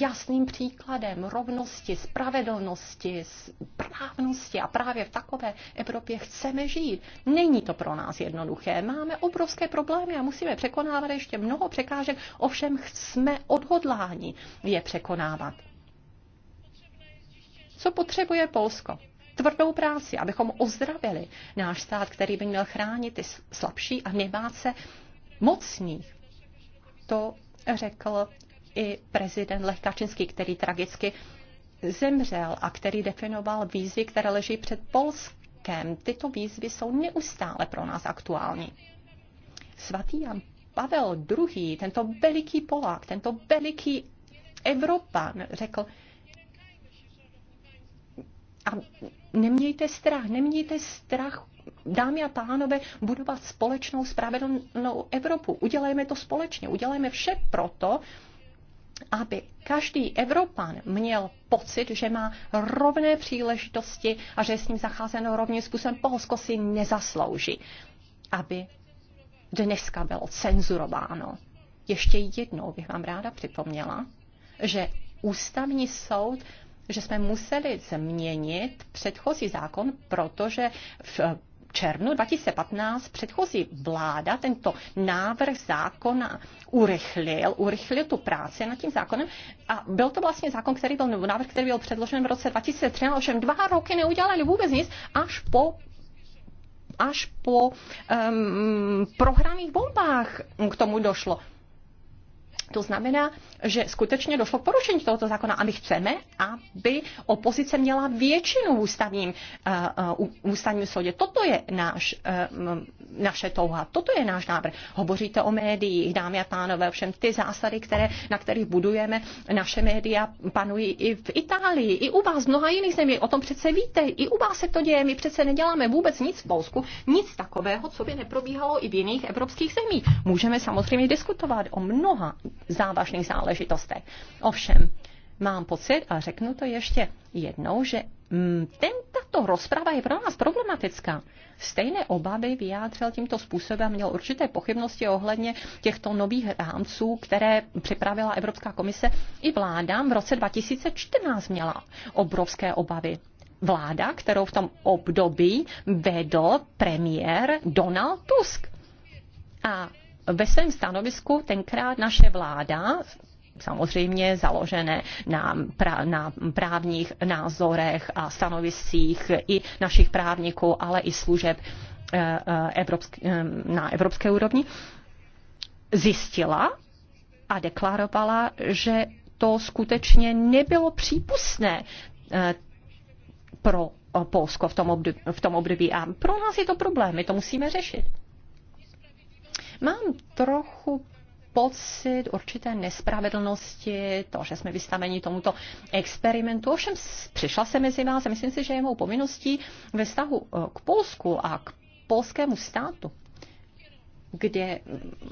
Speaker 8: jasným příkladem rovnosti, spravedlnosti, správnosti a právě v takové Evropě chceme žít. Není to pro nás jednoduché. Máme obrovské problémy a musíme překonávat ještě mnoho překážek, ovšem jsme odhodláni je překonávat. Co potřebuje Polsko? tvrdou práci, abychom ozdravili náš stát, který by měl chránit ty slabší a nebát se mocných. To řekl i prezident Lech Kačinský, který tragicky zemřel a který definoval výzvy, které leží před Polskem. Tyto výzvy jsou neustále pro nás aktuální. Svatý Jan Pavel II., tento veliký Polák, tento veliký Evropan, řekl, a nemějte strach, nemějte strach, dámy a pánové, budovat společnou spravedlnou Evropu. Udělejme to společně, udělejme vše proto, aby každý Evropan měl pocit, že má rovné příležitosti a že je s ním zacházeno rovným způsobem. Polsko si nezaslouží, aby dneska bylo cenzurováno. Ještě jednou bych vám ráda připomněla, že ústavní soud že jsme museli změnit předchozí zákon, protože v eh, červnu 2015 předchozí vláda tento návrh zákona urychlil, urychlil tu práci nad tím zákonem a byl to vlastně zákon, který byl, nebo návrh, který byl předložen v roce 2013, ovšem dva roky neudělali vůbec nic až po až po um, prohraných bombách k tomu došlo. To znamená, že skutečně došlo k porušení tohoto zákona a my chceme, aby opozice měla většinu v ústavním, uh, ústavním soudě. Toto je náš, uh, naše touha, toto je náš návrh. Hovoříte o médiích, dámy a pánové, všem ty zásady, které, na kterých budujeme naše média, panují i v Itálii, i u vás, mnoha jiných zemí. O tom přece víte, i u vás se to děje. My přece neděláme vůbec nic v Polsku, nic takového, co by neprobíhalo i v jiných evropských zemích. Můžeme samozřejmě diskutovat o mnoha závažných záležitostech. Ovšem, mám pocit, a řeknu to ještě jednou, že mm, ten, tato rozprava je pro nás problematická. Stejné obavy vyjádřil tímto způsobem, měl určité pochybnosti ohledně těchto nových rámců, které připravila Evropská komise i vláda. V roce 2014 měla obrovské obavy. Vláda, kterou v tom období vedl premiér Donald Tusk. A ve svém stanovisku tenkrát naše vláda samozřejmě založené na, pra, na právních názorech a stanoviscích i našich právníků, ale i služeb eh, eh, evropsk, eh, na evropské úrovni, zjistila a deklarovala, že to skutečně nebylo přípustné pro Polsko v tom, období, v tom období. A pro nás je to problém, my to musíme řešit. Mám trochu pocit určité nespravedlnosti, to, že jsme vystaveni tomuto experimentu. Ovšem přišla se mezi vás a myslím si, že je mou povinností ve vztahu eh, k Polsku a k polskému státu, kde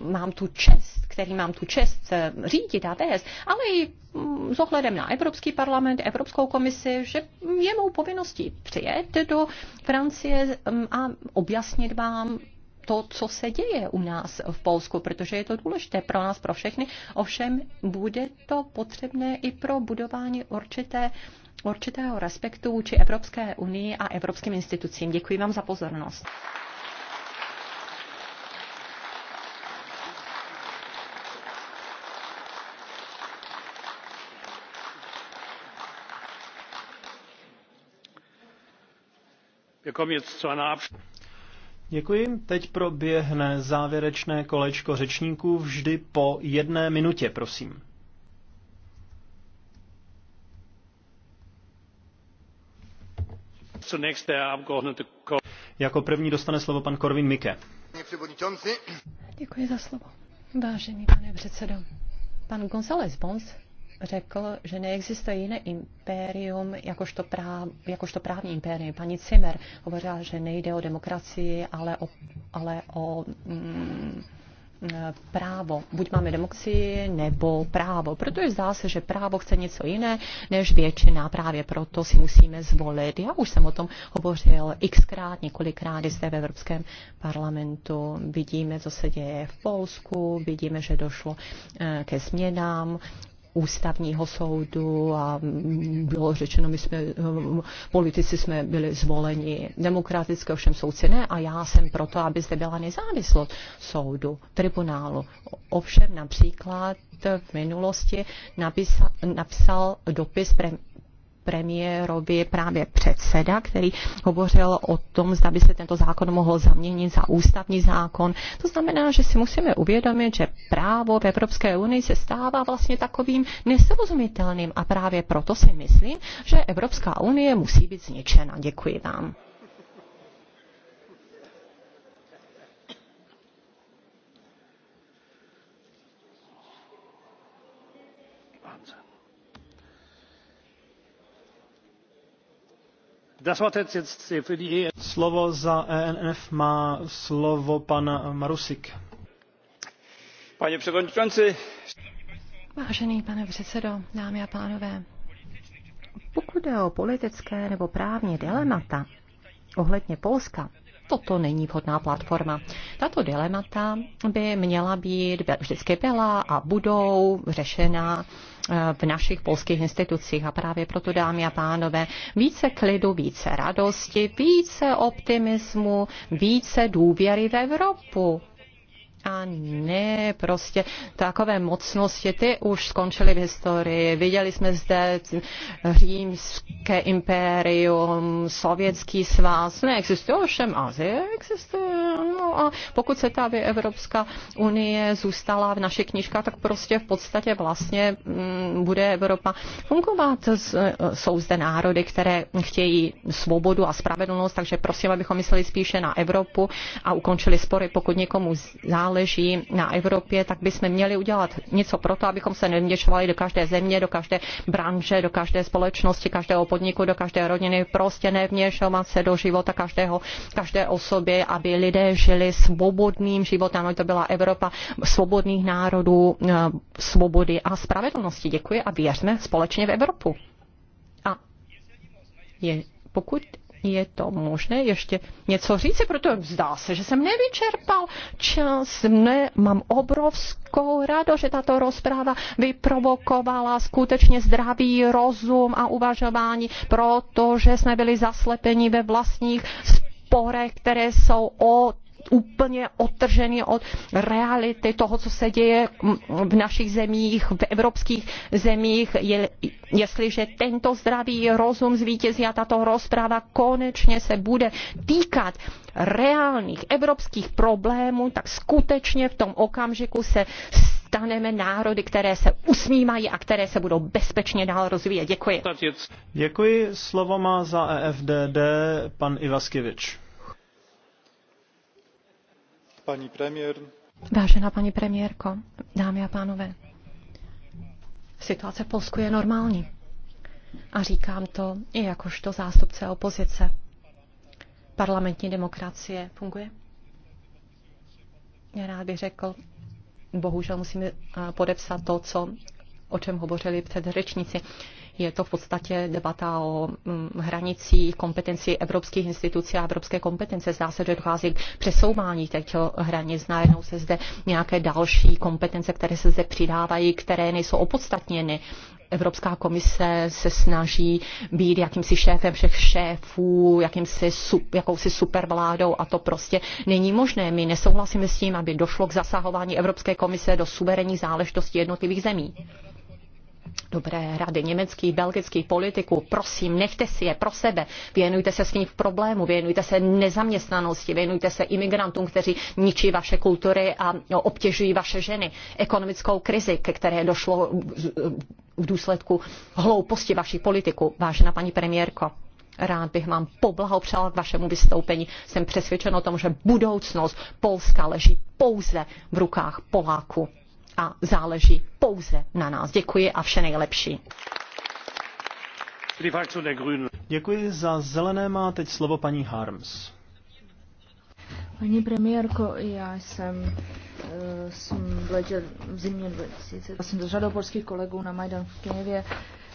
Speaker 8: mám tu čest, který mám tu čest eh, řídit a vést, ale i mm, s ohledem na Evropský parlament, Evropskou komisi, že je mou povinností přijet do Francie mm, a objasnit vám to, co se děje u nás v Polsku, protože je to důležité pro nás, pro všechny. Ovšem bude to potřebné i pro budování určité určitého respektu vůči Evropské unii a evropským institucím. Děkuji vám za pozornost.
Speaker 5: wir kommen jetzt zu einer abstimmung.
Speaker 7: Děkuji. Teď proběhne závěrečné kolečko řečníků vždy po jedné minutě, prosím. Jako první dostane slovo pan Korvin Mike.
Speaker 8: Děkuji za slovo. Vážený pane předsedo, pan González Bons řekl, že neexistuje jiné impérium, jakožto, práv, jakožto právní impérium. Paní Cimer hovořila, že nejde o demokracii, ale o, ale o mm, právo. Buď máme demokracii nebo právo, protože zdá se, že právo chce něco jiné než většina. Právě proto si musíme zvolit. Já už jsem o tom hovořil xkrát, několikrát zde v Evropském parlamentu. Vidíme, co se děje v Polsku, vidíme, že došlo eh, ke změnám ústavního soudu a bylo řečeno, my jsme, politici jsme byli zvoleni demokraticky, ovšem soudci ne a já jsem proto, aby zde byla nezávislost soudu, tribunálu. Ovšem například v minulosti napisa, napsal dopis pre, premiérovi právě předseda, který hovořil o tom, zda by se tento zákon mohl zaměnit za ústavní zákon. To znamená, že si musíme uvědomit, že právo v Evropské unii se stává vlastně takovým nesrozumitelným a právě proto si myslím, že Evropská unie musí být zničena. Děkuji vám.
Speaker 5: Slovo za
Speaker 7: ENF má slovo pan Marusik.
Speaker 1: Pane předsedající.
Speaker 8: Vážený pane předsedo, dámy a pánové, pokud jde o politické nebo právní dilemata ohledně Polska, toto není vhodná platforma. Tato dilemata by měla být, vždycky byla a budou řešena eh, v našich polských institucích. A právě proto, dámy a pánové, více klidu, více radosti, více optimismu, více důvěry v Evropu a ne prostě takové mocnosti, ty už skončily v historii. Viděli jsme zde římské impérium, sovětský svaz, neexistuje ovšem Azie, existuje. No a pokud se ta Evropská unie zůstala v našich knižkách, tak prostě v podstatě vlastně mm, bude Evropa fungovat. Jsou zde národy, které chtějí svobodu a spravedlnost, takže prosím, abychom mysleli spíše na Evropu a ukončili spory, pokud někomu záleží záleží na Evropě, tak bychom měli udělat něco pro to, abychom se nevměšovali do každé země, do každé branže, do každé společnosti, každého podniku, do každé rodiny. Prostě nevměšovat se do života každého, každé osoby, aby lidé žili svobodným životem. Ano, to byla Evropa svobodných národů, eh, svobody a spravedlnosti. Děkuji a věřme společně v Evropu. A je, pokud je to možné ještě něco říci, protože zdá se, že jsem nevyčerpal čas. Ne, mám obrovskou radost, že tato rozpráva vyprovokovala skutečně zdravý rozum a uvažování, protože jsme byli zaslepeni ve vlastních sporech, které jsou o úplně odtrženy od reality toho, co se děje v našich zemích, v evropských zemích, je, jestliže tento zdravý rozum zvítězí a tato rozpráva konečně se bude týkat reálných evropských problémů, tak skutečně v tom okamžiku se staneme národy, které se usmívají a které se budou bezpečně dál rozvíjet. Děkuji.
Speaker 7: Děkuji. Slovo má za EFDD pan Ivaskevič paní premiér.
Speaker 8: Vážená paní premiérko, dámy a pánové, situace v Polsku je normální. A říkám to i jakožto zástupce opozice. Parlamentní demokracie funguje? Já rád bych řekl, bohužel musíme podepsat to, co, o čem hovořili předřečníci. Je to v podstatě debata o mm, hranicích kompetencí evropských institucí a evropské kompetence. Zdá se, že dochází k přesouvání těchto hranic. Najednou se zde nějaké další kompetence, které se zde přidávají, které nejsou opodstatněny. Evropská komise se snaží být jakýmsi šéfem všech šéfů, jakýmsi, jakousi supervládou a to prostě není možné. My nesouhlasíme s tím, aby došlo k zasahování Evropské komise do suverénních záležitostí jednotlivých zemí dobré rady německých, belgických politiků. Prosím, nechte si je pro sebe, věnujte se svým problému, věnujte se nezaměstnanosti, věnujte se imigrantům, kteří ničí vaše kultury a obtěžují vaše ženy, ekonomickou krizi, ke které došlo v důsledku hlouposti vaší politiku, vážená paní premiérko. Rád bych vám poblahopřál k vašemu vystoupení. Jsem přesvědčen o tom, že budoucnost Polska leží pouze v rukách Poláků a záleží pouze na nás. Děkuji a vše nejlepší.
Speaker 7: Děkuji za zelené má teď slovo paní Harms.
Speaker 6: Paní premiérko, já jsem, eh, jsem v zimě 2000. Já jsem do řadou polských kolegů na Majdan v Kněvě.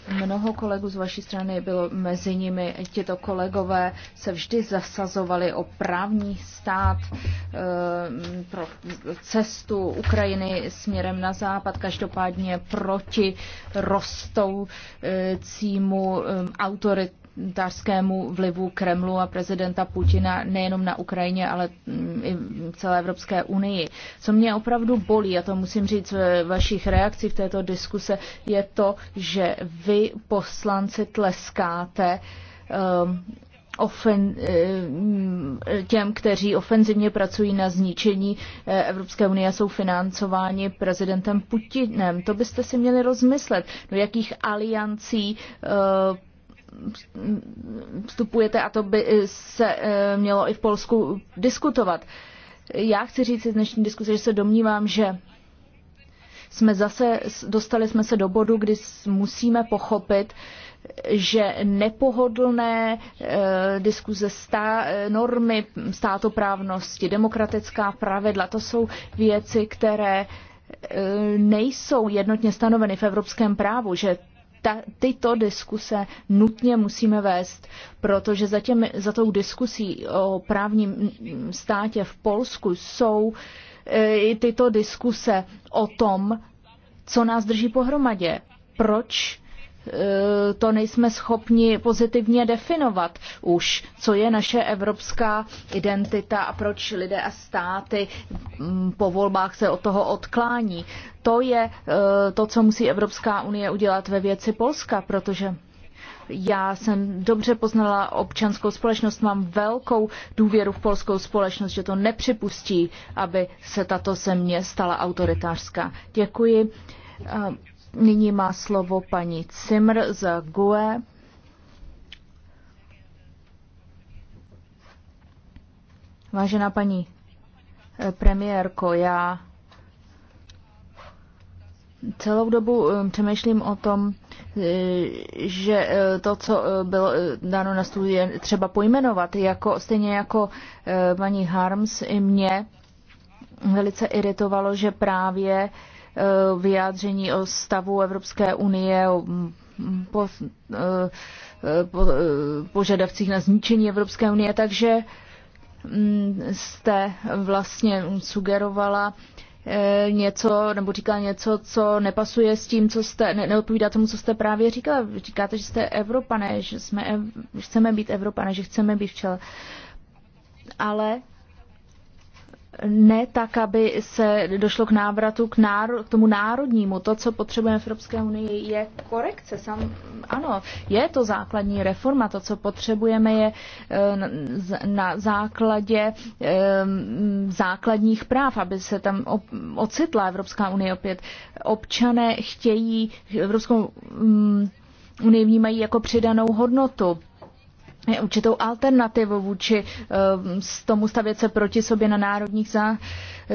Speaker 6: Mnoho kolegů z vaší strany bylo mezi nimi. Těto kolegové se vždy zasazovali o právní stát eh, pro cestu Ukrajiny směrem na západ, každopádně proti rostoucímu eh, eh, autoritě autoritářskému vlivu Kremlu a prezidenta Putina nejenom na Ukrajině, ale mm, i v celé Evropské unii. Co mě opravdu bolí, a to musím říct ve eh, vašich reakcí v této diskuse, je to, že vy poslanci tleskáte um, ofen, eh, těm, kteří ofenzivně pracují na zničení eh, Evropské unie, a jsou financováni prezidentem Putinem. To byste si měli rozmyslet, do jakých aliancí vstupujete a to by se eh, mělo i v Polsku diskutovat. Já chci říct z dnešní diskuse, že se domnívám, že jsme zase, dostali jsme se do bodu, kdy musíme pochopit, že nepohodlné e, diskuze stá, eh, normy státoprávnosti, demokratická pravidla, to jsou věci, které nejsou jednotně stanoveny v evropském právu, že ta, tyto diskuse nutně musíme vést, protože za, těmi, za tou diskusí o právním státě v Polsku jsou eh, i tyto diskuse o tom, co nás drží pohromadě. Proč Eh, to nejsme schopni pozitivně definovat už, co je naše evropská identita a proč lidé a státy mm, po volbách se od toho odklání. To je eh, to, co musí Evropská unie udělat ve věci Polska, protože já jsem dobře poznala občanskou společnost, mám velkou důvěru v polskou společnost, že to nepřipustí, aby se tato země stala autoritářská. Děkuji. Eh, Nyní má slovo paní Cimr z GUE. Vážená paní eh, premiérko, já celou dobu eh, přemýšlím o tom, eh, že to, co bylo dáno na stůl, je třeba pojmenovat. Jako, stejně jako paní Harms i mě velice iritovalo, že právě Eh, vyjádření o stavu Evropské unie, o mm, mm, po, eh, eh, po, požadavcích na zničení Evropské unie, takže mm, jste vlastně sugerovala něco, nebo říká něco, co nepasuje s tím, co jste, ne, neodpovídá tomu, co jste právě říkala. Říkáte, že jste Evropané, že jsme, chceme být Evropané, že chceme být včel, Ale ne tak, aby se došlo k návratu k, náro, k tomu národnímu. To, co potřebujeme v Evropské unii, je korekce. Sam, ano, je to základní reforma. To, co potřebujeme, je eh, na základě eh, základních práv, aby se tam ocitla Evropská unie opět. Občané chtějí Evropskou mm, unii vnímají jako přidanou hodnotu je určitou alternativou vůči uh, tomu stavět se proti sobě na národních zá,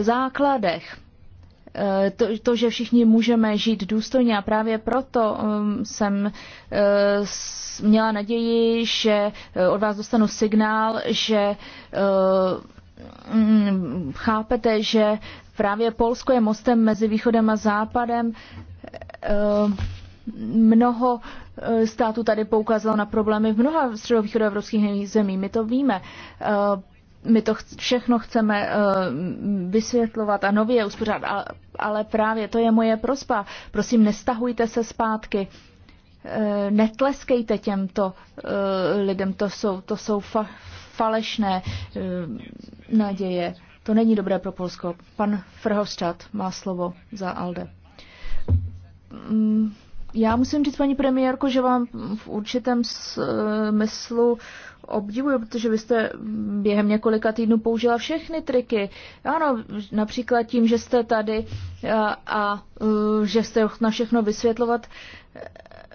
Speaker 6: základech. Eh, to, to, že všichni můžeme žít důstojně a právě proto ehm, jsem eh, měla naději, že od vás dostanu signál, že mm, chápete, že právě Polsko je mostem mezi východem a západem mnoho eh, států tady poukázalo na problémy v mnoha středovýchodoevropských zemí. My to víme. Eh, my to všechno chceme eh, vysvětlovat a nově uspořádat, ale právě to je moje prosba. Prosím, nestahujte se zpátky. Netleskejte těmto lidem, to jsou, to jsou fa- falešné naděje. To není dobré pro Polsko. Pan Frhostad má slovo za ALDE mm. Já musím říct, paní premiérko, že vám v určitém smyslu eh, obdivuju, protože vy jste během několika týdnů použila všechny triky. Ano, například tím, že jste tady eh, a, a eh, že jste na všechno vysvětlovat.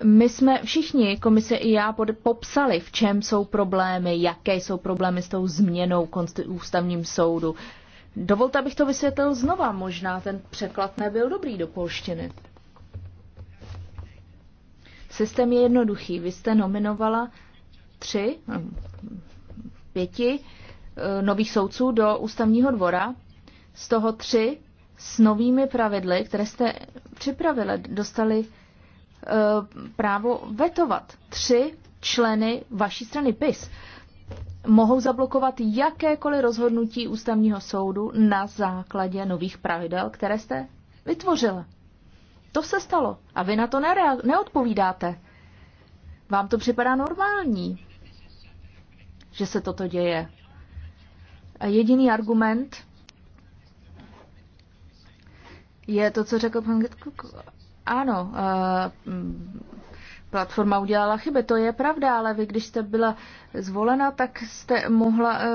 Speaker 6: My jsme všichni, komise i já, popsali, v čem jsou problémy, jaké jsou problémy s tou změnou ústavním soudu. Dovolte, abych to vysvětlil znova. Možná ten překlad nebyl dobrý do polštiny. Systém je jednoduchý. Vy jste nominovala tři, hm, pěti eh, nových soudců do ústavního dvora, z toho tři s novými pravidly, které jste připravili, dostali eh, právo vetovat. Tři členy vaší strany PIS mohou zablokovat jakékoliv rozhodnutí ústavního soudu na základě nových pravidel, které jste vytvořila. To se stalo. A vy na to neodpovídáte. Vám to připadá normální, že se toto děje. A jediný argument je to, co řekl pan Gitkuk. Ano, eh, platforma udělala chyby, to je pravda, ale vy, když jste byla zvolena, tak jste mohla eh,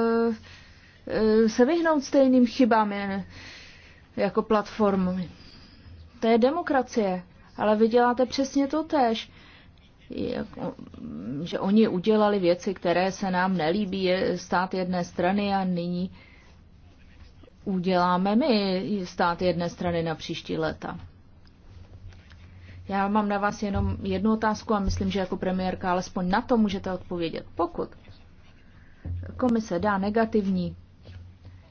Speaker 6: eh, se vyhnout stejným chybám jako platformy. To je demokracie. Ale vy děláte přesně to tež. Že oni udělali věci, které se nám nelíbí, je stát jedné strany a nyní uděláme my stát jedné strany na příští léta. Já mám na vás jenom jednu otázku a myslím, že jako premiérka alespoň na to můžete odpovědět. Pokud komise dá negativní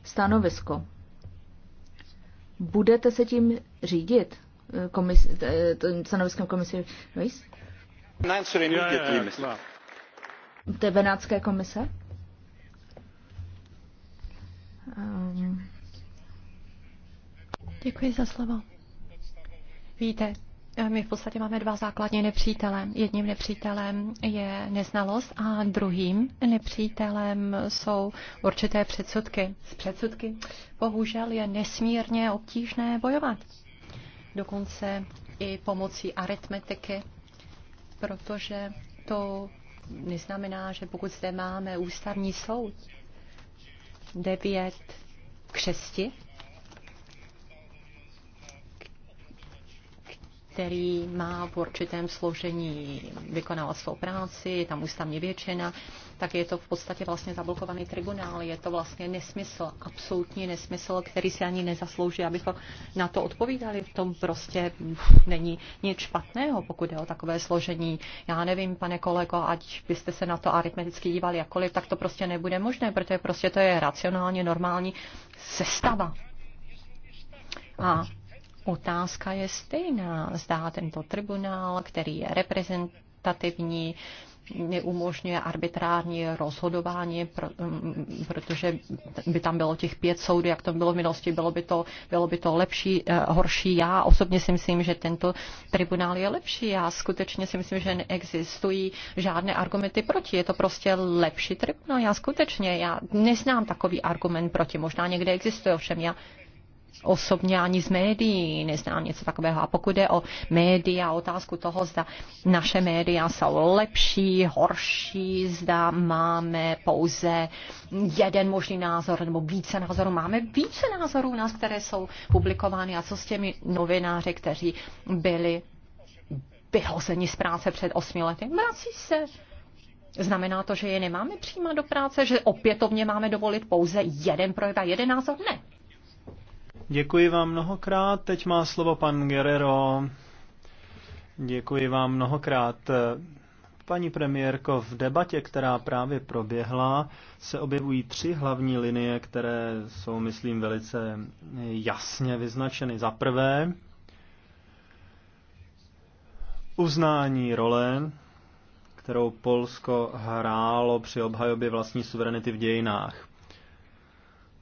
Speaker 6: stanovisko Budete se tím řídit? Komis, eh, stanoviskem komise Ruiz? Té Benátské komise? Um. Děkuji za slovo.
Speaker 8: Víte, Eh, my v podstatě máme dva základní nepřítele. Jedním nepřítelem je neznalost a druhým nepřítelem jsou určité předsudky. Z předsudky bohužel je nesmírně obtížné bojovat. Dokonce i pomocí aritmetiky, protože to neznamená, že pokud zde máme ústavní soud, devět křesti, který má v určitém složení vykonala svou práci, je tam ústavně většina, tak je to v podstatě vlastně zablokovaný tribunál. Je to vlastně nesmysl, absolutní nesmysl, který si ani nezaslouží, abychom na to odpovídali. V tom prostě není nic špatného, pokud je o takové složení. Já nevím, pane kolego, ať byste se na to aritmeticky dívali jakkoliv, tak to prostě nebude možné, protože prostě to je racionálně normální sestava. A otázka je stejná. Zdá tento tribunál, který je reprezentativní, neumožňuje arbitrární rozhodování, mm, protože by tam bylo těch pět soudů, jak to bylo v minulosti, bylo by to, bylo by to lepší, eh, horší. Já osobně si myslím, že tento tribunál je lepší. Já skutečně si myslím, že neexistují žádné argumenty proti. Je to prostě lepší tribunál. Já skutečně, já neznám takový argument proti. Možná někde existuje, ovšem já osobně ani z médií, neznám něco takového. A pokud je o média, otázku toho, zda naše média jsou lepší, horší, zda máme pouze jeden možný názor nebo více názorů. Máme více názorů nás, které jsou publikovány a co s těmi novináři, kteří byli vyhozeni z práce před osmi lety. Vrací se. Znamená to, že je nemáme přijímat do práce, že opětovně máme dovolit pouze jeden projev a jeden názor? Ne.
Speaker 7: Děkuji vám mnohokrát. Teď má slovo pan Guerrero. Děkuji vám mnohokrát. Paní premiérko, v debatě, která právě proběhla, se objevují tři hlavní linie, které jsou, myslím, velice jasně vyznačeny. Za prvé, uznání role, kterou Polsko hrálo při obhajobě vlastní suverenity v dějinách.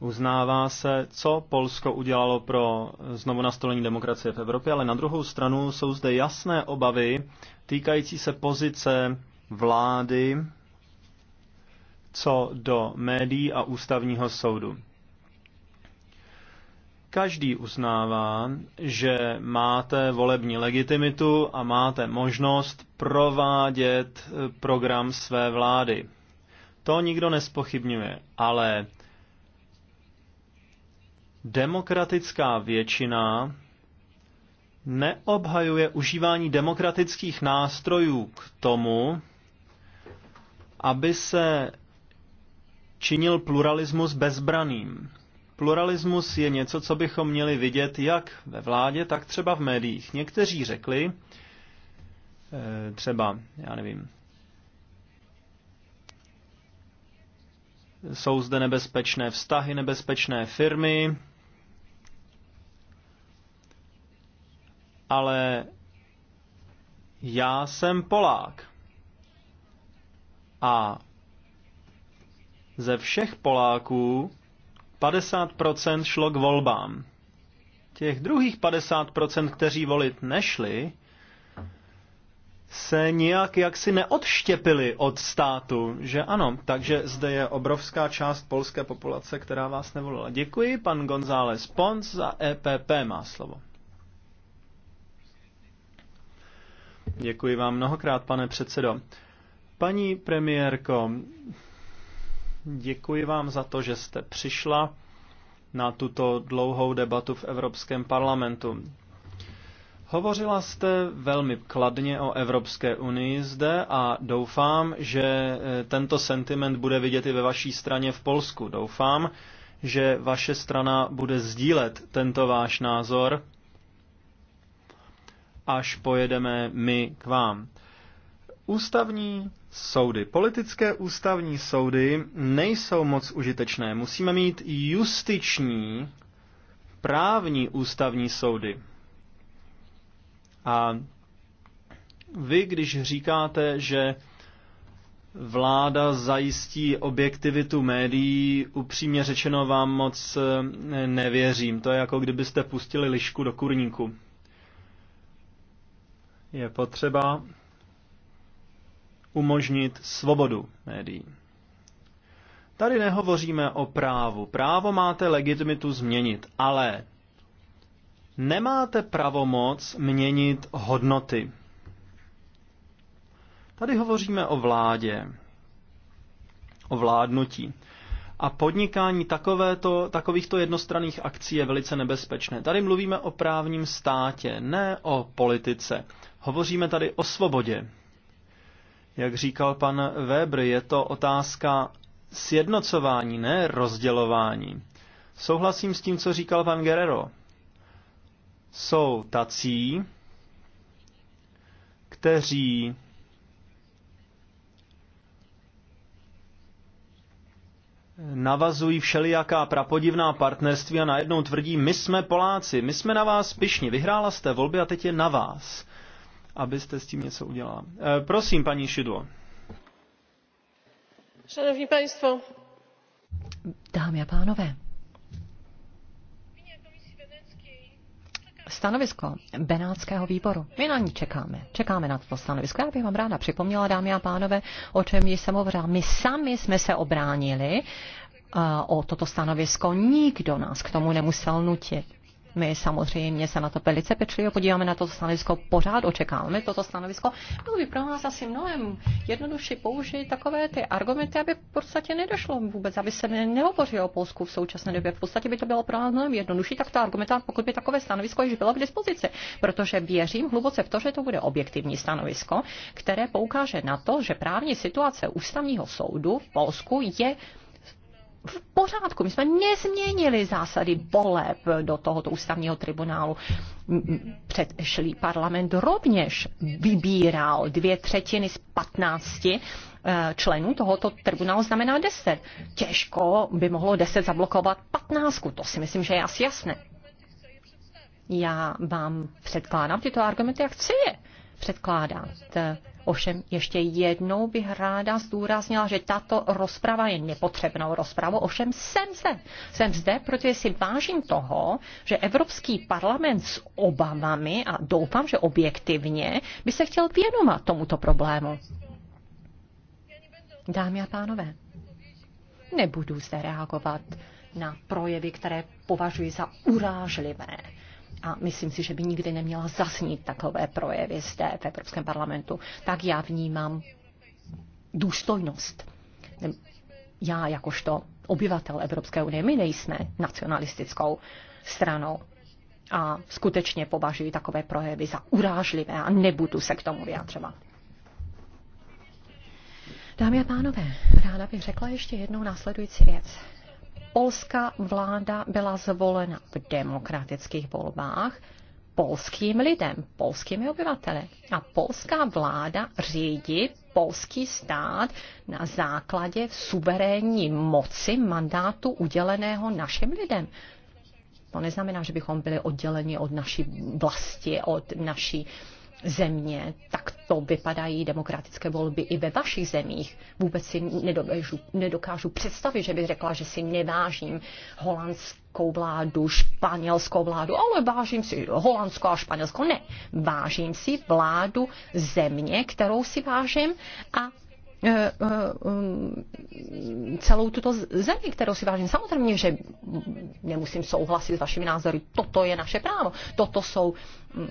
Speaker 7: Uznává se, co Polsko udělalo pro znovu nastolení demokracie v Evropě, ale na druhou stranu jsou zde jasné obavy týkající se pozice vlády co do médií a ústavního soudu. Každý uznává, že máte volební legitimitu a máte možnost provádět program své vlády. To nikdo nespochybňuje, ale demokratická většina neobhajuje užívání demokratických nástrojů k tomu, aby se činil pluralismus bezbraným. Pluralismus je něco, co bychom měli vidět jak ve vládě, tak třeba v médiích. Někteří řekli, eh, třeba, já nevím, jsou zde nebezpečné vztahy, nebezpečné firmy, ale já jsem Polák. A ze všech Poláků 50% šlo k volbám. Těch druhých 50%, kteří volit nešli, se nijak jaksi neodštěpili od státu, že ano, takže zde je obrovská část polské populace, která vás nevolila. Děkuji, pan González Pons za EPP má slovo. Děkuji vám mnohokrát, pane předsedo. Paní premiérko, děkuji vám za to, že jste přišla na tuto dlouhou debatu v Evropském parlamentu. Hovořila jste velmi kladně o Evropské unii zde a doufám, že eh, tento sentiment bude vidět i ve vaší straně v Polsku. Doufám, že vaše strana bude sdílet tento váš názor až pojedeme my k vám. Ústavní soudy. Politické ústavní soudy nejsou moc užitečné. Musíme mít justiční právní ústavní soudy. A vy, když říkáte, že vláda zajistí objektivitu médií, upřímně řečeno vám moc eh, nevěřím. To je jako kdybyste pustili lišku do kurníku. Je potřeba umožnit svobodu médií. Tady nehovoříme o právu. Právo máte legitimitu změnit, ale nemáte pravomoc měnit hodnoty. Tady hovoříme o vládě, o vládnutí. A podnikání takovéto, takovýchto jednostranných akcí je velice nebezpečné. Tady mluvíme o právním státě, ne o politice. Hovoříme tady o svobodě. Jak říkal pan Weber, je to otázka sjednocování, ne rozdělování. Souhlasím s tím, co říkal pan Guerrero. Jsou tací, kteří navazují všelijaká prapodivná partnerství a najednou tvrdí, my jsme Poláci, my jsme na vás pišní, vyhrála jste volby a teď je na vás, abyste s tím něco udělala. E, prosím, paní Šidlo.
Speaker 5: Szanowni państwo.
Speaker 8: Dámy a pánové, stanovisko Benátského výboru. My na ní čekáme. Čekáme na toto stanovisko. Já bych vám ráda připomněla, dámy a pánové, o čem ji jsem hovořila. My sami jsme se obránili eh, o toto stanovisko. Nikdo nás k tomu nemusel nutit. My samozřejmě se na to velice pečlivě podíváme na toto stanovisko, pořád očekáváme toto stanovisko. Bylo by pro nás asi mnohem jednodušší použít takové ty argumenty, aby v podstatě nedošlo vůbec, aby se nehovořilo o Polsku v současné době. V podstatě by to bylo pro nás mnohem jednodušší, tak to argumenta, pokud by takové stanovisko již bylo k dispozici. Protože věřím hluboce v to, že to bude objektivní stanovisko, které poukáže na to, že právní situace ústavního soudu v Polsku je v pořádku. My jsme nezměnili zásady voleb do tohoto ústavního tribunálu. Předšlý parlament rovněž vybíral dvě třetiny z patnácti eh, členů tohoto tribunálu znamená 10. Těžko by mohlo 10 zablokovat 15. To si myslím, že je asi jasné. Já vám předkládám tyto argumenty a chci je předkládat. Ovšem ještě jednou bych ráda zdůraznila, že tato rozprava je nepotřebnou rozpravou. Ovšem jsem zde. Jsem zde, protože si vážím toho, že Evropský parlament s obavami a doufám, že objektivně by se chtěl věnovat tomuto problému. Dámy a pánové, nebudu zde reagovat na projevy, které považuji za urážlivé a myslím si, že by nikdy neměla zasnít takové projevy zde v Evropském parlamentu. Tak já vnímám důstojnost. Já jakožto obyvatel Evropské unie, my nejsme nacionalistickou stranou a skutečně považuji takové projevy za urážlivé a nebudu se k tomu vyjadřovat. Dámy a pánové, ráda bych řekla ještě jednou následující věc polská vláda byla zvolena v demokratických volbách polským lidem, polskými obyvateli. A polská vláda řídí polský stát na základě suverénní moci mandátu uděleného našim lidem. To neznamená, že bychom byli odděleni od naší vlasti, od naší uh, země, tak to vypadají demokratické volby i ve vašich zemích. Vůbec si nedokážu, nedokážu představit, že bych řekla, že si nevážím holandskou vládu, španělskou vládu, ale vážím si holandskou a španělskou. Ne, vážím si vládu země, kterou si vážím a e, e, mm, celou tuto zemi, kterou si vážím. Samozřejmě, že nemusím souhlasit s vašimi názory. Toto je naše právo. Toto jsou mm,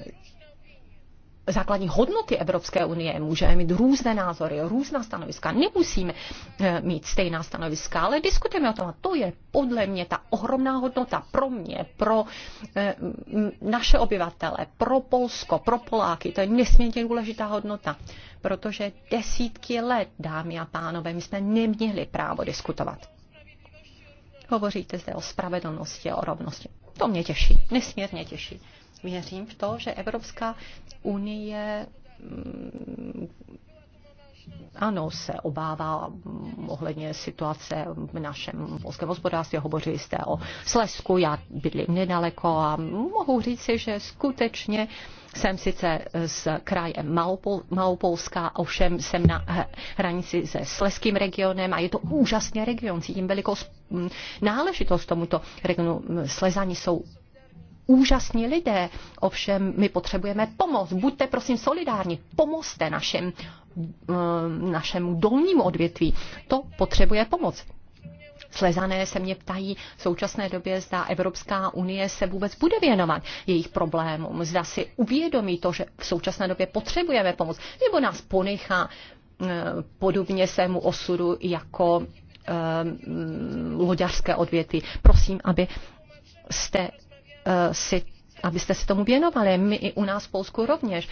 Speaker 8: základní hodnoty Evropské unie. Můžeme mít různé názory, různá stanoviska. Nemusíme eh, mít stejná stanoviska, ale diskutujeme o tom. A to je podle mě ta ohromná hodnota pro mě, pro eh, naše obyvatele, pro Polsko, pro Poláky. To je nesmírně důležitá hodnota, protože desítky let, dámy a pánové, my jsme neměli právo diskutovat. Hovoříte zde o spravedlnosti, o rovnosti. To mě těší, nesmírně těší věřím v to, že Evropská unie mm, ano, se obává mm, ohledně situace v našem polském hospodářství. Hovořili jste o Slesku, já bydlím nedaleko a mohu říci, že skutečně jsem sice z kraje Malopol, Malopolska, ovšem jsem na hranici se Sleským regionem a je to úžasný region, cítím velikou mm, náležitost tomuto regionu. Slezani jsou úžasní lidé, ovšem my potřebujeme pomoc. Buďte prosím solidární, pomozte našem, eh, našemu dolnímu odvětví. To potřebuje pomoc. Slezané se mě ptají v současné době, zda Evropská unie se vůbec bude věnovat jejich problémům, zda si uvědomí to, že v současné době potřebujeme pomoc, nebo nás ponechá eh, podobně svému osudu jako um, loďařské odvěty. Prosím, aby jste Eh, si, abyste se tomu věnovali. My i u nás v Polsku rovněž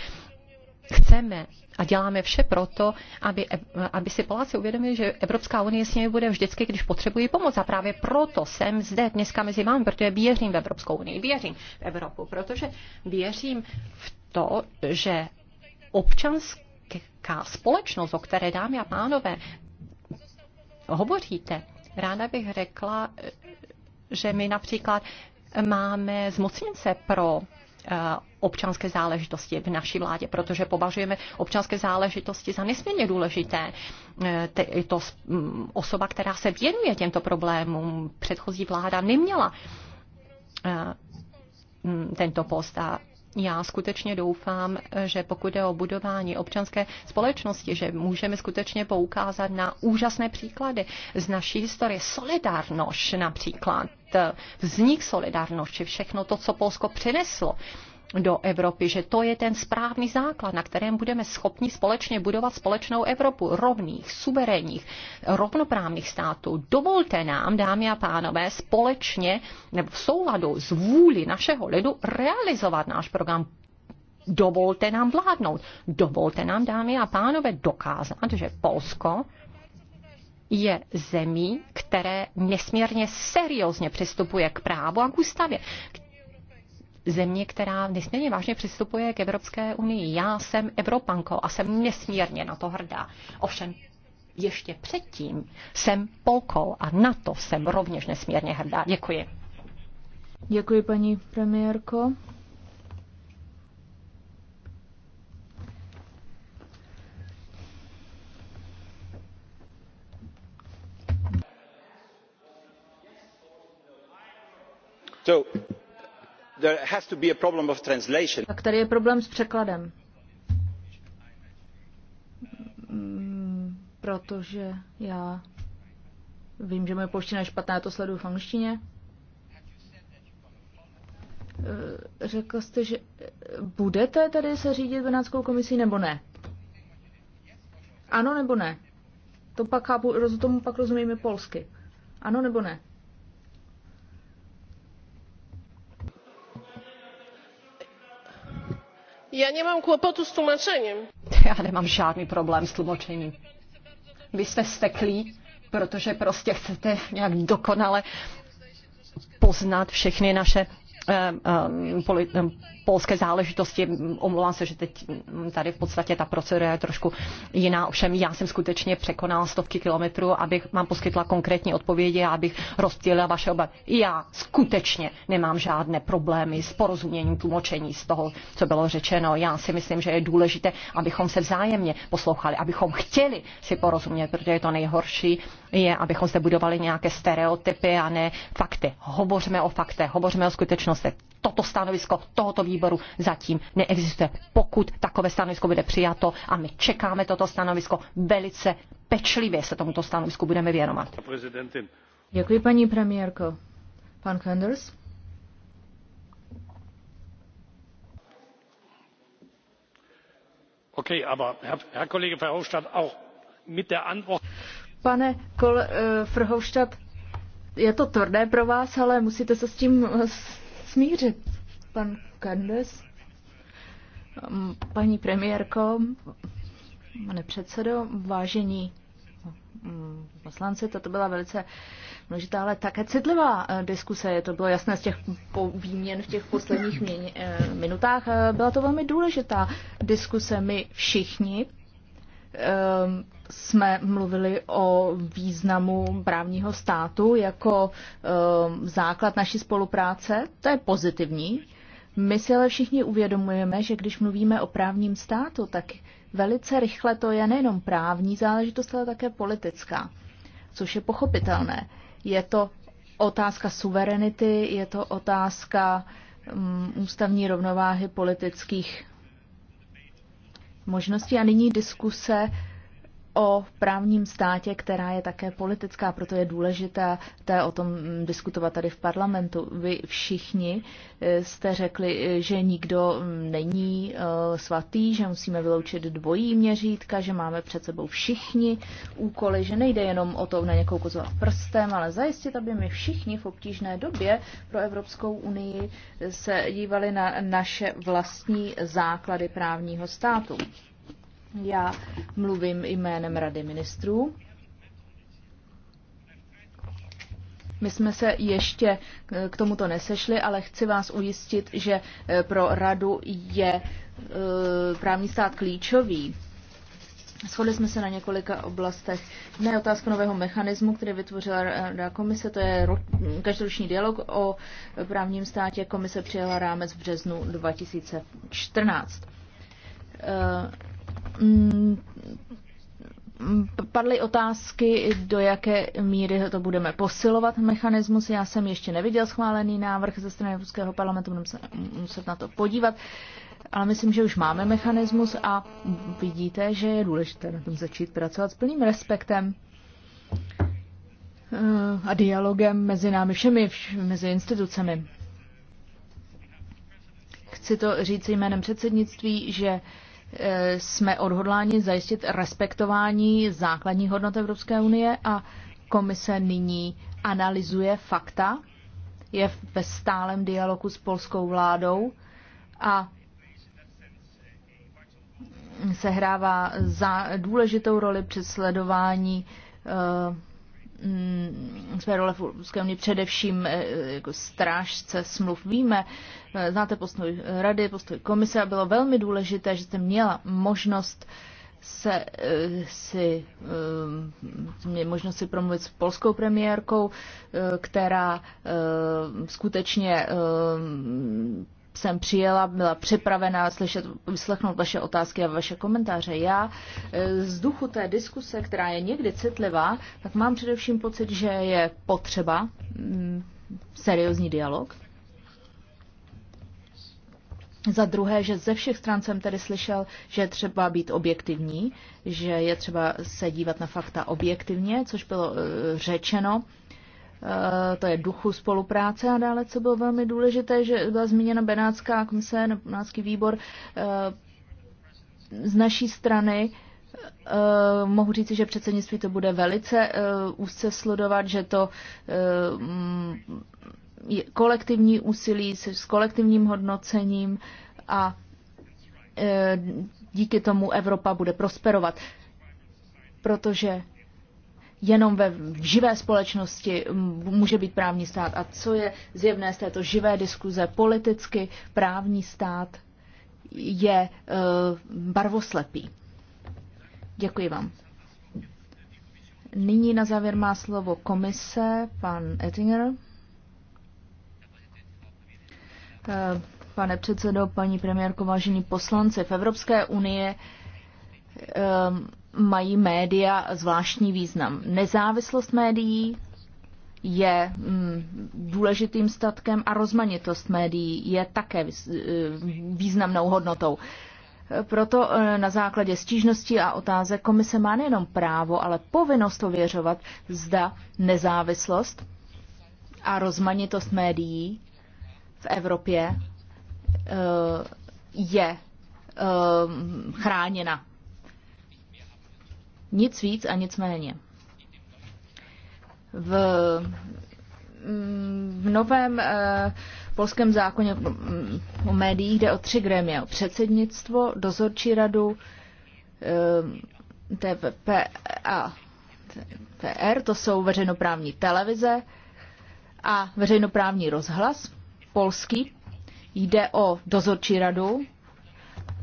Speaker 8: chceme a děláme vše proto, aby, eh, aby si Poláci uvědomili, že Evropská unie s nimi bude vždycky, když potřebují pomoc. A právě proto jsem zde dneska mezi vámi, protože věřím v Evropskou unii, věřím v Evropu, protože věřím v to, že občanská společnost, o které dámy a pánové hovoříte, ráda bych řekla, že my například máme zmocněnce pro eh, občanské záležitosti v naší vládě, protože považujeme občanské záležitosti za nesmírně důležité. Eh, je to mm, osoba, která se věnuje těmto problémům. Předchozí vláda neměla eh, mm, tento post a já skutečně doufám, že pokud je o budování občanské společnosti, že můžeme skutečně poukázat na úžasné příklady z naší historie. solidarnost, například, vznik solidarnosti, všechno to, co Polsko přineslo do Evropy, že to je ten správný základ, na kterém budeme schopni společně budovat společnou Evropu rovných, suverénních, rovnoprávných států. Dovolte nám, dámy a pánové, společně nebo v souladu s vůli našeho lidu realizovat náš program dovolte nám vládnout. Dovolte nám, dámy a pánové, dokázat, že Polsko je zemí, které nesmírně seriózně přistupuje k právu a k ústavě, země, která nesmírně vážně přistupuje k Evropské unii. Já jsem Evropanko a jsem nesmírně na to hrdá. Ovšem, ještě předtím jsem Polkou a na to jsem rovněž nesmírně hrdá. Děkuji.
Speaker 6: Děkuji, paní premiérko. So, tak tady je problém s překladem. Mm, protože já vím, že moje polština je špatná, já to sleduju v angličtině. Eh, řekl jste, že eh, budete tady se řídit Benátskou komisí nebo ne? Ano nebo ne? To pak chápu, tomu pak rozumíme polsky. Ano nebo ne? Já nemám kłopotu s tlumačením.
Speaker 8: Já nemám žádný problém s tlumočením. Vy jste steklí, protože prostě chcete nějak dokonale poznat všechny naše Eh, eh, eh, polské záležitosti. Omlouvám se, že teď hm, tady v podstatě ta procedura je trošku jiná. Ovšem já jsem skutečně překonala stovky kilometrů, abych vám poskytla konkrétní odpovědi a abych rozptýlila vaše obavy. Já skutečně nemám žádné problémy s porozuměním tlumočení z toho, co bylo řečeno. Já si myslím, že je důležité, abychom se vzájemně poslouchali, abychom chtěli si porozumět, protože je to nejhorší, je, abychom se budovali nějaké stereotypy a ne fakty. Hovořme o faktech, hovořme o skutečnostech. Toto stanovisko tohoto výboru zatím neexistuje. Pokud takové stanovisko bude přijato a my čekáme toto stanovisko, velice pečlivě se tomuto stanovisku budeme věnovat. Děkuji, paní premiérko.
Speaker 6: Pan Kenders?
Speaker 5: Okay, aber Herr, Herr Kollege Verhofstadt, auch mit der
Speaker 6: Antwort. Pane Kol, uh, eh, Frhovštat, je to tvrdé pro vás, ale musíte se s tím eh, smířit. Pan Kandes, mm, paní premiérko, pane předsedo, vážení mm, poslanci, toto byla velice důležitá, ale také citlivá eh, diskuse. Je to bylo jasné z těch výměn v těch posledních minutách. Byla to velmi důležitá diskuse. My všichni Ehm, jsme mluvili o významu právního státu jako ehm, základ naší spolupráce. To je pozitivní. My si ale všichni uvědomujeme, že když mluvíme o právním státu, tak velice rychle to je nejenom právní záležitost, ale také politická, což je pochopitelné. Je to otázka suverenity, je to otázka um, ústavní rovnováhy politických možnosti a nyní diskuse o právním státě, která je také politická, proto je důležité té o tom diskutovat tady v parlamentu. Vy všichni eh, jste řekli, eh, že nikdo mm, není eh, svatý, že musíme vyloučit dvojí měřítka, že máme před sebou všichni úkoly, že nejde jenom o to na někou kozovat prstem, ale zajistit, aby my všichni v obtížné době pro Evropskou unii se dívali na naše vlastní základy právního státu. Já mluvím jménem Rady ministrů. My jsme se ještě k tomuto nesešli, ale chci vás ujistit, že eh, pro radu je eh, právní stát klíčový. Shodli jsme se na několika oblastech. Ne otázka nového mechanismu, který vytvořila Rada komise, to je každoroční dialog o právním státě. Komise přijela rámec v březnu 2014 Mm, padly otázky, do jaké míry to budeme posilovat mechanismus. Já jsem ještě neviděl schválený návrh ze strany Evropského parlamentu, budeme se muset na to podívat. Ale myslím, že už máme mechanismus a vidíte, že je důležité na tom začít pracovat s plným respektem eh, a dialogem mezi námi všemi, mezi institucemi. Chci to říct jménem předsednictví, že Eh, jsme odhodláni zajistit respektování základní hodnot Evropské unie a komise nyní analyzuje fakta, je ve stálem dialogu s polskou vládou a sehrává za důležitou roli při sledování eh, Mm, své role v Evropské unii, především eh, jako strážce smluv. Víme, eh, znáte postoj rady, postoj komise a bylo velmi důležité, že jste měla možnost se, eh, si, mě možnost si promluvit s polskou premiérkou, která skutečně jsem přijela, byla připravená slyšet, vyslechnout vaše otázky a vaše komentáře. Já e, z duchu té diskuse, která je někdy citlivá, tak mám především pocit, že je potřeba mm, seriózní dialog. Za druhé, že ze všech stran jsem tedy slyšel, že je třeba být objektivní, že je třeba se dívat na fakta objektivně, což bylo e, řečeno Eh, to je duchu spolupráce a dále, co bylo velmi důležité, že byla zmíněna Benátská komise, Benátský výbor. Eh, z naší strany eh, mohu říci, že předsednictví to bude velice úzce sledovat, že to je kolektivní úsilí s kolektivním hodnocením a díky tomu Evropa bude prosperovat, protože jenom ve živé společnosti může být právní stát. A co je zjevné z této živé diskuze politicky, právní stát je eh, barvoslepý. Děkuji vám. Nyní na závěr má slovo komise, pan Ettinger. Eh, pane předsedo, paní premiérko, vážení poslanci, v Evropské unii eh, mají média zvláštní význam. Nezávislost médií je mm, důležitým statkem a rozmanitost médií je také eh, významnou hodnotou. Proto eh, na základě stížností a otázek komise má nejenom právo, ale povinnost ověřovat, zda nezávislost a rozmanitost médií v Evropě eh, je chráněna nic víc a nic méně. V, mm, v novém eh, polském zákoně mm, o médiích jde o tři grémia. Předsednictvo, dozorčí radu, eh, TVP a PR, to jsou veřejnoprávní televize a veřejnoprávní rozhlas polský. Jde o dozorčí radu,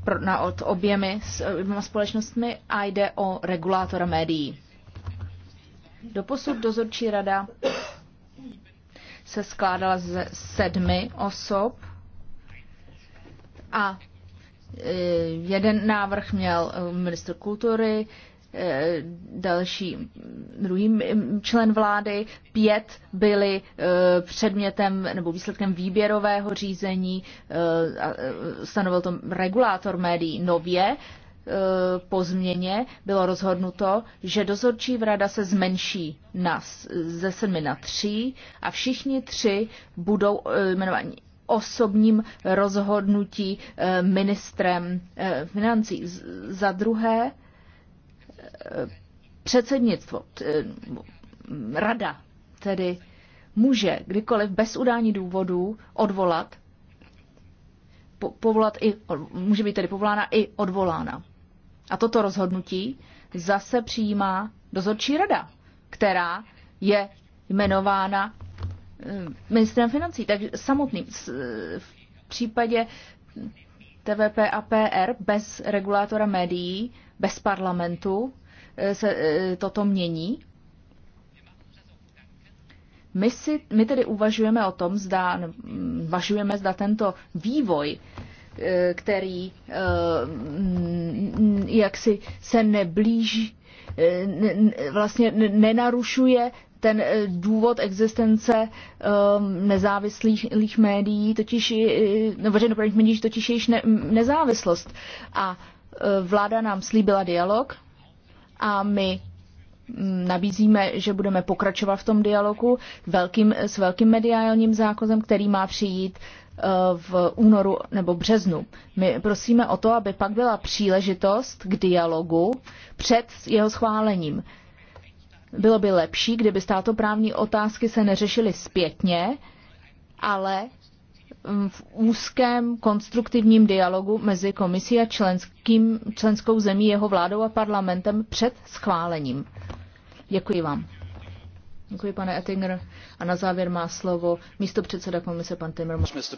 Speaker 6: pro, na, od eh, oběma společnostmi a jde o regulátora médií. Doposud dozorčí rada se skládala ze sedmi osob a eh, jeden návrh měl eh, ministr kultury, Eh, další druhý člen vlády, pět byli eh, předmětem nebo výsledkem výběrového řízení, eh, stanovil to regulátor médií nově, po změně bylo rozhodnuto, že dozorčí rada se zmenší na, ze sedmi na tři a všichni tři budou jmenováni osobním rozhodnutí ministrem financí. Za druhé, předsednictvo, eh, rada tedy může kdykoliv bez udání důvodů odvolat, po, povolat i, může být tedy povolána i odvolána. A toto rozhodnutí zase přijímá dozorčí rada, která je jmenována eh, ministrem financí. Takže samotný eh, v případě TVP a PR bez regulátora médií, bez parlamentu, Eh, se eh, toto mění? My, si, my tedy uvažujeme o tom, zda, mm, važujeme, zda tento vývoj, eh, který mm, mm, jaksi se neblíží, vlastně nenarušuje ten důvod existence nezávislých médií, totiž, no, veřejnoprávních médií, totiž je ne, nezávislost. A vláda nám slíbila dialog, a my mm, nabízíme, že budeme pokračovat v tom dialogu velkým, s velkým mediálním zákazem, který má přijít eh, v únoru nebo březnu. My prosíme o to, aby pak byla příležitost k dialogu před jeho schválením. Bylo by lepší, kdyby státoprávní otázky se neřešily zpětně, ale Mm, v úzkém konstruktivním dialogu mezi komisí a členským, členskou zemí, jeho vládou a parlamentem před schválením. Děkuji vám. Děkuji, pane Ettinger. A na závěr má slovo místo předseda komise, pan Timmermans.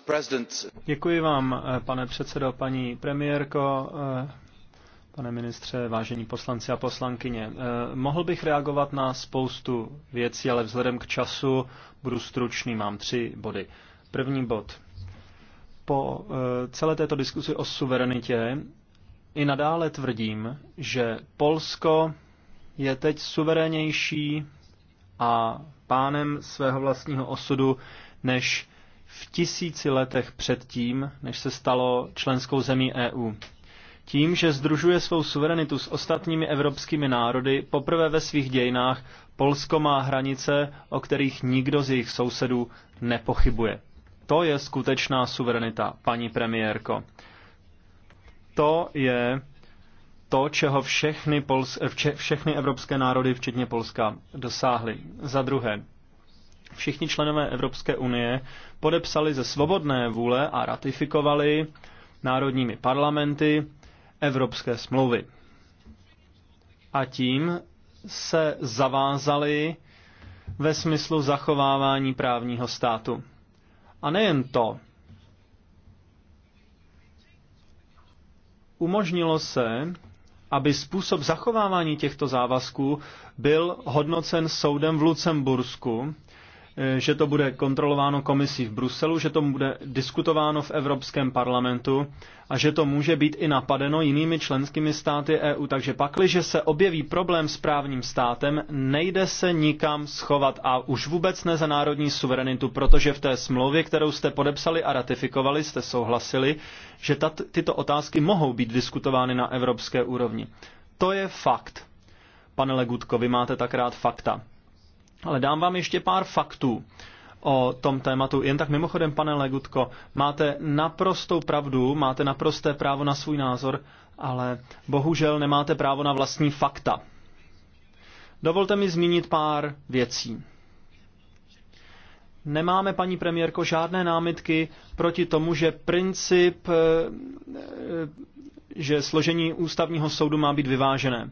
Speaker 7: Děkuji vám, eh, pane předsedo, paní premiérko, eh, pane ministře, vážení poslanci a poslankyně. Eh, mohl bych reagovat na spoustu věcí, ale vzhledem k času budu stručný, mám tři body. První bod po eh, celé této diskusi o suverenitě i nadále tvrdím, že Polsko je teď suverénější a pánem svého vlastního osudu než v tisíci letech předtím, než se stalo členskou zemí EU. Tím, že združuje svou suverenitu s ostatními evropskými národy, poprvé ve svých dějinách Polsko má hranice, o kterých nikdo z jejich sousedů nepochybuje. To je skutečná suverenita, paní premiérko. To je to, čeho všechny, Pols- vče- všechny evropské národy, včetně Polska, dosáhly. Za druhé, všichni členové Evropské unie podepsali ze svobodné vůle a ratifikovali národními parlamenty evropské smlouvy. A tím se zavázali ve smyslu zachovávání právního státu. A nejen to, umožnilo se, aby způsob zachovávání těchto závazků byl hodnocen soudem v Lucembursku Eh, že to bude kontrolováno komisí v Bruselu, že to bude diskutováno v Evropském parlamentu a že to může být i napadeno jinými členskými státy EU. Takže pakliže se objeví problém s právním státem, nejde se nikam schovat a už vůbec ne za národní suverenitu, protože v té smlouvě, kterou jste podepsali a ratifikovali, jste souhlasili, že tat, tyto otázky mohou být diskutovány na evropské úrovni. To je fakt. Pane Legutko, vy máte tak rád fakta. Ale dám vám ještě pár faktů o tom tématu. Jen tak mimochodem, pane Legutko, máte naprostou pravdu, máte naprosté právo na svůj názor, ale bohužel nemáte právo na vlastní fakta. Dovolte mi zmínit pár věcí. Nemáme, paní premiérko, žádné námitky proti tomu, že princip, eh, eh, že složení ústavního soudu má být vyvážené.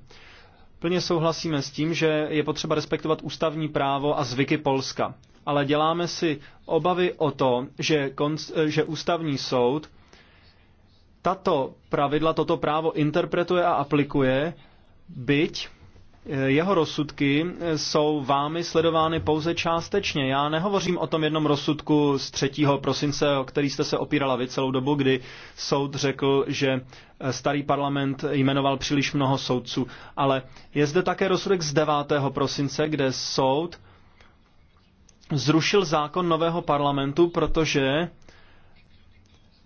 Speaker 7: Plně souhlasíme s tím, že je potřeba respektovat ústavní právo a zvyky Polska. Ale děláme si obavy o to, že, že ústavní soud tato pravidla, toto právo interpretuje a aplikuje, byť jeho rozsudky jsou vámi sledovány pouze částečně. Já nehovořím o tom jednom rozsudku z 3. prosince, o který jste se opírala vy celou dobu, kdy soud řekl, že starý parlament jmenoval příliš mnoho soudců. Ale je zde také rozsudek z 9. prosince, kde soud zrušil zákon nového parlamentu, protože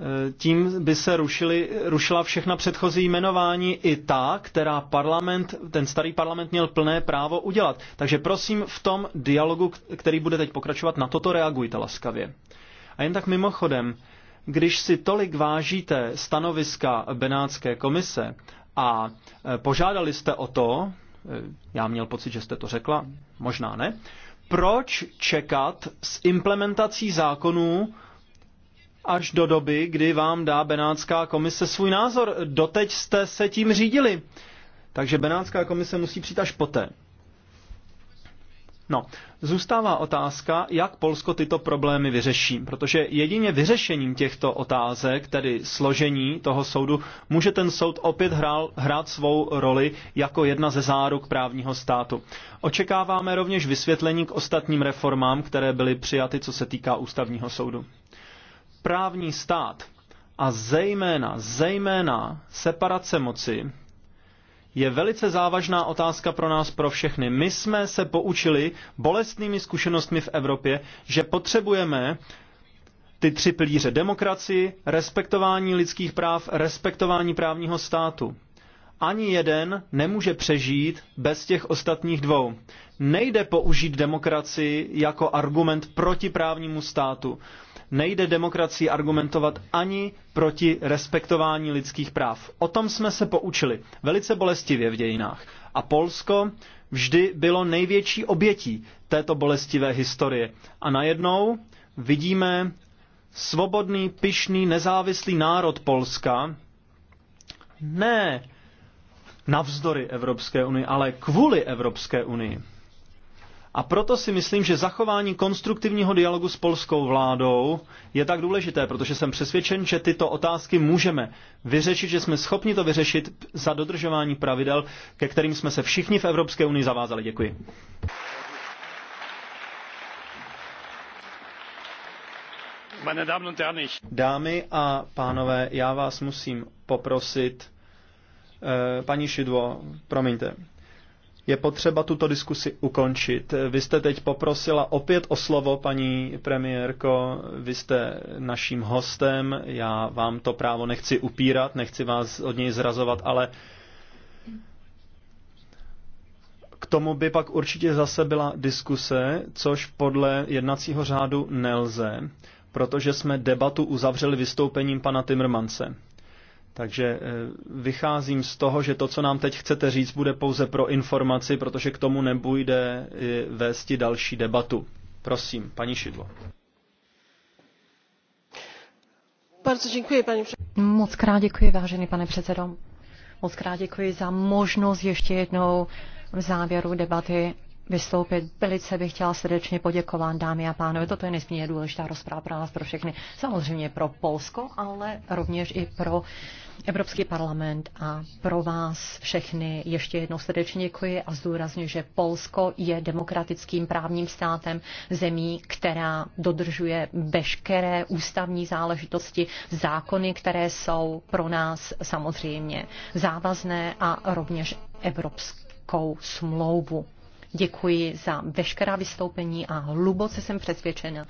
Speaker 7: Eh, tím by se rušili, rušila všechna předchozí jmenování i ta, která parlament, ten starý parlament měl plné právo udělat. Takže prosím v tom dialogu, který bude teď pokračovat, na toto reagujte laskavě. A jen tak mimochodem, když si tolik vážíte stanoviska Benátské komise a eh, požádali jste o to, eh, já měl pocit, že jste to řekla, možná ne, proč čekat s implementací zákonů až do doby, kdy vám dá Benátská komise svůj názor. Doteď jste se tím řídili. Takže Benátská komise musí přijít až poté. No, zůstává otázka, jak Polsko tyto problémy vyřeší, protože jedině vyřešením těchto otázek, tedy složení toho soudu, může ten soud opět hrál, hrát svou roli jako jedna ze záruk právního státu. Očekáváme rovněž vysvětlení k ostatním reformám, které byly přijaty, co se týká ústavního soudu právní stát a zejména, zejména separace moci je velice závažná otázka pro nás, pro všechny. My jsme se poučili bolestnými zkušenostmi v Evropě, že potřebujeme ty tři pilíře demokracii, respektování lidských práv, respektování právního státu. Ani jeden nemůže přežít bez těch ostatních dvou. Nejde použít demokracii jako argument proti právnímu státu nejde demokracii argumentovat ani proti respektování lidských práv. O tom jsme se poučili velice bolestivě v dějinách. A Polsko vždy bylo největší obětí této bolestivé historie. A najednou vidíme svobodný, pyšný, nezávislý národ Polska, ne navzdory Evropské unii, ale kvůli Evropské unii. A proto si myslím, že zachování konstruktivního dialogu s polskou vládou je tak důležité, protože jsem přesvědčen, že tyto otázky můžeme vyřešit, že jsme schopni to vyřešit za dodržování pravidel, ke kterým jsme se všichni v Evropské unii zavázali. Děkuji. Dámy a pánové, já vás musím poprosit, eh, paní Šidvo, promiňte je potřeba tuto diskusi ukončit. Vy jste teď poprosila opět o slovo, paní premiérko, vy jste naším hostem, já vám to právo nechci upírat, nechci vás od něj zrazovat, ale k tomu by pak určitě zase byla diskuse, což podle jednacího řádu nelze, protože jsme debatu uzavřeli vystoupením pana Timmermanse. Takže eh, vycházím z toho, že to, co nám teď chcete říct, bude pouze pro informaci, protože k tomu nebude eh, vésti další debatu. Prosím, paní Šidlo.
Speaker 8: Moc krát děkuji, vážený pane předsedo. Moc krát děkuji za možnost ještě jednou v závěru debaty vystoupit. Velice bych chtěla srdečně poděkovat, dámy a pánové. Toto je nesmírně důležitá rozpráva pro nás, pro všechny. Samozřejmě pro Polsko, ale rovněž i pro Evropský parlament a pro vás všechny ještě jednou srdečně děkuji a zdůrazně, že Polsko je demokratickým právním státem zemí, která dodržuje veškeré ústavní záležitosti, zákony, které jsou pro nás samozřejmě závazné a rovněž evropskou smlouvu. Děkuji za veškerá vystoupení a hluboce jsem přesvědčena,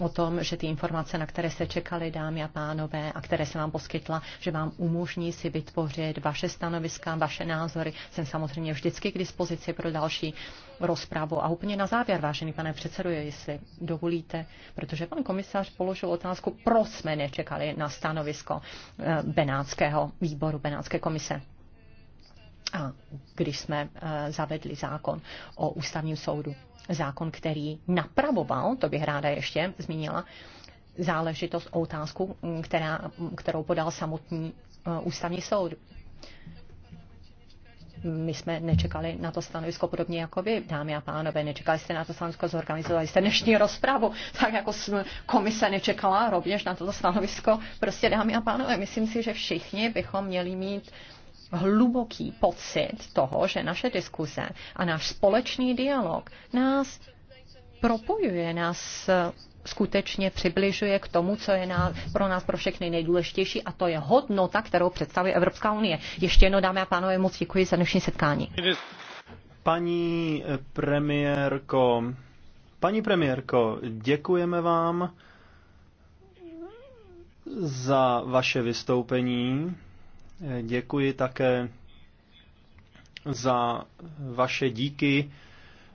Speaker 8: o tom, že ty informace, na které se čekali, dámy a pánové, a které se vám poskytla, že vám umožní si vytvořit vaše stanoviska, vaše názory. Jsem samozřejmě vždycky k dispozici pro další rozpravu. A úplně na závěr, vážený pane předsedo, jestli dovolíte, protože pan komisař položil otázku, proč jsme nečekali na stanovisko eh, Benátského výboru, Benátské komise a když jsme eh, zavedli zákon o ústavním soudu. Zákon, který napravoval, to bych ráda ještě zmínila, záležitost o otázku, mm, která, mm, kterou podal samotný eh, ústavní soud. My jsme nečekali na to stanovisko podobně jako vy, dámy a pánové. Nečekali jste na to stanovisko, zorganizovali jste dnešní rozpravu, tak jako komise nečekala rovněž na toto stanovisko. Prostě, dámy a pánové, myslím si, že všichni bychom měli mít uh, hluboký pocit toho, že naše diskuze a náš společný dialog nás propojuje, nás skutečně přibližuje k tomu, co je nás, pro nás pro všechny nejdůležitější a to je hodnota, kterou představuje Evropská unie. Ještě jednou, dámy a pánové, moc děkuji za dnešní setkání.
Speaker 7: Paní premiérko, paní premiérko, děkujeme vám za vaše vystoupení. Děkuji také za vaše díky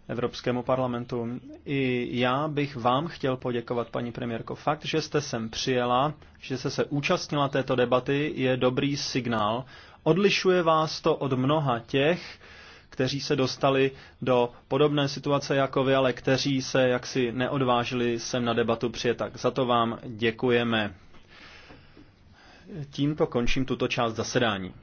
Speaker 7: Evropskému parlamentu. I já bych vám chtěl poděkovat, paní premiérko. Fakt, že jste sem přijela, že jste se účastnila této debaty, je dobrý signál. Odlišuje vás to od mnoha těch, kteří se dostali do podobné situace jako vy, ale kteří se jaksi neodvážili sem na debatu přijet. Tak za to vám děkujeme. Tímto končím tuto část zasedání.